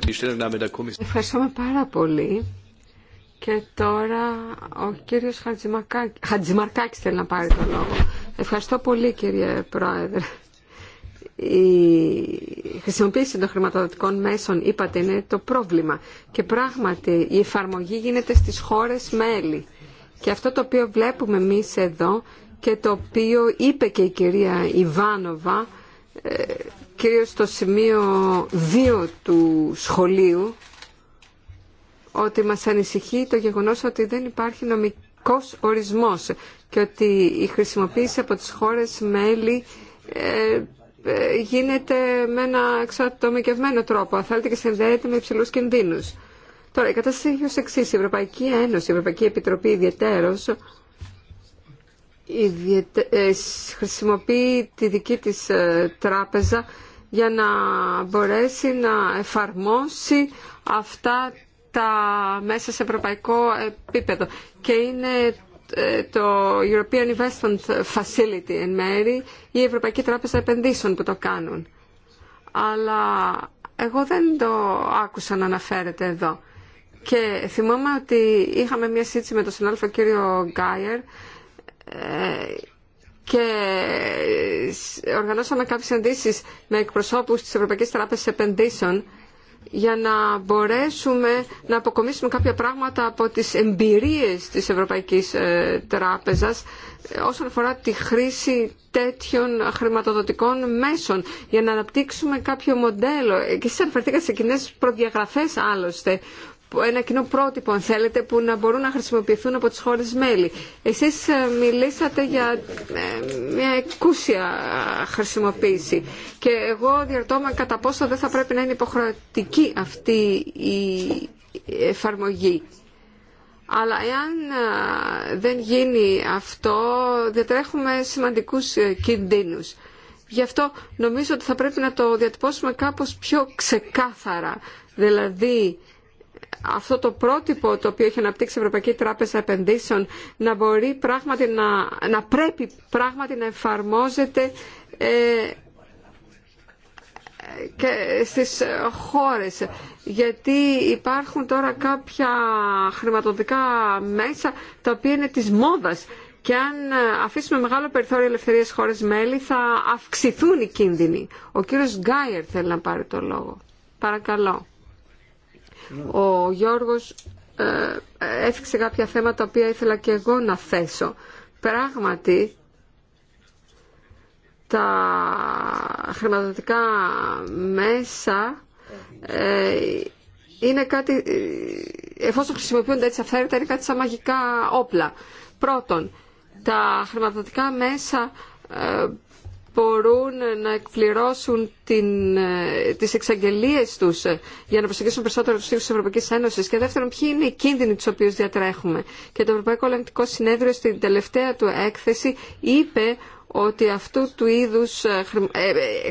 Ευχαριστώ πάρα πολύ. Και τώρα ο κύριος Χατζημαρκάκης θέλει να πάρει το λόγο. Ευχαριστώ πολύ κύριε Πρόεδρε η χρησιμοποίηση των χρηματοδοτικών μέσων, είπατε, είναι το πρόβλημα. Και πράγματι η εφαρμογή γίνεται στις χώρες μέλη. Και αυτό το οποίο βλέπουμε εμείς εδώ και το οποίο είπε και η κυρία Ιβάνοβα, ε, κυρίως στο σημείο 2 του σχολείου, ότι μας ανησυχεί το γεγονός ότι δεν υπάρχει νομικός ορισμός και ότι η χρησιμοποίηση από τις χώρες μέλη ε, ε, γίνεται με ένα εξατομικευμένο τρόπο, αν θέλετε, και συνδέεται με υψηλού κινδύνου. Τώρα, η κατάσταση έχει ω εξή. Η Ευρωπαϊκή Ένωση, η Ευρωπαϊκή Επιτροπή ιδιαίτερω, ε, χρησιμοποιεί τη δική της ε, τράπεζα για να μπορέσει να εφαρμόσει αυτά τα μέσα σε ευρωπαϊκό επίπεδο. Και είναι ε, το European Investment Facility εν μέρη ή η Ευρωπαϊκή Τράπεζα Επενδύσεων που το κάνουν. Αλλά εγώ δεν το άκουσα να αναφέρεται εδώ. Και θυμάμαι ότι είχαμε μια σύντηση με τον συνάδελφο κύριο Γκάιερ ε, και οργανώσαμε κάποιες συναντήσεις με εκπροσώπους της Ευρωπαϊκής Τράπεζας Επενδύσεων για να μπορέσουμε να αποκομίσουμε κάποια πράγματα από τις εμπειρίες της Ευρωπαϊκής ε, Τράπεζας ε, όσον αφορά τη χρήση τέτοιων χρηματοδοτικών μέσων για να αναπτύξουμε κάποιο μοντέλο. Ε, και εσείς αναφερθήκατε σε κοινέ προδιαγραφές άλλωστε ένα κοινό πρότυπο, αν θέλετε, που να μπορούν να χρησιμοποιηθούν από τις χώρες μέλη. Εσείς ε, μιλήσατε για ε, μια εκούσια χρησιμοποίηση και εγώ διαρτώμαι κατά πόσο δεν θα πρέπει να είναι υποχρεωτική αυτή η εφαρμογή. Αλλά εάν ε, δεν γίνει αυτό, διατρέχουμε σημαντικούς κινδύνους. Γι' αυτό νομίζω ότι θα πρέπει να το διατυπώσουμε κάπως πιο ξεκάθαρα. Δηλαδή, αυτό το πρότυπο το οποίο έχει αναπτύξει η Ευρωπαϊκή Τράπεζα Επενδύσεων να μπορεί πράγματι να, να πρέπει πράγματι να εφαρμόζεται ε, και στις χώρες γιατί υπάρχουν τώρα κάποια χρηματοδοτικά μέσα τα οποία είναι της μόδας και αν αφήσουμε μεγάλο περιθώριο ελευθερία χώρε μέλη θα αυξηθούν οι κίνδυνοι. Ο κύριος Γκάιερ θέλει να πάρει το λόγο. Παρακαλώ. Ο Γιώργος ε, έφυξε κάποια θέματα τα οποία ήθελα και εγώ να θέσω. Πράγματι, τα χρηματοδοτικά μέσα ε, είναι κάτι, εφόσον χρησιμοποιούνται έτσι αυθαίρετα, είναι κάτι σαν μαγικά όπλα. Πρώτον, τα χρηματοδοτικά μέσα ε, μπορούν να εκπληρώσουν την, ε, τις εξαγγελίες τους ε, για να προσεγγίσουν περισσότερο τους στόχους της Ευρωπαϊκής Ένωσης και δεύτερον ποιοι είναι οι κίνδυνοι τους οποίους διατρέχουμε. Και το Ευρωπαϊκό Ελεγκτικό Συνέδριο στην τελευταία του έκθεση είπε ότι αυτού του είδους ε,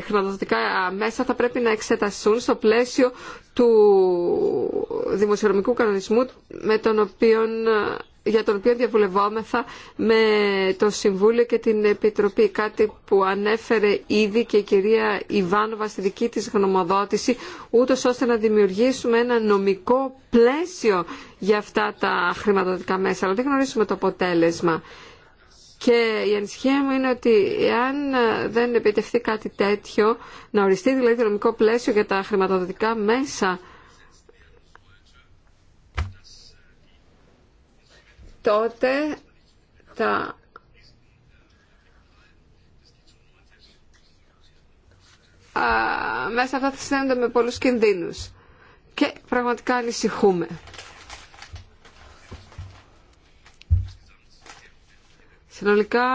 χρηματοδοτικά μέσα θα πρέπει να εξεταστούν στο πλαίσιο του δημοσιονομικού κανονισμού με τον οποίο για τον οποίο διαβουλευόμεθα με το Συμβούλιο και την Επιτροπή. Κάτι που ανέφερε ήδη και η κυρία Ιβάνοβα στη δική της γνωμοδότηση, ούτω ώστε να δημιουργήσουμε ένα νομικό πλαίσιο για αυτά τα χρηματοδοτικά μέσα. Αλλά δεν γνωρίζουμε το αποτέλεσμα. Και η ανησυχία μου είναι ότι εάν δεν επιτευχθεί κάτι τέτοιο, να οριστεί δηλαδή το νομικό πλαίσιο για τα χρηματοδοτικά μέσα, τότε τα μέσα αυτά θα συνένονται με πολλούς κινδύνους και πραγματικά ανησυχούμε. Συνολικά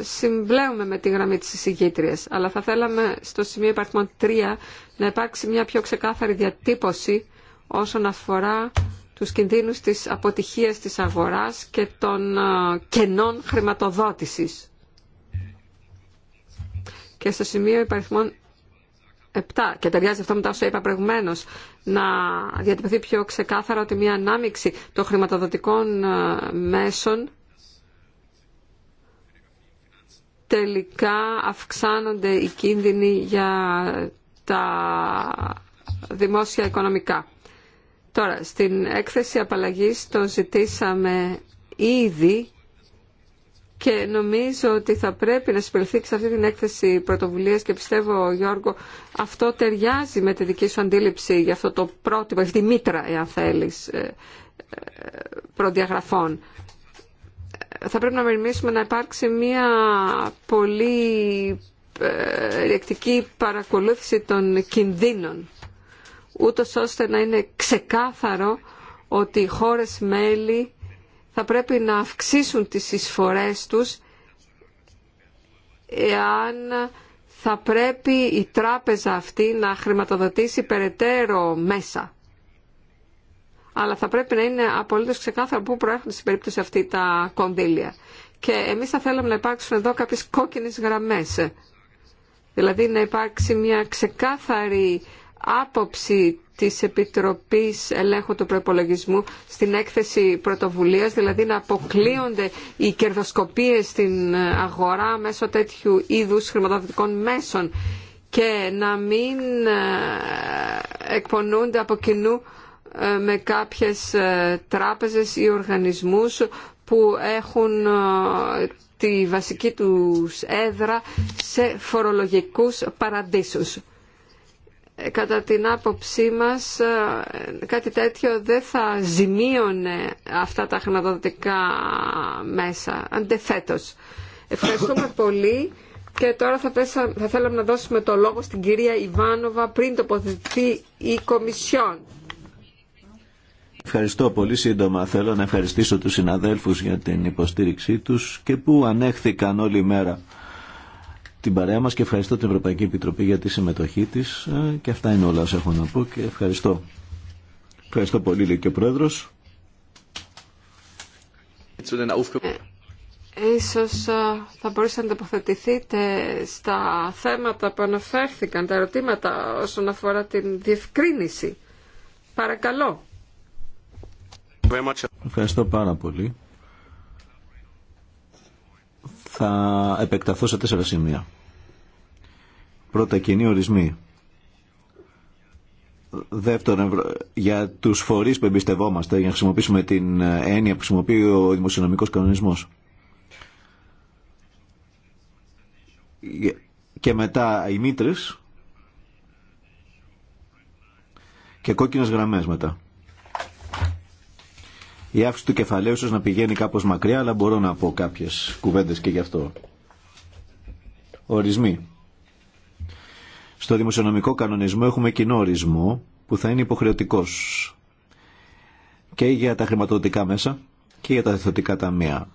συμπλέουμε με τη γραμμή της εισηγήτριας, αλλά θα θέλαμε στο σημείο υπαρθμό 3 να υπάρξει μια πιο ξεκάθαρη διατύπωση όσον αφορά τους κινδύνους της αποτυχίας της αγοράς και των ε, κενών χρηματοδότησης. Και στο σημείο υπαριθμών 7, και ταιριάζει αυτό με τα όσα είπα προηγουμένω, να διατυπωθεί πιο ξεκάθαρα ότι μια ανάμειξη των χρηματοδοτικών ε, μέσων τελικά αυξάνονται οι κίνδυνοι για τα δημόσια οικονομικά. Τώρα, στην έκθεση απαλλαγής το ζητήσαμε ήδη και νομίζω ότι θα πρέπει να συμπεριληφθεί σε αυτή την έκθεση πρωτοβουλίας και πιστεύω, Γιώργο, αυτό ταιριάζει με τη δική σου αντίληψη για αυτό το πρότυπο, αυτή τη μήτρα, εάν θέλεις, ε, ε, προδιαγραφών. Θα πρέπει να μερμήσουμε να υπάρξει μια πολύ ε, ρεκτική παρακολούθηση των κινδύνων ούτως ώστε να είναι ξεκάθαρο ότι οι χώρες μέλη θα πρέπει να αυξήσουν τις εισφορές τους εάν θα πρέπει η τράπεζα αυτή να χρηματοδοτήσει περαιτέρω μέσα. Αλλά θα πρέπει να είναι απολύτως ξεκάθαρο πού προέρχονται στην περίπτωση αυτή τα κονδύλια. Και εμείς θα θέλαμε να υπάρξουν εδώ κάποιες κόκκινες γραμμές. Δηλαδή να υπάρξει μια ξεκάθαρη άποψη της Επιτροπής Ελέγχου του Προπολογισμού στην έκθεση πρωτοβουλίας, δηλαδή να αποκλείονται οι κερδοσκοπίες στην αγορά μέσω τέτοιου είδους χρηματοδοτικών μέσων και να μην ε, εκπονούνται από κοινού ε, με κάποιες ε, τράπεζες ή οργανισμούς που έχουν τη βασική τους έδρα σε φορολογικούς παραδείσους κατά την άποψή μας ε, κάτι τέτοιο δεν θα ζημίωνε αυτά τα χρηματοδοτικά μέσα. Αντιθέτως. Ευχαριστούμε πολύ και τώρα θα, θέλαμε να δώσουμε το λόγο στην κυρία Ιβάνοβα πριν τοποθετηθεί η Κομισιόν. Ευχαριστώ πολύ σύντομα. Θέλω να ευχαριστήσω τους συναδέλφους για την υποστήριξή τους και που ανέχθηκαν όλη μέρα την παρέα μας και ευχαριστώ την Ευρωπαϊκή Επιτροπή για τη συμμετοχή της ε, και αυτά είναι όλα όσα έχω να πω και ευχαριστώ. Ευχαριστώ πολύ λέει και ο Πρόεδρος. Ε, ίσως ε, θα μπορούσατε να τοποθετηθείτε στα θέματα που αναφέρθηκαν, τα ερωτήματα όσον αφορά την διευκρίνηση. Παρακαλώ. Ευχαριστώ πάρα πολύ. Θα επεκταθώ σε τέσσερα σημεία. Πρώτα κοινή ορισμή. Δεύτερον, για τους φορείς που εμπιστευόμαστε, για να χρησιμοποιήσουμε την ε, έννοια που χρησιμοποιεί ο δημοσιονομικός κανονισμός. Και μετά οι μήτρε και κόκκινε γραμμέ. μετά. Η αύξηση του κεφαλαίου να πηγαίνει κάπως μακριά, αλλά μπορώ να πω κάποιε κουβέντες και γι' αυτό. Ορισμοί. Στο δημοσιονομικό κανονισμό έχουμε κοινό ορισμό που θα είναι υποχρεωτικός και για τα χρηματοδοτικά μέσα και για τα διεθνωτικά ταμεία.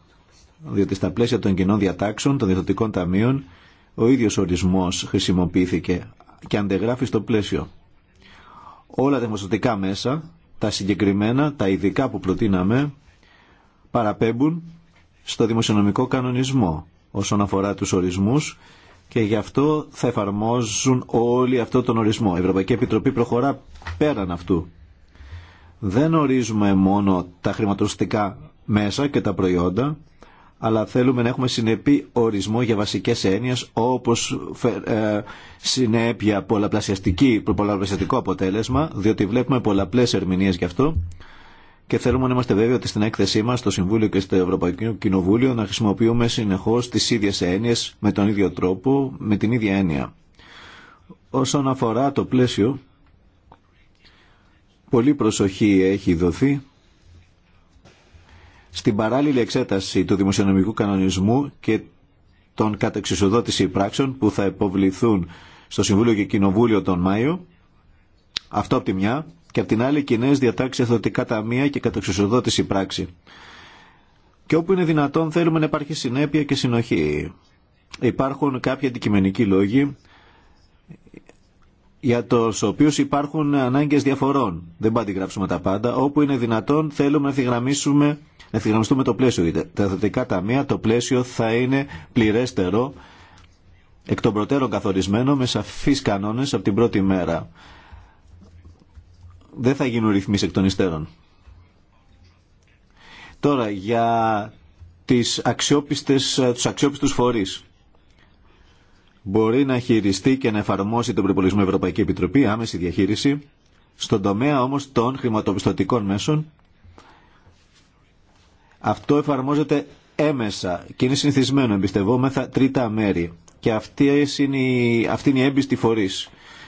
Διότι στα πλαίσια των κοινών διατάξεων των διεθνωτικών ταμείων ο ίδιος ορισμός χρησιμοποιήθηκε και αντεγράφει στο πλαίσιο. Όλα τα δημοσιοτικά μέσα, τα συγκεκριμένα, τα ειδικά που προτείναμε, παραπέμπουν στο δημοσιονομικό κανονισμό όσον αφορά τους ορισμούς και γι' αυτό θα εφαρμόζουν όλοι αυτό τον ορισμό. Η Ευρωπαϊκή Επιτροπή προχωρά πέραν αυτού. Δεν ορίζουμε μόνο τα χρηματοστικά μέσα και τα προϊόντα, αλλά θέλουμε να έχουμε συνεπή ορισμό για βασικές έννοιες όπως ε, συνέπεια πολλαπλασιαστική, πολλαπλασιαστικό αποτέλεσμα, διότι βλέπουμε πολλαπλές ερμηνείες γι' αυτό και θέλουμε να είμαστε βέβαιοι ότι στην έκθεσή μα, στο Συμβούλιο και στο Ευρωπαϊκό Κοινοβούλιο, να χρησιμοποιούμε συνεχώ τι ίδιε έννοιε με τον ίδιο τρόπο, με την ίδια έννοια. Όσον αφορά το πλαίσιο, πολλή προσοχή έχει δοθεί στην παράλληλη εξέταση του δημοσιονομικού κανονισμού και των κατεξισοδότηση πράξεων που θα υποβληθούν στο Συμβούλιο και Κοινοβούλιο τον Μάιο. Αυτό από τη μια και απ' την άλλη κοινέ διατάξει εθνοτικά ταμεία και κατεξουσιοδότηση πράξη. Και όπου είναι δυνατόν θέλουμε να υπάρχει συνέπεια και συνοχή. Υπάρχουν κάποιοι αντικειμενικοί λόγοι για τους οποίους υπάρχουν ανάγκες διαφορών. Δεν πάντα γράψουμε τα πάντα. Όπου είναι δυνατόν θέλουμε να θυγραμμίσουμε να το πλαίσιο. Τα θετικά ταμεία, το πλαίσιο θα είναι πληρέστερο, εκ των προτέρων καθορισμένο, με σαφείς κανόνες από την πρώτη μέρα δεν θα γίνουν ρυθμίσεις εκ των υστέρων. Τώρα, για τις αξιόπιστες, τους αξιόπιστους φορείς. Μπορεί να χειριστεί και να εφαρμόσει τον προπολογισμό Ευρωπαϊκή Επιτροπή, άμεση διαχείριση, στον τομέα όμως των χρηματοπιστωτικών μέσων. Αυτό εφαρμόζεται έμεσα και είναι συνηθισμένο, εμπιστευόμεθα τρίτα μέρη. Και αυτή είναι η, αυτή είναι έμπιστη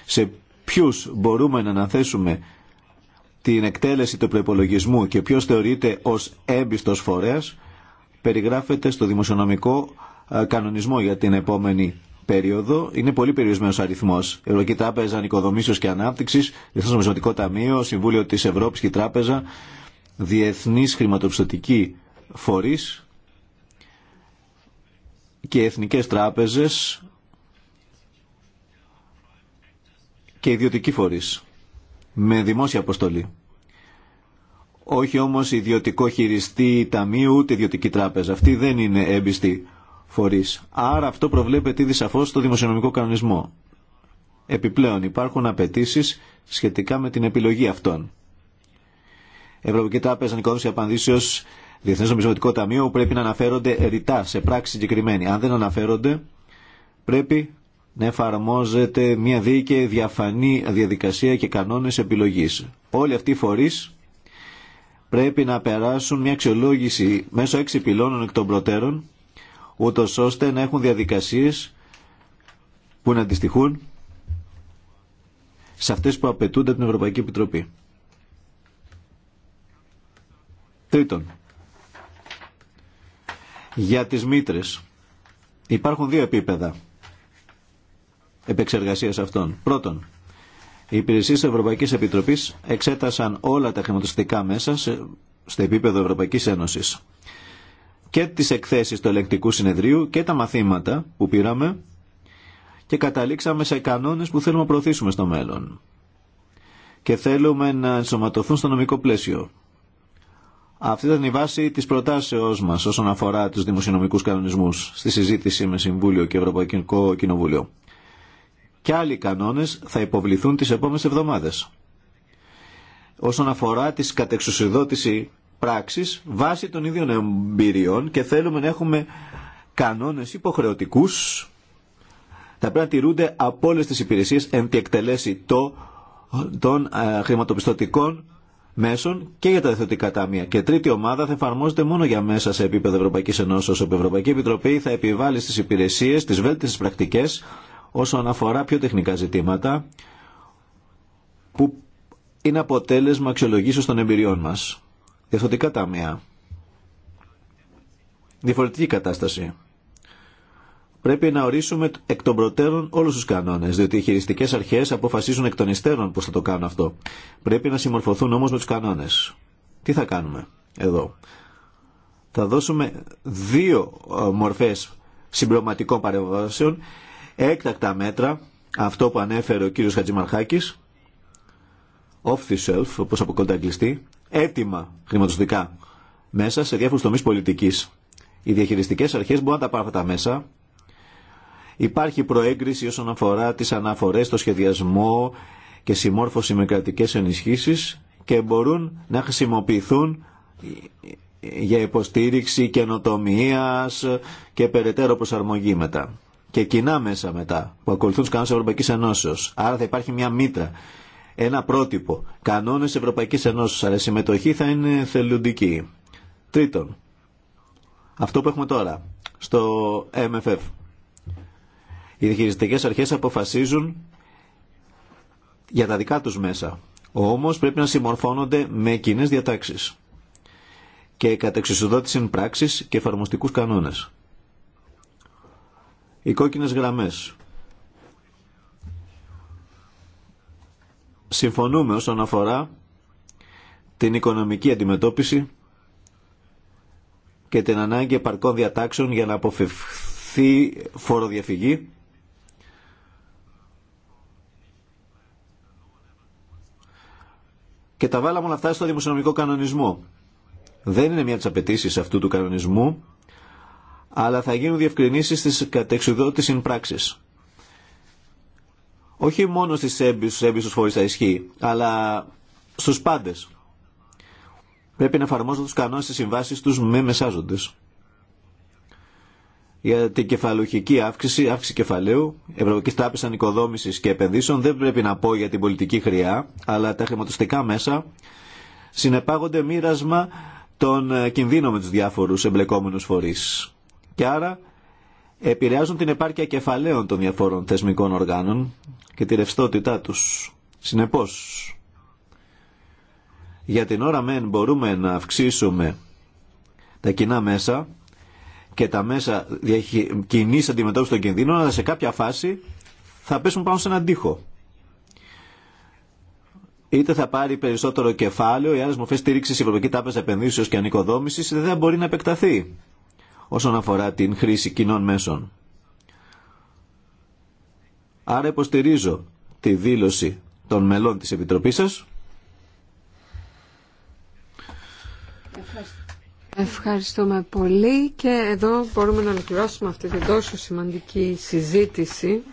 Σε ποιους μπορούμε να αναθέσουμε την εκτέλεση του προπολογισμού και ποιος θεωρείται ως έμπιστος φορέας περιγράφεται στο δημοσιονομικό κανονισμό για την επόμενη περίοδο. Είναι πολύ περιορισμένο αριθμός. Ευρωπαϊκή Τράπεζα Νοικοδομήσεως και Ανάπτυξης, Διεθνέ Νομισματικό Ταμείο, Συμβούλιο της Ευρώπης και Τράπεζα, διεθνή Χρηματοπιστωτική Φορή και εθνικέ τράπεζε και Ιδιωτική Φορή με δημόσια αποστολή. Όχι όμως ιδιωτικό χειριστή ταμείου ούτε ιδιωτική τράπεζα. Αυτή δεν είναι έμπιστη φορείς. Άρα αυτό προβλέπεται ήδη σαφώς στο δημοσιονομικό κανονισμό. Επιπλέον υπάρχουν απαιτήσει σχετικά με την επιλογή αυτών. Ευρωπαϊκή Τράπεζα Νικόδοση Απαντήσεω, Διεθνέ Νομισματικό Ταμείο πρέπει να αναφέρονται ρητά σε πράξη συγκεκριμένη. Αν δεν αναφέρονται, πρέπει να εφαρμόζεται μια δίκαιη διαφανή διαδικασία και κανόνες επιλογής. Όλοι αυτοί οι φορείς πρέπει να περάσουν μια αξιολόγηση μέσω έξι πυλώνων εκ των προτέρων, ούτω ώστε να έχουν διαδικασίες που να αντιστοιχούν σε αυτές που απαιτούνται από την Ευρωπαϊκή Επιτροπή. Τρίτον, για τις μήτρες υπάρχουν δύο επίπεδα επεξεργασίας αυτών. Πρώτον, οι υπηρεσίε τη Ευρωπαϊκή Επιτροπή εξέτασαν όλα τα χρηματοστικά μέσα σε, στο επίπεδο Ευρωπαϊκή Ένωση και τι εκθέσει του ελεγκτικού συνεδρίου και τα μαθήματα που πήραμε και καταλήξαμε σε κανόνε που θέλουμε να προωθήσουμε στο μέλλον και θέλουμε να ενσωματωθούν στο νομικό πλαίσιο. Αυτή ήταν η βάση τη προτάσεώ μα όσον αφορά του δημοσιονομικού κανονισμού στη συζήτηση με Συμβούλιο και Ευρωπαϊκό Κοινοβούλιο και άλλοι κανόνες θα υποβληθούν τις επόμενες εβδομάδες. Όσον αφορά τις κατεξουσιδότηση πράξης, βάσει των ίδιων εμπειριών και θέλουμε να έχουμε κανόνες υποχρεωτικούς, θα πρέπει να τηρούνται από όλες τις υπηρεσίες εν τη εκτελέση το, των ε, χρηματοπιστωτικών μέσων και για τα διεθνωτικά ταμεία. Και τρίτη ομάδα θα εφαρμόζεται μόνο για μέσα σε επίπεδο Ευρωπαϊκή όπου Η Ευρωπαϊκή Επιτροπή θα επιβάλλει στι υπηρεσίε τι βέλτιστες πρακτικές όσον αφορά πιο τεχνικά ζητήματα που είναι αποτέλεσμα αξιολογήσεως των εμπειριών μας. Διαφορετικά ταμεία. Διαφορετική κατάσταση. Πρέπει να ορίσουμε εκ των προτέρων όλους τους κανόνες, διότι οι χειριστικέ αρχές αποφασίζουν εκ των υστέρων πώς θα το κάνουν αυτό. Πρέπει να συμμορφωθούν όμως με τους κανόνες. Τι θα κάνουμε εδώ. Θα δώσουμε δύο ε, μορφές συμπληρωματικών παρεμβάσεων έκτακτα μέτρα, αυτό που ανέφερε ο κύριος Χατζημαρχάκης, off the shelf, όπως αποκαλείται αγγλιστή, έτοιμα χρηματοστικά μέσα σε διάφορους τομείς πολιτικής. Οι διαχειριστικές αρχές μπορούν να τα πάρουν αυτά τα μέσα. Υπάρχει προέγκριση όσον αφορά τις αναφορές, το σχεδιασμό και συμμόρφωση με κρατικές ενισχύσεις και μπορούν να χρησιμοποιηθούν για υποστήριξη καινοτομία και περαιτέρω προσαρμογή μετά και κοινά μέσα μετά που ακολουθούν του κανόνε Ευρωπαϊκή Ενώσεω. Άρα θα υπάρχει μια μήτρα, ένα πρότυπο. Κανόνε Ευρωπαϊκή Ενώσεω, αλλά η συμμετοχή θα είναι θελοντική. Τρίτον, αυτό που έχουμε τώρα στο MFF. Οι διαχειριστικέ αρχέ αποφασίζουν για τα δικά τους μέσα. Όμως πρέπει να συμμορφώνονται με κοινέ διατάξει και κατεξουσιοδότηση πράξη και εφαρμοστικού κανόνε. Οι κόκκινες γραμμές. Συμφωνούμε όσον αφορά την οικονομική αντιμετώπιση και την ανάγκη επαρκών διατάξεων για να αποφευθεί φοροδιαφυγή. Και τα βάλαμε όλα αυτά στο δημοσιονομικό κανονισμό. Δεν είναι μια της απαιτήσει αυτού του κανονισμού αλλά θα γίνουν διευκρινήσεις στις κατεξουδότητες συμπράξεις. Όχι μόνο στις έμπιστους φορείς θα ισχύει, αλλά στους πάντες. Πρέπει να εφαρμόζονται τους κανόνες στις συμβάσεις τους με μεσάζοντες. Για την κεφαλουχική αύξηση, αύξηση κεφαλαίου, Ευρωπαϊκή Τράπεζα Νοικοδόμηση και Επενδύσεων δεν πρέπει να πω για την πολιτική χρειά, αλλά τα χρηματοστικά μέσα συνεπάγονται μοίρασμα των κινδύνων με του διάφορου εμπλεκόμενου φορεί και άρα επηρεάζουν την επάρκεια κεφαλαίων των διαφόρων θεσμικών οργάνων και τη ρευστότητά τους. Συνεπώς, για την ώρα μεν μπορούμε να αυξήσουμε τα κοινά μέσα και τα μέσα κοινή αντιμετώπιση των κινδύνων, αλλά σε κάποια φάση θα πέσουν πάνω σε έναν τοίχο. Είτε θα πάρει περισσότερο κεφάλαιο, οι άλλε μορφέ στήριξη η Ευρωπαϊκή Τάπεζα Επενδύσεω και Ανοικοδόμηση, δεν μπορεί να επεκταθεί όσον αφορά την χρήση κοινών μέσων. Άρα υποστηρίζω τη δήλωση των μελών της Επιτροπής σας. Ευχαριστούμε πολύ και εδώ μπορούμε να ολοκληρώσουμε αυτή την τόσο σημαντική συζήτηση.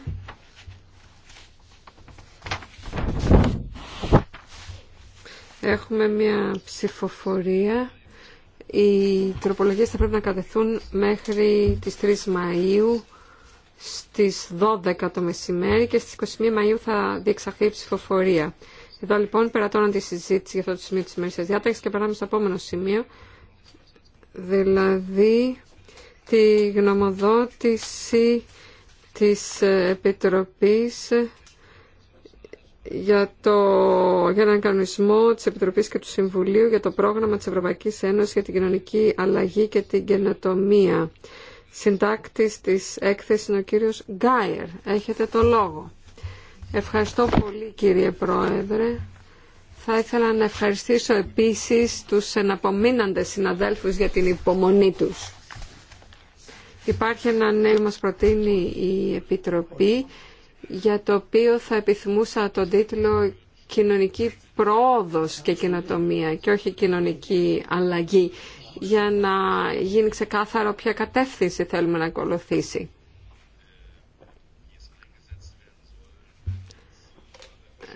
Έχουμε μια ψηφοφορία οι τροπολογίε θα πρέπει να κατεθούν μέχρι τις 3 Μαΐου στις 12 το μεσημέρι και στις 21 Μαΐου θα διεξαχθεί η ψηφοφορία. Εδώ λοιπόν περατώναν τη συζήτηση για αυτό το σημείο της ημερήσιας διάταξης και περάμε στο επόμενο σημείο, δηλαδή τη γνωμοδότηση της Επιτροπής για, το, για έναν κανονισμό της Επιτροπής και του Συμβουλίου για το πρόγραμμα της Ευρωπαϊκής Ένωσης για την κοινωνική αλλαγή και την καινοτομία. Συντάκτης της έκθεσης είναι ο κύριος Γκάιερ. Έχετε το λόγο. Ευχαριστώ πολύ κύριε Πρόεδρε. Θα ήθελα να ευχαριστήσω επίσης τους εναπομείναντες συναδέλφους για την υπομονή τους. Υπάρχει ένα νέο μας προτείνει η Επιτροπή για το οποίο θα επιθυμούσα τον τίτλο «Κοινωνική πρόοδος και κοινοτομία» και όχι «Κοινωνική αλλαγή» για να γίνει ξεκάθαρο ποια κατεύθυνση θέλουμε να ακολουθήσει.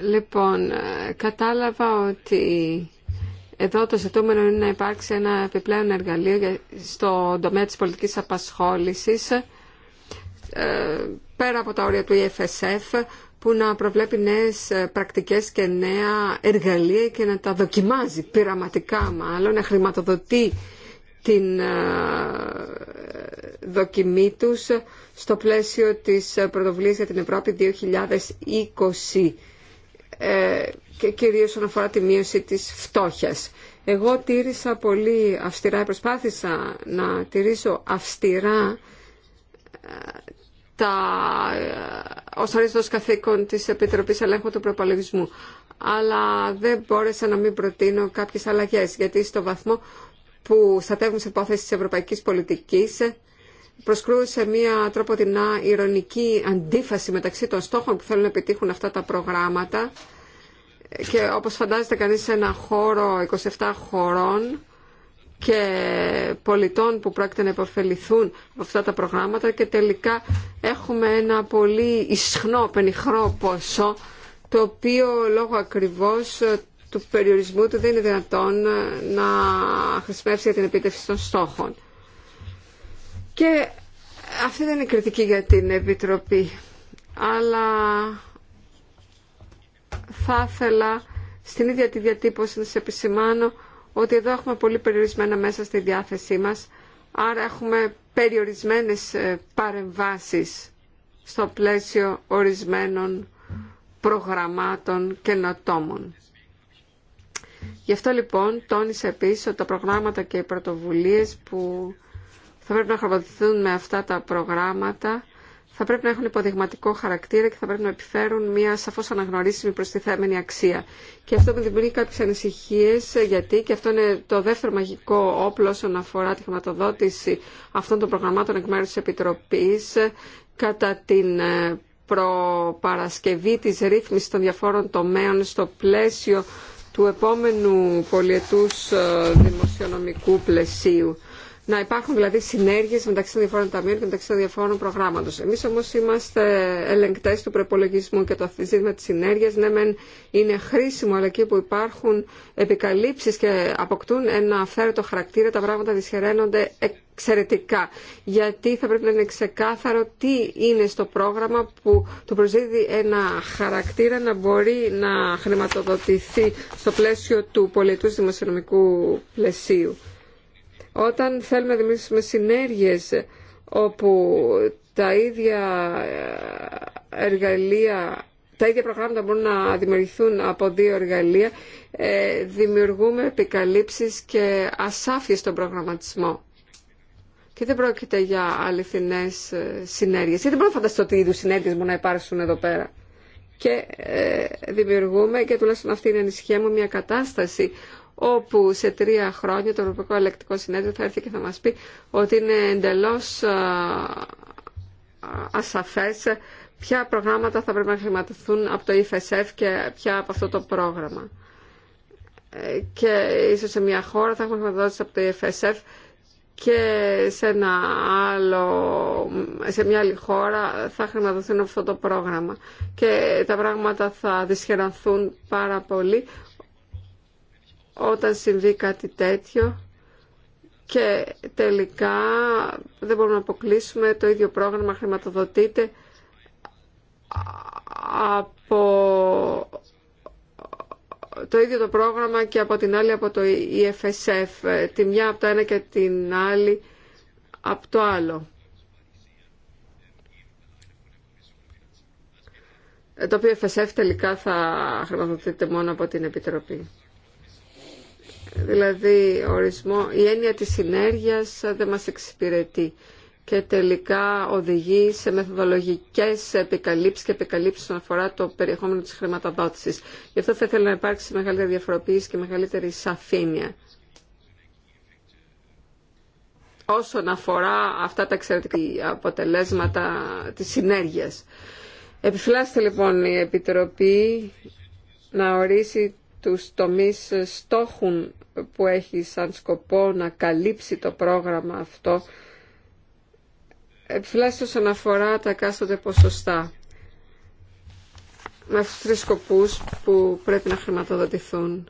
Λοιπόν, κατάλαβα ότι εδώ το ζητούμενο είναι να υπάρξει ένα επιπλέον εργαλείο στο τομέα της πολιτικής απασχόλησης ε, πέρα από τα όρια του EFSF που να προβλέπει νέες ε, πρακτικές και νέα εργαλεία και να τα δοκιμάζει πειραματικά μάλλον, να χρηματοδοτεί την ε, δοκιμή τους στο πλαίσιο της πρωτοβουλίας για την Ευρώπη 2020 και κυρίως όσον αφορά τη μείωση της φτώχειας. Εγώ τήρησα πολύ αυστηρά, προσπάθησα να τηρήσω αυστηρά τα, ως ορίζοντας καθήκον της Επιτροπής Ελέγχου του Προπολογισμού. Αλλά δεν μπόρεσα να μην προτείνω κάποιες αλλαγές, γιατί στο βαθμό που στατεύουν σε υπόθεση της ευρωπαϊκής πολιτικής, προσκρούσε μία τρόπο δεινά ηρωνική αντίφαση μεταξύ των στόχων που θέλουν να επιτύχουν αυτά τα προγράμματα και όπως φαντάζεται κανείς σε ένα χώρο 27 χωρών και πολιτών που πρόκειται να υποφεληθούν αυτά τα προγράμματα και τελικά έχουμε ένα πολύ ισχνό, πενιχρό ποσό το οποίο λόγω ακριβώς του περιορισμού του δεν είναι δυνατόν να χρησιμεύσει για την επίτευξη των στόχων. Και αυτή δεν είναι κριτική για την Επιτροπή, αλλά θα ήθελα στην ίδια τη διατύπωση να σε επισημάνω ότι εδώ έχουμε πολύ περιορισμένα μέσα στη διάθεσή μας, άρα έχουμε περιορισμένες ε, παρεμβάσεις στο πλαίσιο ορισμένων προγραμμάτων καινοτόμων. Γι' αυτό λοιπόν τόνισε επίσης ότι τα προγράμματα και οι πρωτοβουλίες που θα πρέπει να χρηματοδοτηθούν με αυτά τα προγράμματα θα πρέπει να έχουν υποδειγματικό χαρακτήρα και θα πρέπει να επιφέρουν μια σαφώς αναγνωρίσιμη προστιθέμενη αξία. Και αυτό με δημιουργεί κάποιε ανησυχίε γιατί και αυτό είναι το δεύτερο μαγικό όπλο όσον αφορά τη χρηματοδότηση αυτών των προγραμμάτων εκ μέρου τη Επιτροπής κατά την ε, προπαρασκευή τη Ρύθμιση των διαφόρων τομέων στο πλαίσιο του επόμενου πολιετούς ε, δημοσιονομικού πλαισίου να υπάρχουν δηλαδή συνέργειε μεταξύ των διαφόρων ταμείων και μεταξύ των διαφόρων προγράμματο. Εμεί όμω είμαστε ελεγκτέ του προπολογισμού και το ζήτημα τη συνέργεια, ναι, μεν είναι χρήσιμο, αλλά εκεί που υπάρχουν επικαλύψει και αποκτούν ένα αφαίρετο χαρακτήρα, τα πράγματα δυσχεραίνονται εξαιρετικά. Γιατί θα πρέπει να είναι ξεκάθαρο τι είναι στο πρόγραμμα που του προσδίδει ένα χαρακτήρα να μπορεί να χρηματοδοτηθεί στο πλαίσιο του πολιτού δημοσιονομικού πλαισίου. Όταν θέλουμε να δημιουργήσουμε συνέργειες όπου τα ίδια ε, εργαλεία, τα ίδια προγράμματα μπορούν να δημιουργηθούν από δύο εργαλεία, ε, δημιουργούμε επικαλύψεις και ασάφειες στον προγραμματισμό. Και δεν πρόκειται για αληθινές ε, συνέργειες. δεν μπορώ να φανταστώ τι είδους συνέργειες μπορούν να υπάρξουν εδώ πέρα. Και δημιουργούμε, και τουλάχιστον αυτή είναι η ανησυχία μου, μια κατάσταση όπου σε τρία χρόνια το Ευρωπαϊκό Ελεκτικό Συνέδριο θα έρθει και θα μας πει ότι είναι εντελώς ασαφές ποια προγράμματα θα πρέπει να χρηματοθούν από το ΙΦΣΕΦ e και ποια από αυτό το πρόγραμμα. Ε, και ίσως σε μια χώρα θα έχουμε χρηματοδότηση από το ΙΦΣΕΦ e και σε, ένα άλλο, σε μια άλλη χώρα θα χρηματοδοθούν αυτό το πρόγραμμα. Και τα πράγματα θα δυσχερανθούν πάρα πολύ, όταν συμβεί κάτι τέτοιο και τελικά δεν μπορούμε να αποκλείσουμε το ίδιο πρόγραμμα χρηματοδοτείται από το ίδιο το πρόγραμμα και από την άλλη από το EFSF, τη μια από το ένα και την άλλη από το άλλο. Ε, το οποίο e FSF τελικά θα χρηματοδοτείται μόνο από την Επιτροπή. Δηλαδή, ορισμό, η έννοια της συνέργειας δεν μας εξυπηρετεί και τελικά οδηγεί σε μεθοδολογικές επικαλύψεις και επικαλύψεις όσον αφορά το περιεχόμενο της χρηματοδότησης. Γι' αυτό θα ήθελα να υπάρξει μεγαλύτερη διαφοροποίηση και μεγαλύτερη σαφήνεια όσον αφορά αυτά τα εξαιρετικά αποτελέσματα της συνέργειας. Επιφυλάσσεται λοιπόν η Επιτροπή να ορίσει τους τομείς στόχων που έχει σαν σκοπό να καλύψει το πρόγραμμα αυτό ε, τουλάχιστον αφορά τα εκάστοτε ποσοστά με αυτούς τους τρεις σκοπούς που πρέπει να χρηματοδοτηθούν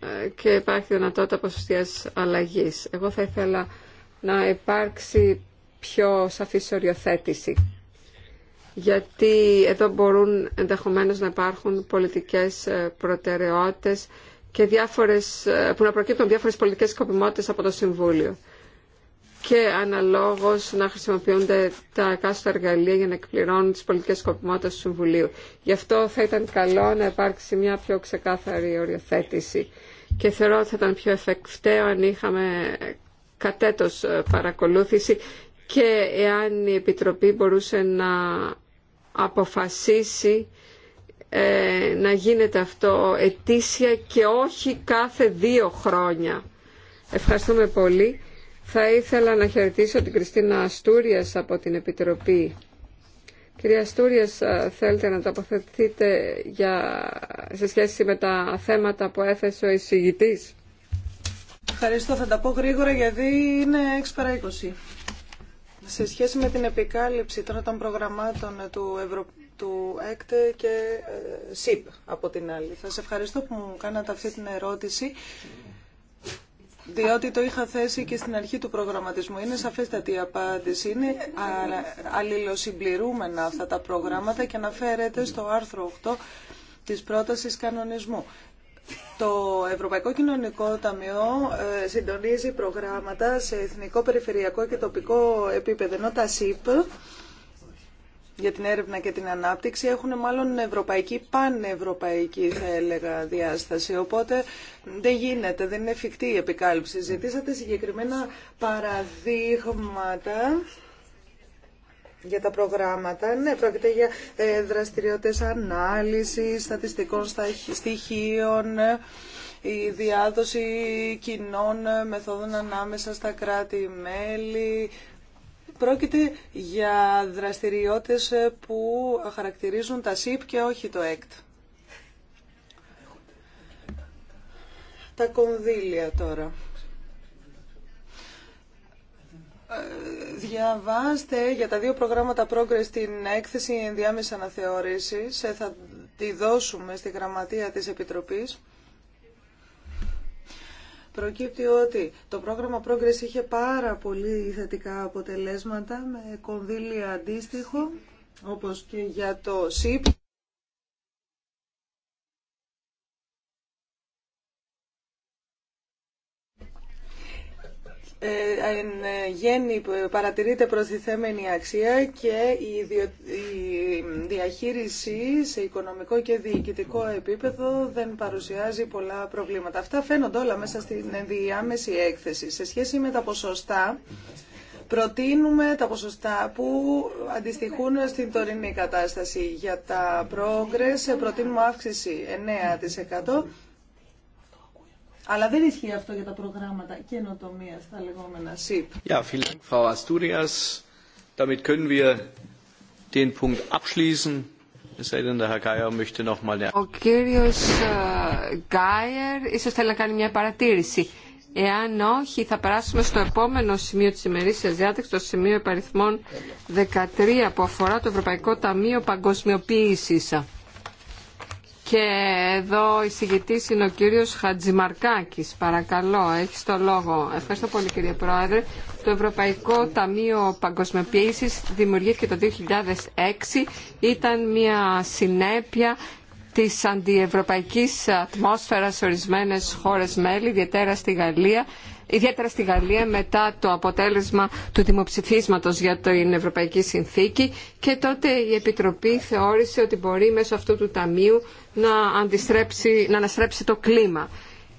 ε, και υπάρχει δυνατότητα ποσοστίας αλλαγής. Εγώ θα ήθελα να υπάρξει πιο σαφής οριοθέτηση γιατί εδώ μπορούν ενδεχομένως να υπάρχουν πολιτικές ε, προτεραιότητες και διάφορες, ε, που να προκύπτουν διάφορες πολιτικές σκοπιμότητες από το Συμβούλιο και αναλόγως να χρησιμοποιούνται τα κάστα εργαλεία για να εκπληρώνουν τις πολιτικές σκοπιμότητες του Συμβουλίου. Γι' αυτό θα ήταν καλό να υπάρξει μια πιο ξεκάθαρη οριοθέτηση και θεωρώ ότι θα ήταν πιο εφεκταίο αν είχαμε κατέτος ε, παρακολούθηση και εάν η Επιτροπή μπορούσε να αποφασίσει ε, να γίνεται αυτό ετήσια και όχι κάθε δύο χρόνια. Ευχαριστούμε πολύ. Θα ήθελα να χαιρετήσω την Κριστίνα Αστούριας από την Επιτροπή. Κυρία Αστούριας, ε, θέλετε να τοποθετηθείτε για... σε σχέση με τα θέματα που έθεσε ο εισηγητής. Ευχαριστώ. Θα τα πω γρήγορα γιατί είναι 6 παρά 20 σε σχέση με την επικάλυψη των προγραμμάτων του, Ευρω... του και ε, ΣΥΠ από την άλλη. Θα σε ευχαριστώ που μου κάνατε αυτή την ερώτηση διότι το είχα θέσει και στην αρχή του προγραμματισμού. Είναι σαφέστατη η απάντηση. Είναι αλληλοσυμπληρούμενα αυτά τα προγράμματα και αναφέρεται στο άρθρο 8 της πρότασης κανονισμού. Το Ευρωπαϊκό Κοινωνικό Ταμείο ε, συντονίζει προγράμματα σε εθνικό, περιφερειακό και τοπικό επίπεδο, ενώ τα ΣΥΠ για την έρευνα και την ανάπτυξη έχουν μάλλον ευρωπαϊκή, πανευρωπαϊκή θα έλεγα διάσταση. Οπότε δεν γίνεται, δεν είναι εφικτή η επικάλυψη. Ζητήσατε συγκεκριμένα παραδείγματα για τα προγράμματα. Ναι, πρόκειται για ε, δραστηριότητες ανάλυσης, στατιστικών στοιχείων, ε, η διάδοση κοινών ε, μεθόδων ανάμεσα στα κράτη-μέλη. Πρόκειται για δραστηριότητες που χαρακτηρίζουν τα ΣΥΠ και όχι το ΕΚΤ. Τα κονδύλια τώρα. Διαβάστε για τα δύο προγράμματα Progress την έκθεση ενδιάμεση αναθεώρησης. Ε, θα τη δώσουμε στη γραμματεία της Επιτροπής. Προκύπτει ότι το πρόγραμμα Progress είχε πάρα πολύ θετικά αποτελέσματα με κονδύλια αντίστοιχο, όπως και για το ΣΥΠ. εν γέννη παρατηρείται προστιθέμενη αξία και η, διαχείριση σε οικονομικό και διοικητικό επίπεδο δεν παρουσιάζει πολλά προβλήματα. Αυτά φαίνονται όλα μέσα στην ενδιάμεση έκθεση. Σε σχέση με τα ποσοστά, προτείνουμε τα ποσοστά που αντιστοιχούν στην τωρινή κατάσταση. Για τα πρόγκρες προτείνουμε αύξηση 9%. Αλλά δεν ισχύει αυτό για τα προγράμματα καινοτομία, τα λεγόμενα SIP. Ja, vielen Dank, Frau Asturias. Damit können wir den Punkt abschließen. Es sei denn, der Herr Geier möchte noch mal... Ο κύριο Γκάιερ ίσω θέλει να κάνει μια παρατήρηση. Εάν όχι, θα περάσουμε στο επόμενο σημείο τη ημερήσια διάταξη, το σημείο υπαριθμών 13 που αφορά το Ευρωπαϊκό Ταμείο Παγκοσμιοποίηση. Και εδώ η συγκεκριτή είναι ο κύριο Χατζημαρκάκης. Παρακαλώ, έχει το λόγο. Ευχαριστώ πολύ κύριε Πρόεδρε. Το Ευρωπαϊκό Ταμείο Παγκοσμιοποίηση δημιουργήθηκε το 2006. Ήταν μια συνέπεια της αντιευρωπαϊκής ατμόσφαιρας σε ορισμένες χώρες μέλη, ιδιαίτερα στη Γαλλία, ιδιαίτερα στη Γαλλία μετά το αποτέλεσμα του δημοψηφίσματος για την Ευρωπαϊκή Συνθήκη και τότε η Επιτροπή θεώρησε ότι μπορεί μέσω αυτού του Ταμείου να, αντιστρέψει, να αναστρέψει το κλίμα.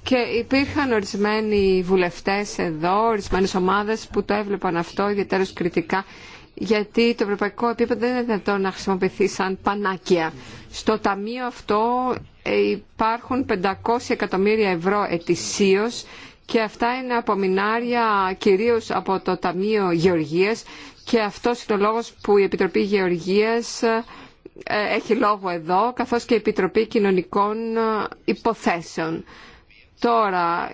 Και υπήρχαν ορισμένοι βουλευτές εδώ, ορισμένε ομάδες που το έβλεπαν αυτό ιδιαιτέρως κριτικά γιατί το ευρωπαϊκό επίπεδο δεν είναι δυνατόν να χρησιμοποιηθεί σαν πανάκια. Στο ταμείο αυτό ε, υπάρχουν 500 εκατομμύρια ευρώ ετησίως και αυτά είναι απομεινάρια κυρίως από το Ταμείο Γεωργίας και αυτό είναι ο λόγος που η Επιτροπή Γεωργίας ε, έχει λόγο εδώ, καθώς και η Επιτροπή Κοινωνικών ε, Υποθέσεων. Τώρα,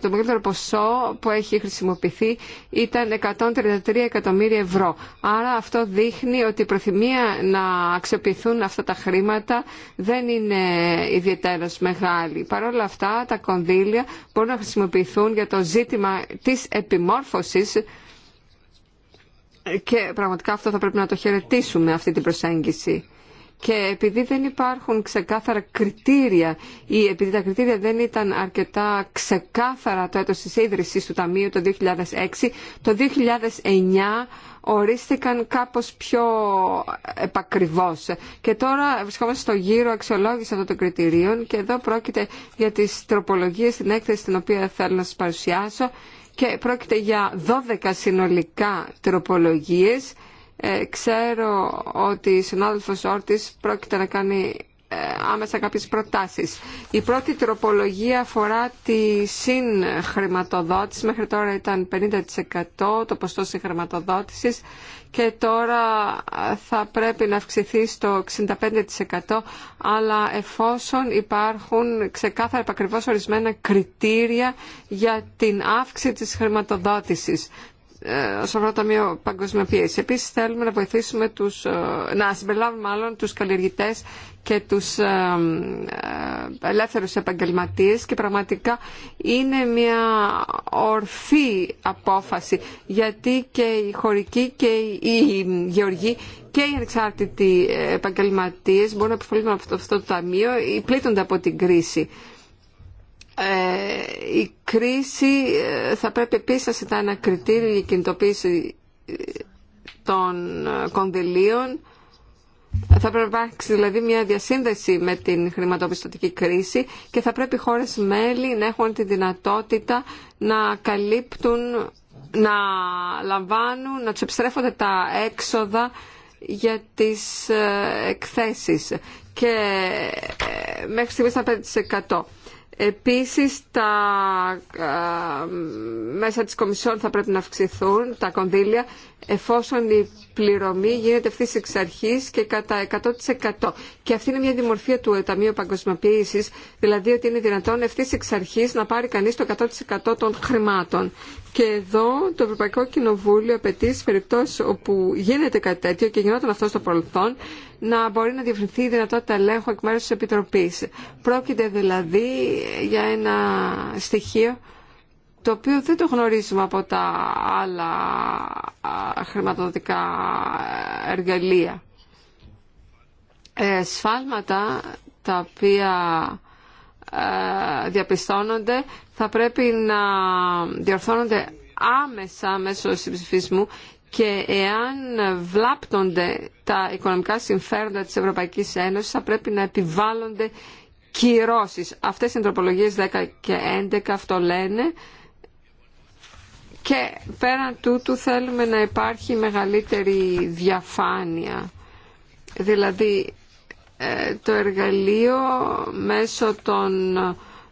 το μεγαλύτερο ποσό που έχει χρησιμοποιηθεί ήταν 133 εκατομμύρια ευρώ. Άρα αυτό δείχνει ότι η προθυμία να αξιοποιηθούν αυτά τα χρήματα δεν είναι ιδιαίτερα μεγάλη. Παρ' όλα αυτά, τα κονδύλια μπορούν να χρησιμοποιηθούν για το ζήτημα της επιμόρφωσης και πραγματικά αυτό θα πρέπει να το χαιρετήσουμε αυτή την προσέγγιση. Και επειδή δεν υπάρχουν ξεκάθαρα κριτήρια ή επειδή τα κριτήρια δεν ήταν αρκετά ξεκάθαρα το έτος της ίδρυσης του Ταμείου το 2006, το 2009 ορίστηκαν κάπως πιο επακριβώς. Και τώρα βρισκόμαστε στο γύρο αξιολόγηση αυτών των κριτηρίων και εδώ πρόκειται για τις τροπολογίες στην έκθεση την οποία θέλω να σας παρουσιάσω και πρόκειται για 12 συνολικά τροπολογίες. Ε, ξέρω ότι η συνάδελφος Όρτης πρόκειται να κάνει ε, άμεσα κάποιες προτάσεις. Η πρώτη τροπολογία αφορά τη συγχρηματοδότηση. Μέχρι τώρα ήταν 50% το ποστό συγχρηματοδότησης και τώρα ε, θα πρέπει να αυξηθεί στο 65% αλλά εφόσον υπάρχουν ξεκάθαρα επακριβώς ορισμένα κριτήρια για την αύξηση της χρηματοδότησης όσον αφορά το Ταμείο Παγκοσμιοποίηση. Επίση, θέλουμε να βοηθήσουμε τους, ε, να συμπεριλάβουμε μάλλον του καλλιεργητέ και τους ε, ε, ελεύθερους επαγγελματίες και πραγματικά είναι μια ορφή απόφαση γιατί και οι χωρικοί και οι γεωργοί και οι ανεξάρτητοι επαγγελματίες μπορούν να επιφολούν αυτό το ταμείο ή πλήττονται από την κρίση. Ε, η κρίση θα πρέπει επίσης να ήταν ένα κριτήριο για κινητοποίηση των κονδυλίων θα πρέπει να υπάρξει δηλαδή μια διασύνδεση με την χρηματοπιστωτική κρίση και θα πρέπει οι χώρες μέλη να έχουν τη δυνατότητα να καλύπτουν, να λαμβάνουν, να του επιστρέφονται τα έξοδα για τις ε, εκθέσεις και ε, μέχρι στιγμής 5%. Επίσης τα μέσα της Κομισιόν θα πρέπει να αυξηθούν, τα κονδύλια, εφόσον η πληρωμή γίνεται ευθύ εξ αρχής και κατά 100%. Και αυτή είναι μια δημορφία του Ταμείου Παγκοσμιοποίησης, δηλαδή ότι είναι δυνατόν ευθύ εξ αρχής να πάρει κανείς το 100% των χρημάτων. Και εδώ το Ευρωπαϊκό Κοινοβούλιο απαιτεί σε περιπτώσει όπου γίνεται κάτι τέτοιο και γινόταν αυτό στο παρελθόν να μπορεί να διευρυνθεί η δυνατότητα ελέγχου εκ μέρου τη Επιτροπή. Πρόκειται δηλαδή για ένα στοιχείο το οποίο δεν το γνωρίζουμε από τα άλλα χρηματοδοτικά εργαλεία. Ε, σφάλματα τα οποία διαπιστώνονται θα πρέπει να διορθώνονται άμεσα μέσω συμψηφίσμου και εάν βλάπτονται τα οικονομικά συμφέροντα της Ευρωπαϊκής Ένωσης θα πρέπει να επιβάλλονται κυρώσεις. Αυτές οι τροπολογίες 10 και 11 αυτό λένε και πέραν τούτου θέλουμε να υπάρχει μεγαλύτερη διαφάνεια. Δηλαδή ε, το εργαλείο μέσω των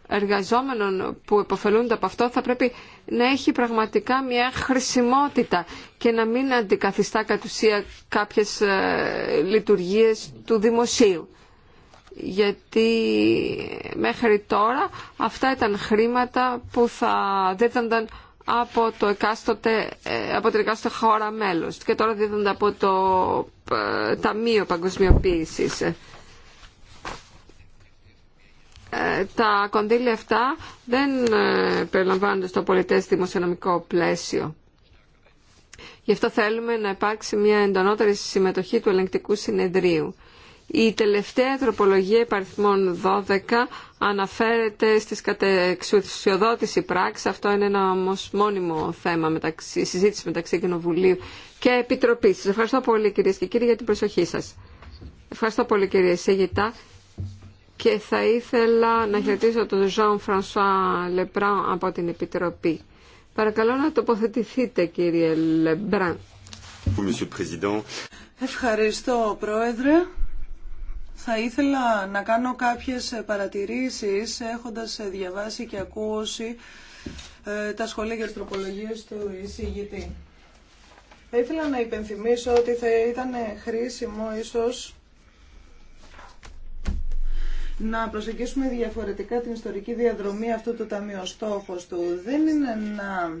εργαζόμενων που υποφελούνται από αυτό θα πρέπει να έχει πραγματικά μια χρησιμότητα και να μην αντικαθιστά κατ' ουσία κάποιες ε, λειτουργίες του δημοσίου. Γιατί μέχρι τώρα αυτά ήταν χρήματα που θα δίδανταν από, το εκάστοτε, ε, από την εκάστοτε χώρα μέλος και τώρα δίδονται από το Ταμείο Παγκοσμιοποίησης. Ε, τα κονδύλια αυτά δεν ε, περιλαμβάνονται στο πολιτές δημοσιονομικό πλαίσιο. Γι' αυτό θέλουμε να υπάρξει μια εντονότερη συμμετοχή του ελεγκτικού συνεδρίου. Η τελευταία τροπολογία υπαριθμών 12 αναφέρεται στις κατεξουσιοδότηση πράξη. Αυτό είναι ένα όμως μόνιμο θέμα μεταξύ, συζήτηση μεταξύ Κοινοβουλίου και Επιτροπής. Σας ευχαριστώ πολύ κυρίες και κύριοι για την προσοχή σας. Ευχαριστώ πολύ κύριε Σίγητα και θα ήθελα να χαιρετήσω τον ζάν Φρανσουά Λεπράν από την Επιτροπή. Παρακαλώ να τοποθετηθείτε κύριε Λεμπράν. Ευχαριστώ Πρόεδρε. Θα ήθελα να κάνω κάποιες παρατηρήσεις έχοντας διαβάσει και ακούσει ε, τα σχολεία για τροπολογίες του εισηγητή. Θα ήθελα να υπενθυμίσω ότι θα ήταν χρήσιμο ίσως να προσεγγίσουμε διαφορετικά την ιστορική διαδρομή αυτού του ταμείου. Ο στόχος του δεν είναι να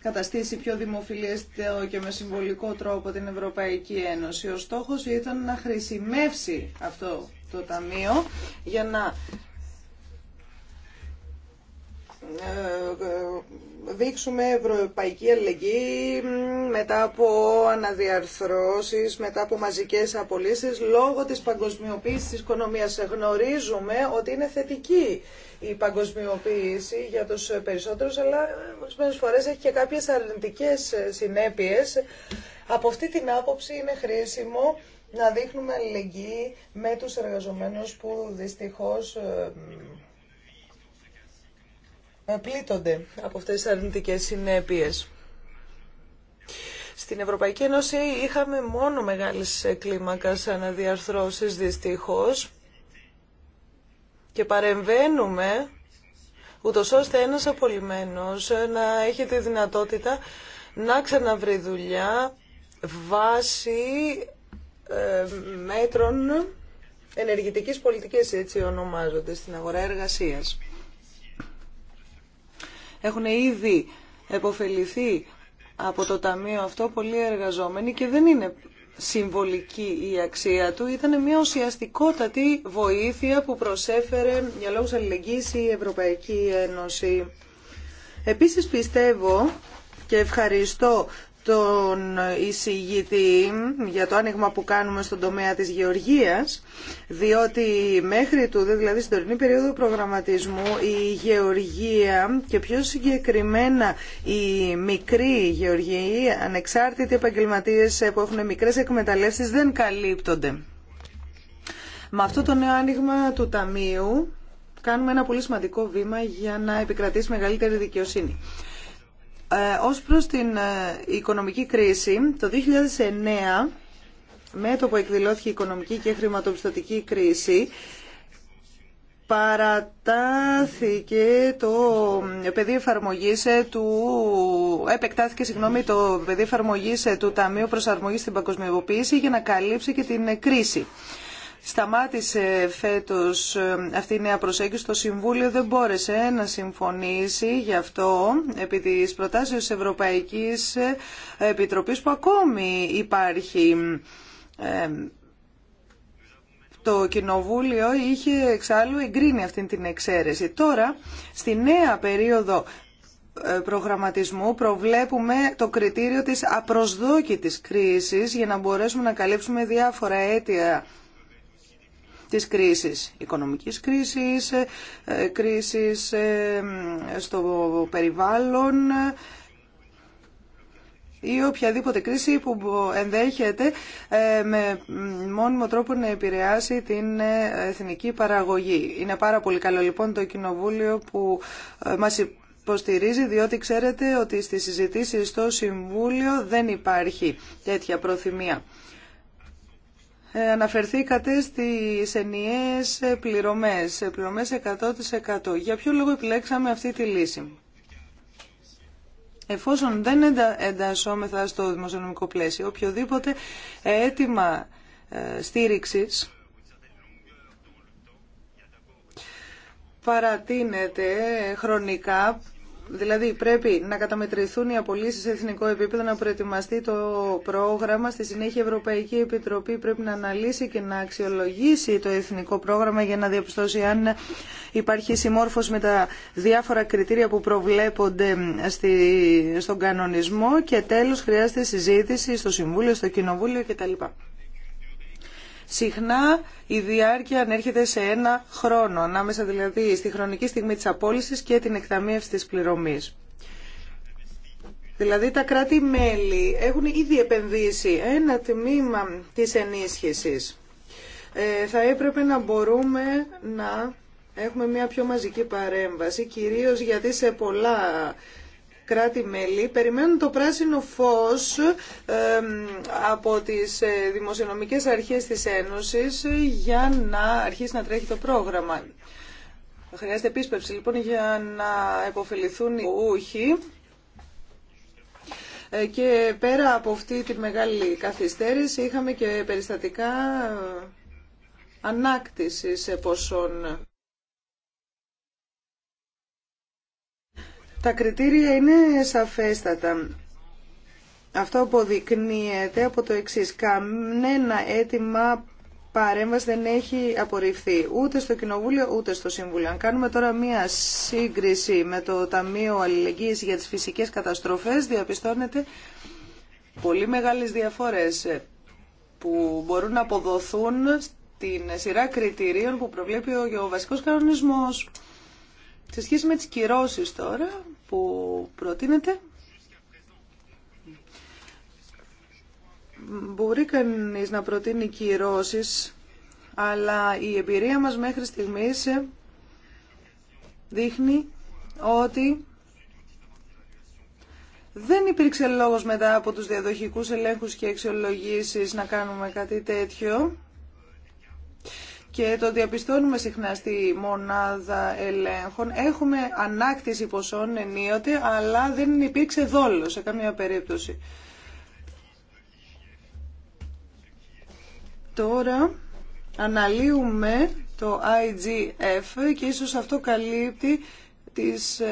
καταστήσει πιο δημοφιλές και με συμβολικό τρόπο την Ευρωπαϊκή Ένωση. Ο στόχος ήταν να χρησιμεύσει αυτό το ταμείο για να ε, ε, δείξουμε ευρωπαϊκή αλληλεγγύη μετά από αναδιαρθρώσεις, μετά από μαζικές απολύσεις λόγω της παγκοσμιοποίησης της οικονομίας. Γνωρίζουμε ότι είναι θετική η παγκοσμιοποίηση για τους περισσότερους, αλλά ε, ορισμένες φορές έχει και κάποιες αρνητικές συνέπειες. Από αυτή την άποψη είναι χρήσιμο να δείχνουμε αλληλεγγύη με τους εργαζομένους που δυστυχώς πλήττονται από αυτές τις αρνητικές συνέπειες. Στην Ευρωπαϊκή Ένωση είχαμε μόνο μεγάλες κλίμακας αναδιαρθρώσεις δυστυχώς και παρεμβαίνουμε ούτως ώστε ένας απολυμένος να έχει τη δυνατότητα να ξαναβρει δουλειά βάσει ε, μέτρων ενεργητικής πολιτικής, έτσι ονομάζονται, στην αγορά εργασίας έχουν ήδη επωφεληθεί από το ταμείο αυτό πολλοί εργαζόμενοι και δεν είναι συμβολική η αξία του. Ήταν μια ουσιαστικότατη βοήθεια που προσέφερε για λόγους αλληλεγγύης η Ευρωπαϊκή Ένωση. Επίσης πιστεύω και ευχαριστώ τον εισηγητή για το άνοιγμα που κάνουμε στον τομέα της γεωργίας, διότι μέχρι του δηλαδή στην τωρινή περίοδο προγραμματισμού, η γεωργία και πιο συγκεκριμένα η μικρή γεωργοί, ανεξάρτητοι επαγγελματίες που έχουν μικρές εκμεταλλεύσεις, δεν καλύπτονται. Με αυτό το νέο άνοιγμα του Ταμείου κάνουμε ένα πολύ σημαντικό βήμα για να επικρατήσει μεγαλύτερη δικαιοσύνη. Ε, ως προς την ε, οικονομική κρίση, το 2009, το που εκδηλώθηκε η οικονομική και χρηματοπιστωτική κρίση, παρατάθηκε το πεδίο εφαρμογή ε, του. Επεκτάθηκε, συγγνώμη, το πεδίο εφαρμογή του Ταμείου Προσαρμογή στην Παγκοσμιοποίηση για να καλύψει και την κρίση. Σταμάτησε φέτος ε, αυτή η νέα προσέγγιση. Το Συμβούλιο δεν μπόρεσε να συμφωνήσει γι' αυτό επί της προτάσεως της Ευρωπαϊκής ε, Επιτροπής που ακόμη υπάρχει ε, το Κοινοβούλιο είχε εξάλλου εγκρίνει αυτή την εξαίρεση. Τώρα, στη νέα περίοδο προγραμματισμού προβλέπουμε το κριτήριο της απροσδόκητης κρίσης για να μπορέσουμε να καλύψουμε διάφορα αίτια της κρίσης, οικονομικής κρίσης, ε, κρίσης ε, στο περιβάλλον ή οποιαδήποτε κρίση που ενδέχεται ε, με μόνιμο τρόπο να επηρεάσει την εθνική παραγωγή. Είναι πάρα πολύ καλό λοιπόν το Κοινοβούλιο που μας υποστηρίζει διότι ξέρετε ότι στις συζητήσεις στο Συμβούλιο δεν υπάρχει τέτοια προθυμία. Ε, αναφερθήκατε στις ενιαίες πληρωμές, πληρωμές 100%. Για ποιο λόγο επιλέξαμε αυτή τη λύση. Εφόσον δεν εντασσόμεθα στο δημοσιονομικό πλαίσιο, οποιοδήποτε αίτημα ε, στήριξης παρατείνεται χρονικά Δηλαδή πρέπει να καταμετρηθούν οι απολύσεις σε εθνικό επίπεδο, να προετοιμαστεί το πρόγραμμα. Στη συνέχεια η Ευρωπαϊκή Επιτροπή πρέπει να αναλύσει και να αξιολογήσει το εθνικό πρόγραμμα για να διαπιστώσει αν υπάρχει συμμόρφωση με τα διάφορα κριτήρια που προβλέπονται στη, στον κανονισμό και τέλος χρειάζεται συζήτηση στο Συμβούλιο, στο Κοινοβούλιο κτλ. Συχνά η διάρκεια ανέρχεται σε ένα χρόνο, ανάμεσα δηλαδή στη χρονική στιγμή της απόλυσης και την εκταμείευση της πληρωμής. Δηλαδή τα κράτη-μέλη έχουν ήδη επενδύσει ένα τμήμα της ενίσχυσης. Ε, θα έπρεπε να μπορούμε να έχουμε μια πιο μαζική παρέμβαση, κυρίως γιατί σε πολλά κράτη-μέλη περιμένουν το πράσινο φως από τις ε, δημοσιονομικές αρχές της Ένωσης για να αρχίσει να τρέχει το πρόγραμμα. Χρειάζεται επίσπευση λοιπόν για να επωφεληθούν οι ούχοι ε, και πέρα από αυτή τη μεγάλη καθυστέρηση είχαμε και περιστατικά ε, ανάκτησης ποσών. Τα κριτήρια είναι σαφέστατα. Αυτό αποδεικνύεται από το εξής. Κανένα αίτημα παρέμβαση δεν έχει απορριφθεί ούτε στο Κοινοβούλιο ούτε στο Σύμβουλιο. Αν κάνουμε τώρα μία σύγκριση με το Ταμείο Αλληλεγγύης για τις φυσικές καταστροφές, διαπιστώνεται πολύ μεγάλες διαφορές που μπορούν να αποδοθούν στην σειρά κριτηρίων που προβλέπει ο βασικός κανονισμός. Σε σχέση με τις κυρώσεις τώρα που προτείνεται, μπορεί κανείς να προτείνει κυρώσεις, αλλά η εμπειρία μας μέχρι στιγμής δείχνει ότι δεν υπήρξε λόγος μετά από τους διαδοχικούς ελέγχους και αξιολογήσεις να κάνουμε κάτι τέτοιο και το διαπιστώνουμε συχνά στη μονάδα ελέγχων. Έχουμε ανάκτηση ποσών ενίοτε, αλλά δεν υπήρξε δόλο σε καμία περίπτωση. Τώρα αναλύουμε το IGF και ίσως αυτό καλύπτει τις,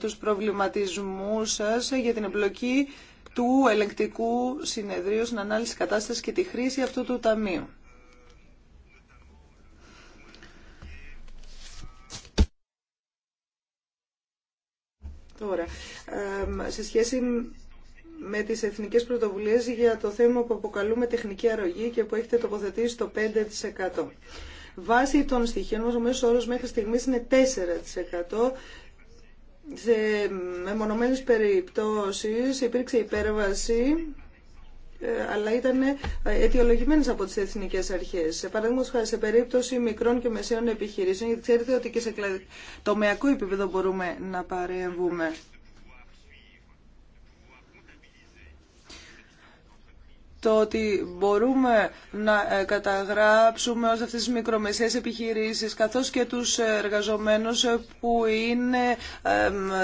τους προβληματισμούς σας για την εμπλοκή του ελεγκτικού συνεδρίου στην ανάλυση κατάστασης και τη χρήση αυτού του ταμείου. Τώρα, σε σχέση με τις εθνικές πρωτοβουλίες για το θέμα που αποκαλούμε τεχνική αρρωγή και που έχετε τοποθετήσει στο 5%. Βάσει των στοιχείων μας, ο μέσος όρος μέχρι στιγμής είναι 4%. Σε μεμονωμένες περιπτώσεις υπήρξε υπέρβαση ε, αλλά ήταν ε, αιτιολογημένε από τι εθνικέ αρχέ. Σε παράδειγμα, σε περίπτωση μικρών και μεσαίων επιχειρήσεων, γιατί ξέρετε ότι και σε τομεακό επίπεδο μπορούμε να παρέμβουμε. το ότι μπορούμε να ε, καταγράψουμε όλε αυτές τις μικρομεσαίες επιχειρήσεις καθώς και τους εργαζομένους ε, που είναι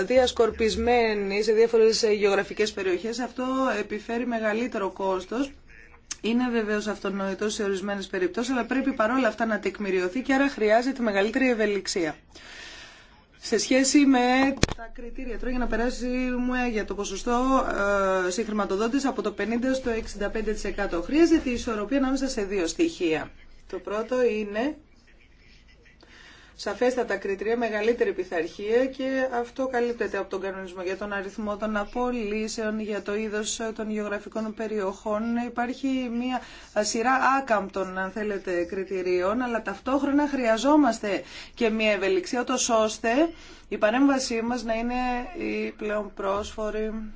διασκορπισμένοι σε διάφορες ε, γεωγραφικές περιοχές. Αυτό επιφέρει μεγαλύτερο κόστος. Είναι βεβαίω αυτονόητο σε ορισμένε περιπτώσει, αλλά πρέπει παρόλα αυτά να τεκμηριωθεί και άρα χρειάζεται μεγαλύτερη ευελιξία σε σχέση με τα κριτήρια τώρα για να περάσουμε για το ποσοστό ε, συγχρηματοδότηση από το 50% στο 65%. Χρειάζεται η ισορροπία ανάμεσα σε δύο στοιχεία. Το πρώτο είναι σαφέστατα κριτήρια, μεγαλύτερη πειθαρχία και αυτό καλύπτεται από τον κανονισμό για τον αριθμό των απολύσεων, για το είδος ε, των γεωγραφικών περιοχών. Υπάρχει μια ε, σειρά άκαμπτων, αν θέλετε, κριτηρίων, αλλά ταυτόχρονα χρειαζόμαστε και μια ευελιξία, ώστε η παρέμβασή μας να είναι η πλέον πρόσφορη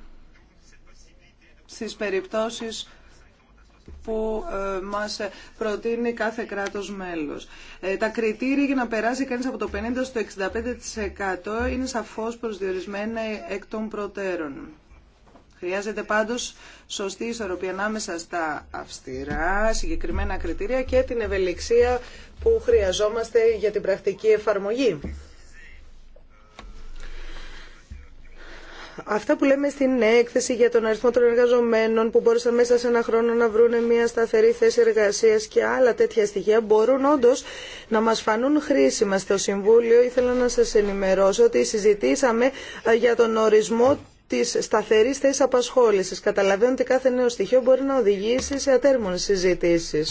στις περιπτώσεις που ε, μας προτείνει κάθε κράτος μέλος. Ε, τα κριτήρια για να περάσει κανείς από το 50% στο 65% είναι σαφώς προσδιορισμένα εκ των προτέρων. Χρειάζεται πάντως σωστή ισορροπία ανάμεσα στα αυστηρά συγκεκριμένα κριτήρια και την ευελιξία που χρειαζόμαστε για την πρακτική εφαρμογή. Αυτά που λέμε στην έκθεση για τον αριθμό των εργαζομένων που μπόρεσαν μέσα σε ένα χρόνο να βρουν μια σταθερή θέση εργασίας και άλλα τέτοια στοιχεία μπορούν όντως να μας φανούν χρήσιμα. Στο Συμβούλιο ήθελα να σας ενημερώσω ότι συζητήσαμε ε, για τον ορισμό τη σταθερή θέση απασχόληση. Καταλαβαίνω ότι κάθε νέο στοιχείο μπορεί να οδηγήσει σε ατέρμονε συζητήσει.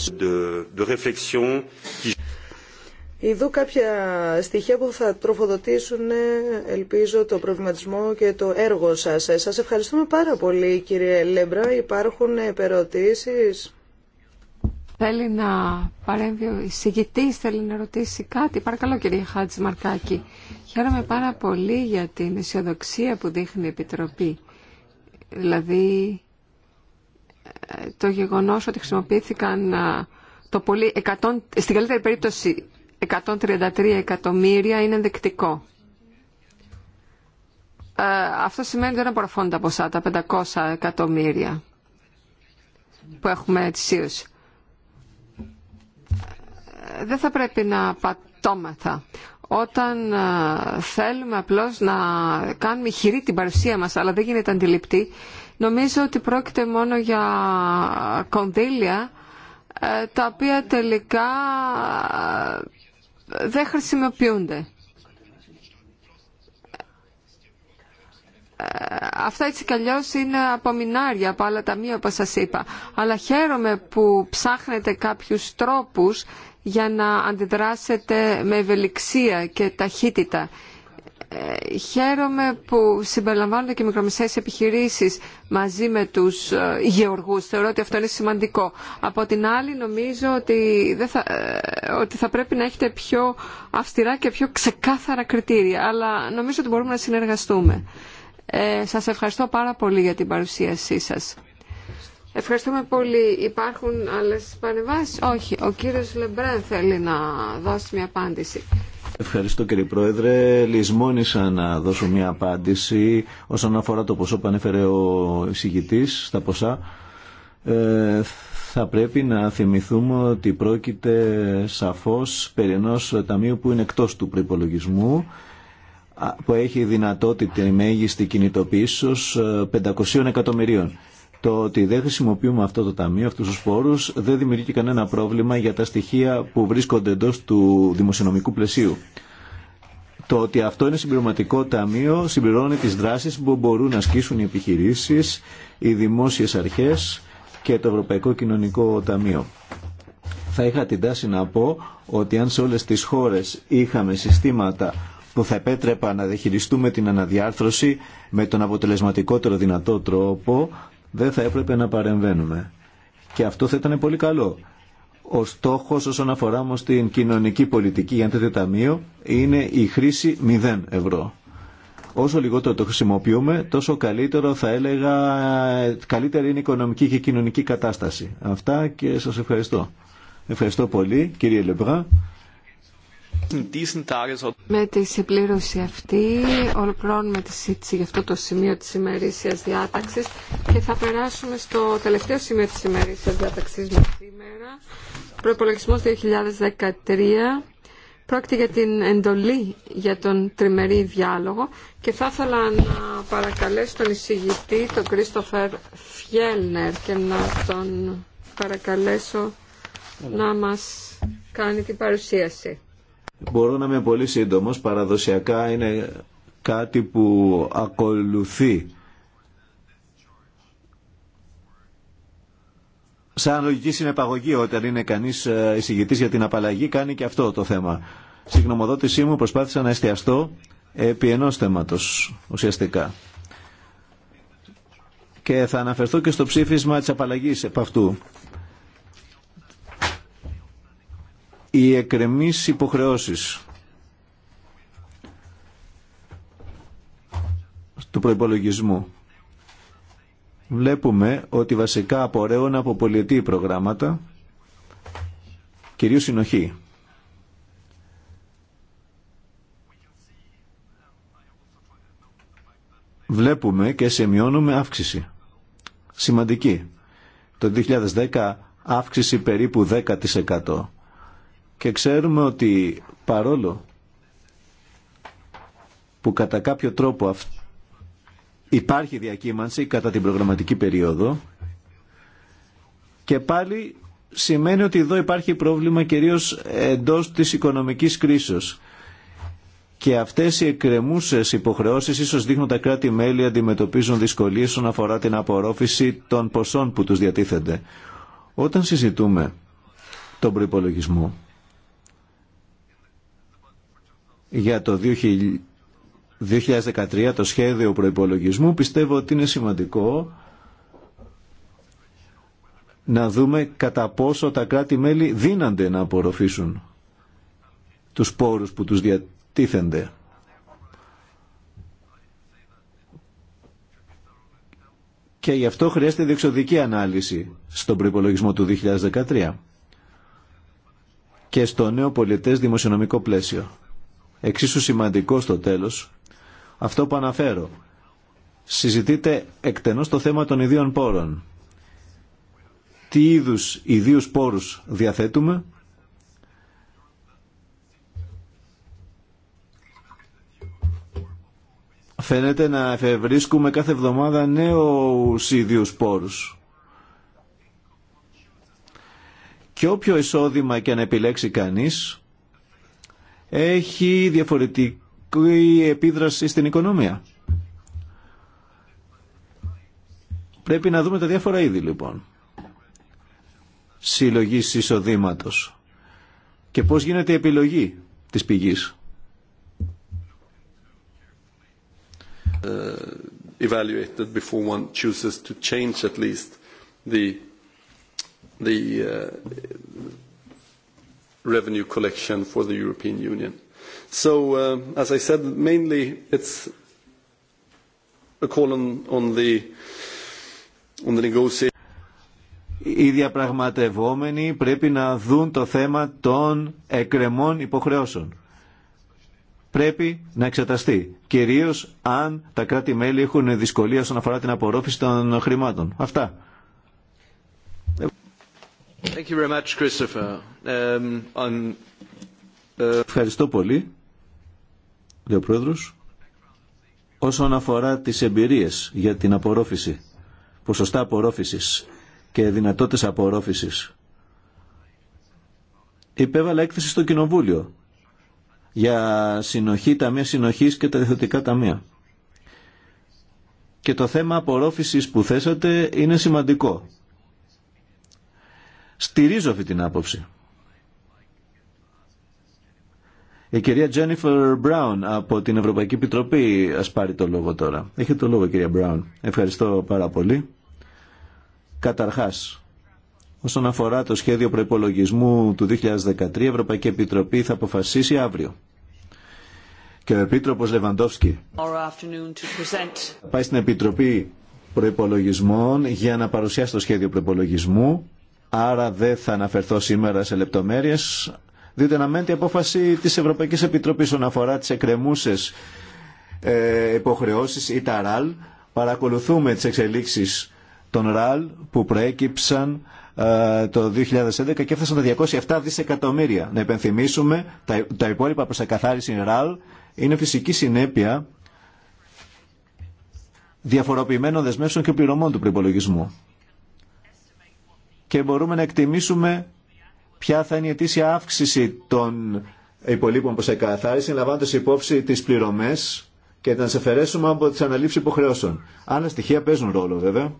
Ειδού κάποια στοιχεία που θα τροφοδοτήσουν, ελπίζω, το προβληματισμό και το έργο σας. Σας ευχαριστούμε πάρα πολύ, κύριε Λέμπρα. Υπάρχουν ερωτήσεις; Θέλει να παρέμβει ο εισηγητής, θέλει να ρωτήσει κάτι. Παρακαλώ, κύριε Χάτζη Μαρκάκη. Χαίρομαι πάρα πολύ για την αισιοδοξία που δείχνει η Επιτροπή. Δηλαδή, ε, το γεγονός ότι χρησιμοποιήθηκαν ε, το πολύ, 100, στην καλύτερη περίπτωση 133 εκατομμύρια είναι ενδεικτικό. Ε, αυτό σημαίνει ότι δεν απορροφώνουν τα ποσά, τα 500 εκατομμύρια που έχουμε ετσίως. Δεν θα πρέπει να πατώμεθα. Όταν ε, θέλουμε απλώς να κάνουμε χειρή την παρουσία μας, αλλά δεν γίνεται αντιληπτή, νομίζω ότι πρόκειται μόνο για κονδύλια ε, τα οποία τελικά δεν χρησιμοποιούνται. Ε, αυτά έτσι κι αλλιώς είναι απομεινάρια από άλλα ταμεία όπως σας είπα. Αλλά χαίρομαι που ψάχνετε κάποιους τρόπους για να αντιδράσετε με ευελιξία και ταχύτητα. Ε, χαίρομαι που συμπεριλαμβάνονται και μικρομεσαίες επιχειρήσεις μαζί με τους ε, γεωργούς. Θεωρώ ότι αυτό είναι σημαντικό. Από την άλλη νομίζω ότι, δεν θα, ε, ότι θα πρέπει να έχετε πιο αυστηρά και πιο ξεκάθαρα κριτήρια. Αλλά νομίζω ότι μπορούμε να συνεργαστούμε. Ε, σας ευχαριστώ πάρα πολύ για την παρουσίασή σας. Ευχαριστούμε πολύ. Υπάρχουν άλλες παρεμβάσεις. Όχι, ο κύριος Λεμπρέν θέλει να δώσει μια απάντηση. Ευχαριστώ κύριε Πρόεδρε. Λυσμόνησα να δώσω μια απάντηση όσον αφορά το ποσό που ανέφερε ο εισηγητή στα ποσά. Ε, θα πρέπει να θυμηθούμε ότι πρόκειται σαφώς περί ενός ταμείου που είναι εκτός του προϋπολογισμού που έχει δυνατότητα η μέγιστη κινητοποίησης 500 ε, εκατομμυρίων. Το ότι δεν χρησιμοποιούμε αυτό το ταμείο, αυτού του πόρου, δεν δημιουργεί κανένα πρόβλημα για τα στοιχεία που βρίσκονται εντό του δημοσιονομικού πλαισίου. Το ότι αυτό είναι συμπληρωματικό ταμείο συμπληρώνει τι δράσει που μπορούν να ασκήσουν οι επιχειρήσει, οι δημόσιε αρχέ και το Ευρωπαϊκό Κοινωνικό Ταμείο. Θα είχα την τάση να πω ότι αν σε όλες τις χώρες είχαμε συστήματα που θα επέτρεπα να διαχειριστούμε την αναδιάρθρωση με τον αποτελεσματικότερο δυνατό τρόπο, δεν θα έπρεπε να παρεμβαίνουμε. Και αυτό θα ήταν πολύ καλό. Ο στόχο όσον αφορά όμω την κοινωνική πολιτική για ένα τέτοιο ταμείο είναι η χρήση 0 ευρώ. Όσο λιγότερο το χρησιμοποιούμε, τόσο καλύτερο θα έλεγα, καλύτερη είναι η οικονομική και η κοινωνική κατάσταση. Αυτά και σας ευχαριστώ. Ευχαριστώ πολύ κύριε Λεμπρά. Με τη συμπλήρωση αυτή ολοκληρώνουμε τη συζήτηση για αυτό το σημείο της ημερήσιας διάταξης και θα περάσουμε στο τελευταίο σημείο της ημερήσιας διάταξης μας σήμερα. Προπολογισμό 2013. Πρόκειται για την εντολή για τον τριμερή διάλογο και θα ήθελα να παρακαλέσω τον εισηγητή, τον Κρίστοφερ Φιέλνερ και να τον παρακαλέσω να μας κάνει την παρουσίαση. Μπορώ να είμαι πολύ σύντομος, παραδοσιακά είναι κάτι που ακολουθεί σαν λογική συνεπαγωγή όταν είναι κανείς ε, εισηγητής για την απαλλαγή κάνει και αυτό το θέμα. Συγγνωμοδότησή μου προσπάθησα να εστιαστώ επί ενός θέματος ουσιαστικά. Και θα αναφερθώ και στο ψήφισμα της απαλλαγής επ' αυτού. οι εκρεμείς υποχρεώσεις του προϋπολογισμού. Βλέπουμε ότι βασικά απορρέουν από πολιετή προγράμματα, κυρίως συνοχή. Βλέπουμε και σημειώνουμε αύξηση. Σημαντική. Το 2010 αύξηση περίπου 10% και ξέρουμε ότι παρόλο που κατά κάποιο τρόπο υπάρχει διακύμανση κατά την προγραμματική περίοδο και πάλι σημαίνει ότι εδώ υπάρχει πρόβλημα κυρίως εντός της οικονομικής κρίσης. Και αυτές οι εκκρεμούσες υποχρεώσεις ίσως δείχνουν τα κράτη-μέλη αντιμετωπίζουν δυσκολίες όσον αφορά την απορρόφηση των ποσών που τους διατίθενται. Όταν συζητούμε τον προϋπολογισμό, για το 2013 το σχέδιο προϋπολογισμού πιστεύω ότι είναι σημαντικό να δούμε κατά πόσο τα κράτη-μέλη δύνανται να απορροφήσουν τους πόρους που τους διατίθενται. Και γι' αυτό χρειάζεται διεξοδική ανάλυση στον προϋπολογισμό του 2013 και στο νέο πολιτές δημοσιονομικό πλαίσιο εξίσου σημαντικό στο τέλος, αυτό που αναφέρω. Συζητείται εκτενώς το θέμα των ιδίων πόρων. Τι είδους ιδίους πόρους διαθέτουμε, Φαίνεται να εφευρίσκουμε κάθε εβδομάδα νέους ίδιους πόρους. Και όποιο εισόδημα και αν επιλέξει κανείς, έχει διαφορετική επίδραση στην οικονομία. Πρέπει να δούμε τα διάφορα είδη λοιπόν συλλογή εισοδήματο και πώς γίνεται η επιλογή της πηγής. evaluated revenue collection for the European Union. Uh, as I said, mainly it's a call on the negotiation. Οι διαπραγματευόμενοι πρέπει να δουν το θέμα των εκκρεμών υποχρεώσεων. Πρέπει να εξεταστεί, κυρίως αν τα κράτη-μέλη έχουν δυσκολία όσον αφορά την απορρόφηση των χρημάτων. Αυτά. Um, uh, Ευχαριστώ πολύ, λέει Πρόεδρος. Όσον αφορά τις εμπειρίες για την απορρόφηση, ποσοστά απορρόφησης και δυνατότητες απορρόφησης, υπέβαλα έκθεση στο Κοινοβούλιο για συνοχή, ταμεία συνοχής και τα τα ταμεία. Και το θέμα απορρόφησης που θέσατε είναι σημαντικό Στηρίζω αυτή την άποψη. Η κυρία Τζένιφερ Μπράουν από την Ευρωπαϊκή Επιτροπή ας πάρει το λόγο τώρα. Έχετε το λόγο κυρία Μπράουν. Ευχαριστώ πάρα πολύ. Καταρχάς, όσον αφορά το σχέδιο προϋπολογισμού του 2013, η Ευρωπαϊκή Επιτροπή θα αποφασίσει αύριο. Και ο Επίτροπος Λεβαντόφσκι πάει στην Επιτροπή Προϋπολογισμών για να παρουσιάσει το σχέδιο προϋπολογισμού άρα δεν θα αναφερθώ σήμερα σε λεπτομέρειες, διότι μένει η απόφαση της Ευρωπαϊκής Επιτροπής όσον αφορά τις εκκρεμούσες ε, υποχρεώσεις ή τα ραλ. Παρακολουθούμε τις εξελίξεις των ραλ που προέκυψαν ε, το 2011 και έφτασαν τα 207 δισεκατομμύρια. Να υπενθυμίσουμε, τα, τα υπόλοιπα προς ακαθάριση ραλ είναι φυσική συνέπεια διαφοροποιημένων δεσμεύσεων και πληρωμών του προπολογισμού και μπορούμε να εκτιμήσουμε ποια θα είναι η αιτήσια αύξηση των υπολείπων προς εκαθάριση, λαμβάνοντας υπόψη τις πληρωμές και να τι αφαιρέσουμε από τις αναλήψεις υποχρεώσεων. Άλλα στοιχεία παίζουν ρόλο βέβαια.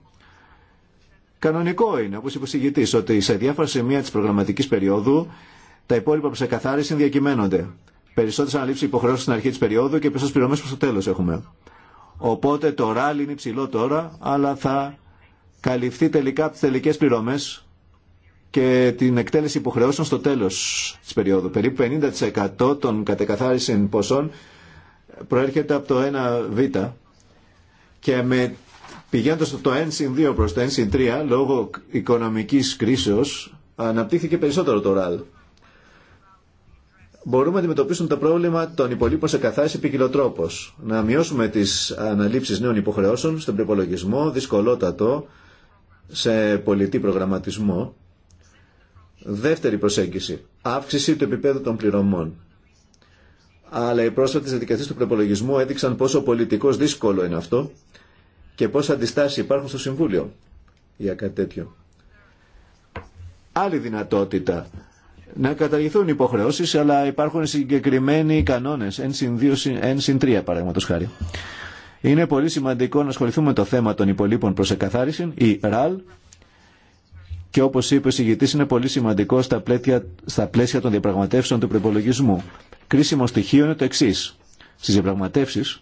Κανονικό είναι, όπως είπε ο συγητής, ότι σε διάφορα σημεία της προγραμματικής περίοδου τα υπόλοιπα προς εκαθάριση διακυμαίνονται. Περισσότερε αναλήψει υποχρεώσεων στην αρχή τη περίοδου και περισσότερε πληρωμέ προ το τέλο έχουμε. Οπότε το ράλι είναι υψηλό τώρα, αλλά θα καλυφθεί τελικά από τις τελικές πληρωμές και την εκτέλεση υποχρεώσεων στο τέλος της περίοδου. Περίπου 50% των κατεκαθάρισεων ποσών προέρχεται από το 1β και με, πηγαίνοντας από το 1-2 προς το 1-3 λόγω οικονομικής κρίσεως αναπτύχθηκε περισσότερο το ΡΑΛ. Μπορούμε να αντιμετωπίσουμε το πρόβλημα των υπολείπων σε καθάριση ποικιλοτρόπω. Να μειώσουμε τι αναλήψει νέων υποχρεώσεων στον προπολογισμό, δυσκολότατο, σε πολιτή προγραμματισμό. Δεύτερη προσέγγιση, αύξηση του επίπεδου των πληρωμών. Αλλά οι πρόσφατες διαδικασίε του προπολογισμού έδειξαν πόσο πολιτικός δύσκολο είναι αυτό και πόσα αντιστάσει υπάρχουν στο Συμβούλιο για κάτι τέτοιο. Άλλη δυνατότητα, να καταργηθούν υποχρεώσεις αλλά υπάρχουν συγκεκριμένοι κανόνε. εν συν 3 παραδείγματος χάρη. Είναι πολύ σημαντικό να ασχοληθούμε με το θέμα των υπολείπων προς εκαθάριση, η ΡΑΛ, και όπως είπε ο συγητή, είναι πολύ σημαντικό στα, στα πλαίσια των διαπραγματεύσεων του προπολογισμού. Κρίσιμο στοιχείο είναι το εξή. Στις διαπραγματεύσεις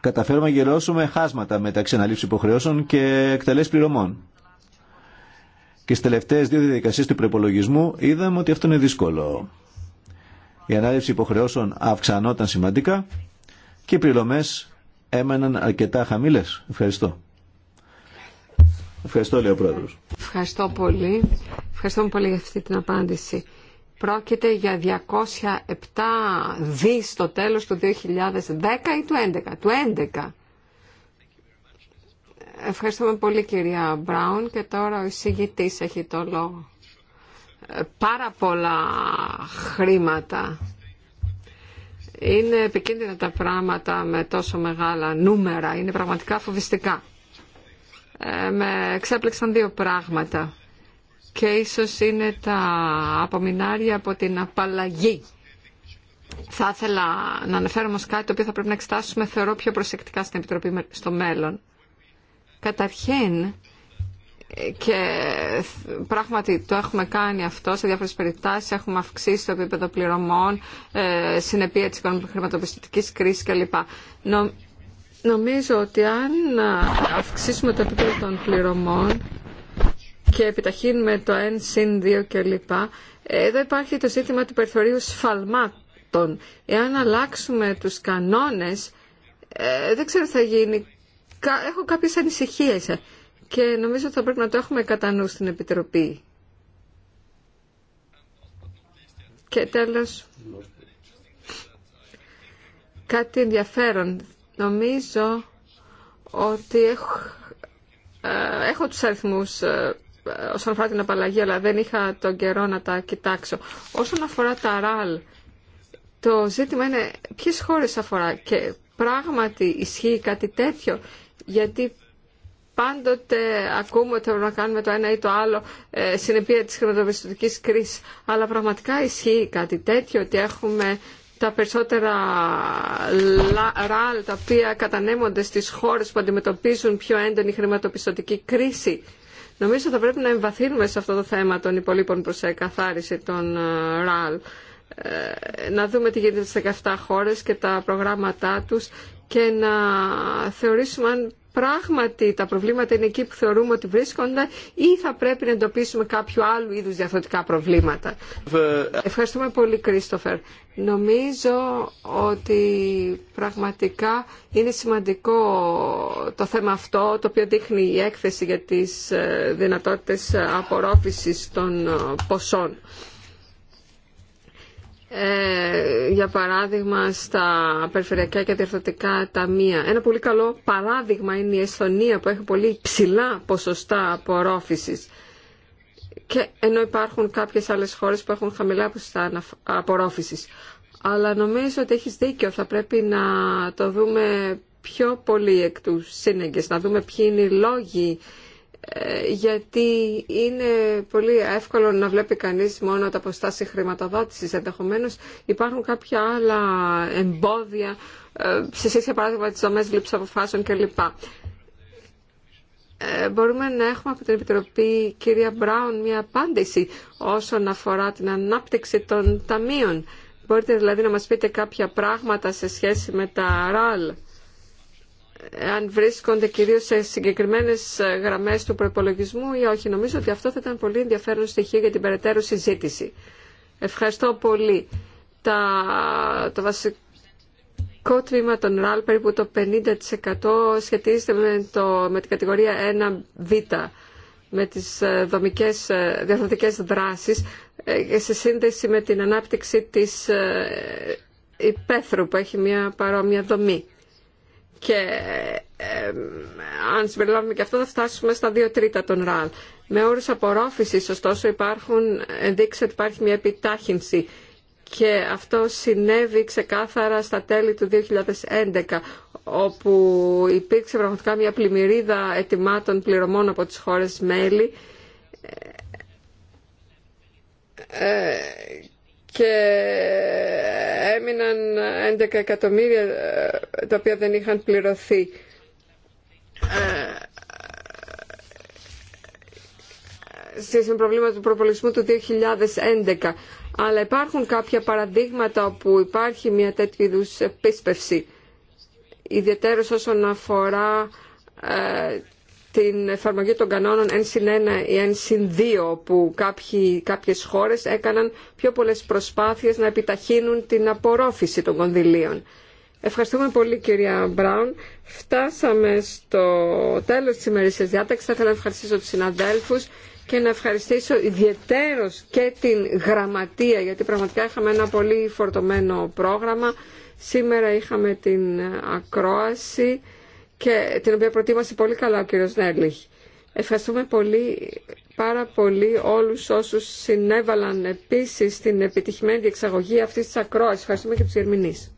καταφέρουμε να γερώσουμε χάσματα μεταξύ αναλήψη υποχρεώσεων και εκτελές πληρωμών. Και στι τελευταίε δύο διαδικασίε του προπολογισμού είδαμε ότι αυτό είναι δύσκολο. Η ανάληψη υποχρεώσεων αυξανόταν σημαντικά και οι πληρωμές έμεναν αρκετά χαμηλές. Ευχαριστώ. Ευχαριστώ, λέει ο Πρόεδρος. Ευχαριστώ πολύ. Ευχαριστώ πολύ για αυτή την απάντηση. Πρόκειται για 207 δις στο τέλος του 2010 ή του 11. Του 11. Ευχαριστούμε πολύ κυρία Μπράουν και τώρα ο εισηγητής έχει το λόγο. Ε, πάρα πολλά χρήματα είναι επικίνδυνα τα πράγματα με τόσο μεγάλα νούμερα. Είναι πραγματικά φοβιστικά. Ε, με εξέπλεξαν δύο πράγματα και ίσως είναι τα απομεινάρια από την απαλλαγή. Θα ήθελα να αναφέρω όμως κάτι το οποίο θα πρέπει να εξετάσουμε θεωρώ πιο προσεκτικά στην Επιτροπή στο μέλλον. Καταρχήν, και πράγματι το έχουμε κάνει αυτό σε διάφορες περιπτώσεις, έχουμε αυξήσει το επίπεδο πληρωμών, ε, συνεπία της χρηματοπιστωτικής κρίσης κλπ. νομίζω ότι αν αυξήσουμε το επίπεδο των πληρωμών και επιταχύνουμε το 1 συν 2 κλπ, ε, εδώ υπάρχει το ζήτημα του περιθωρίου σφαλμάτων. Εάν αλλάξουμε τους κανόνες, ε, δεν ξέρω τι θα γίνει. Έχω κάποιες ανησυχίες και νομίζω ότι θα πρέπει να το έχουμε κατά νου στην Επιτροπή. Και τέλος, κάτι ενδιαφέρον. Νομίζω ότι έχω, ε, έχω τους αριθμούς ε, όσον αφορά την απαλλαγή, αλλά δεν είχα τον καιρό να τα κοιτάξω. Όσον αφορά τα ραλ, το ζήτημα είναι ποιες χώρες αφορά και πράγματι ισχύει κάτι τέτοιο, γιατί πάντοτε ακούμε ότι πρέπει να κάνουμε το ένα ή το άλλο ε, συνεπία της χρηματοπιστωτικής κρίσης. Αλλά πραγματικά ισχύει κάτι τέτοιο ότι έχουμε τα περισσότερα ραλ τα οποία κατανέμονται στις χώρες που αντιμετωπίζουν πιο έντονη χρηματοπιστωτική κρίση. Νομίζω θα πρέπει να εμβαθύνουμε σε αυτό το θέμα των υπολείπων προς εκαθάριση των ε, ραλ. Ε, να δούμε τι γίνεται στις 17 χώρες και τα προγράμματά τους και να θεωρήσουμε αν πράγματι τα προβλήματα είναι εκεί που θεωρούμε ότι βρίσκονται ή θα πρέπει να εντοπίσουμε κάποιο άλλου είδους διαθωτικά προβλήματα. Ευχαριστούμε πολύ Κρίστοφερ. Νομίζω ότι πραγματικά είναι σημαντικό το θέμα αυτό το οποίο δείχνει η θα πρεπει να εντοπισουμε καποιο αλλο ειδους διαφορετικα προβληματα ευχαριστουμε πολυ κριστοφερ νομιζω οτι πραγματικα ειναι σημαντικο το θεμα αυτο το οποιο δειχνει η εκθεση για τις ε, δυνατότητες ε, απορρόφησης των ε, ποσών. Ε, για παράδειγμα στα περιφερειακά και διευθυντικά ταμεία. Ένα πολύ καλό παράδειγμα είναι η Εσθονία που έχει πολύ ψηλά ποσοστά απορρόφησης και ενώ υπάρχουν κάποιες άλλες χώρες που έχουν χαμηλά ποσοστά απορρόφησης. Αλλά νομίζω ότι έχεις δίκιο, θα πρέπει να το δούμε πιο πολύ εκ του σύνεγγες, να δούμε ποιοι είναι οι λόγοι γιατί είναι πολύ εύκολο να βλέπει κανείς μόνο τα αποστάσει χρηματοδότησης. Ενδεχομένως υπάρχουν κάποια άλλα εμπόδια ε, σε σχέση για παράδειγμα τις δομές λήψης αποφάσεων κλπ. Ε, μπορούμε να έχουμε από την Επιτροπή κυρία Μπράουν μια απάντηση όσον αφορά την ανάπτυξη των ταμείων. Μπορείτε δηλαδή να μας πείτε κάποια πράγματα σε σχέση με τα ΡΑΛ αν βρίσκονται κυρίως σε συγκεκριμένες ε, γραμμές του προπολογισμού ή όχι. Νομίζω ότι αυτό θα ήταν πολύ ενδιαφέρον στοιχείο για την περαιτέρω συζήτηση. Ευχαριστώ πολύ. Τα, το βασικό τμήμα των ΡΑΛ, περίπου το 50% σχετίζεται με, το, με την κατηγορία 1β, με τις ε, δομικές ε, διαθροντικές δράσεις, σε σύνδεση με την ανάπτυξη της υπαίθρου που έχει μια παρόμοια δομή και αν συμπεριλάβουμε και αυτό θα φτάσουμε στα δύο τρίτα των ραλ. Με όρους απορρόφησης, ωστόσο, υπάρχουν ότι υπάρχει μια επιτάχυνση και αυτό συνέβη ξεκάθαρα στα τέλη του 2011 όπου υπήρξε πραγματικά μια πλημμυρίδα ετοιμάτων πληρωμών από τις χώρες μέλη ε, ε, και έμειναν 11 εκατομμύρια ε, τα οποία δεν είχαν πληρωθεί. Ε, σε προβλήμα του προπολισμού του 2011. Αλλά υπάρχουν κάποια παραδείγματα όπου υπάρχει μια τέτοιου είδου επίσπευση. Ιδιαίτερως όσον αφορά ε, την εφαρμογή των κανόνων N 1 ή N 2 που κάποιοι, κάποιες χώρες έκαναν πιο πολλές προσπάθειες να επιταχύνουν την απορρόφηση των κονδυλίων. Ευχαριστούμε πολύ κυρία Μπράουν. Φτάσαμε στο τέλος της ημερήσιας διάταξης. Θα ήθελα να ευχαριστήσω τους συναδέλφους και να ευχαριστήσω ιδιαιτέρως και την γραμματεία γιατί πραγματικά είχαμε ένα πολύ φορτωμένο πρόγραμμα. Σήμερα είχαμε την ακρόαση και την οποία προτίμασε πολύ καλά ο κύριος Νέρλιχ. Ευχαριστούμε πολύ, πάρα πολύ όλους όσους συνέβαλαν επίσης στην επιτυχημένη διεξαγωγή αυτής της ακρόασης. Ευχαριστούμε και τους ερμηνείς.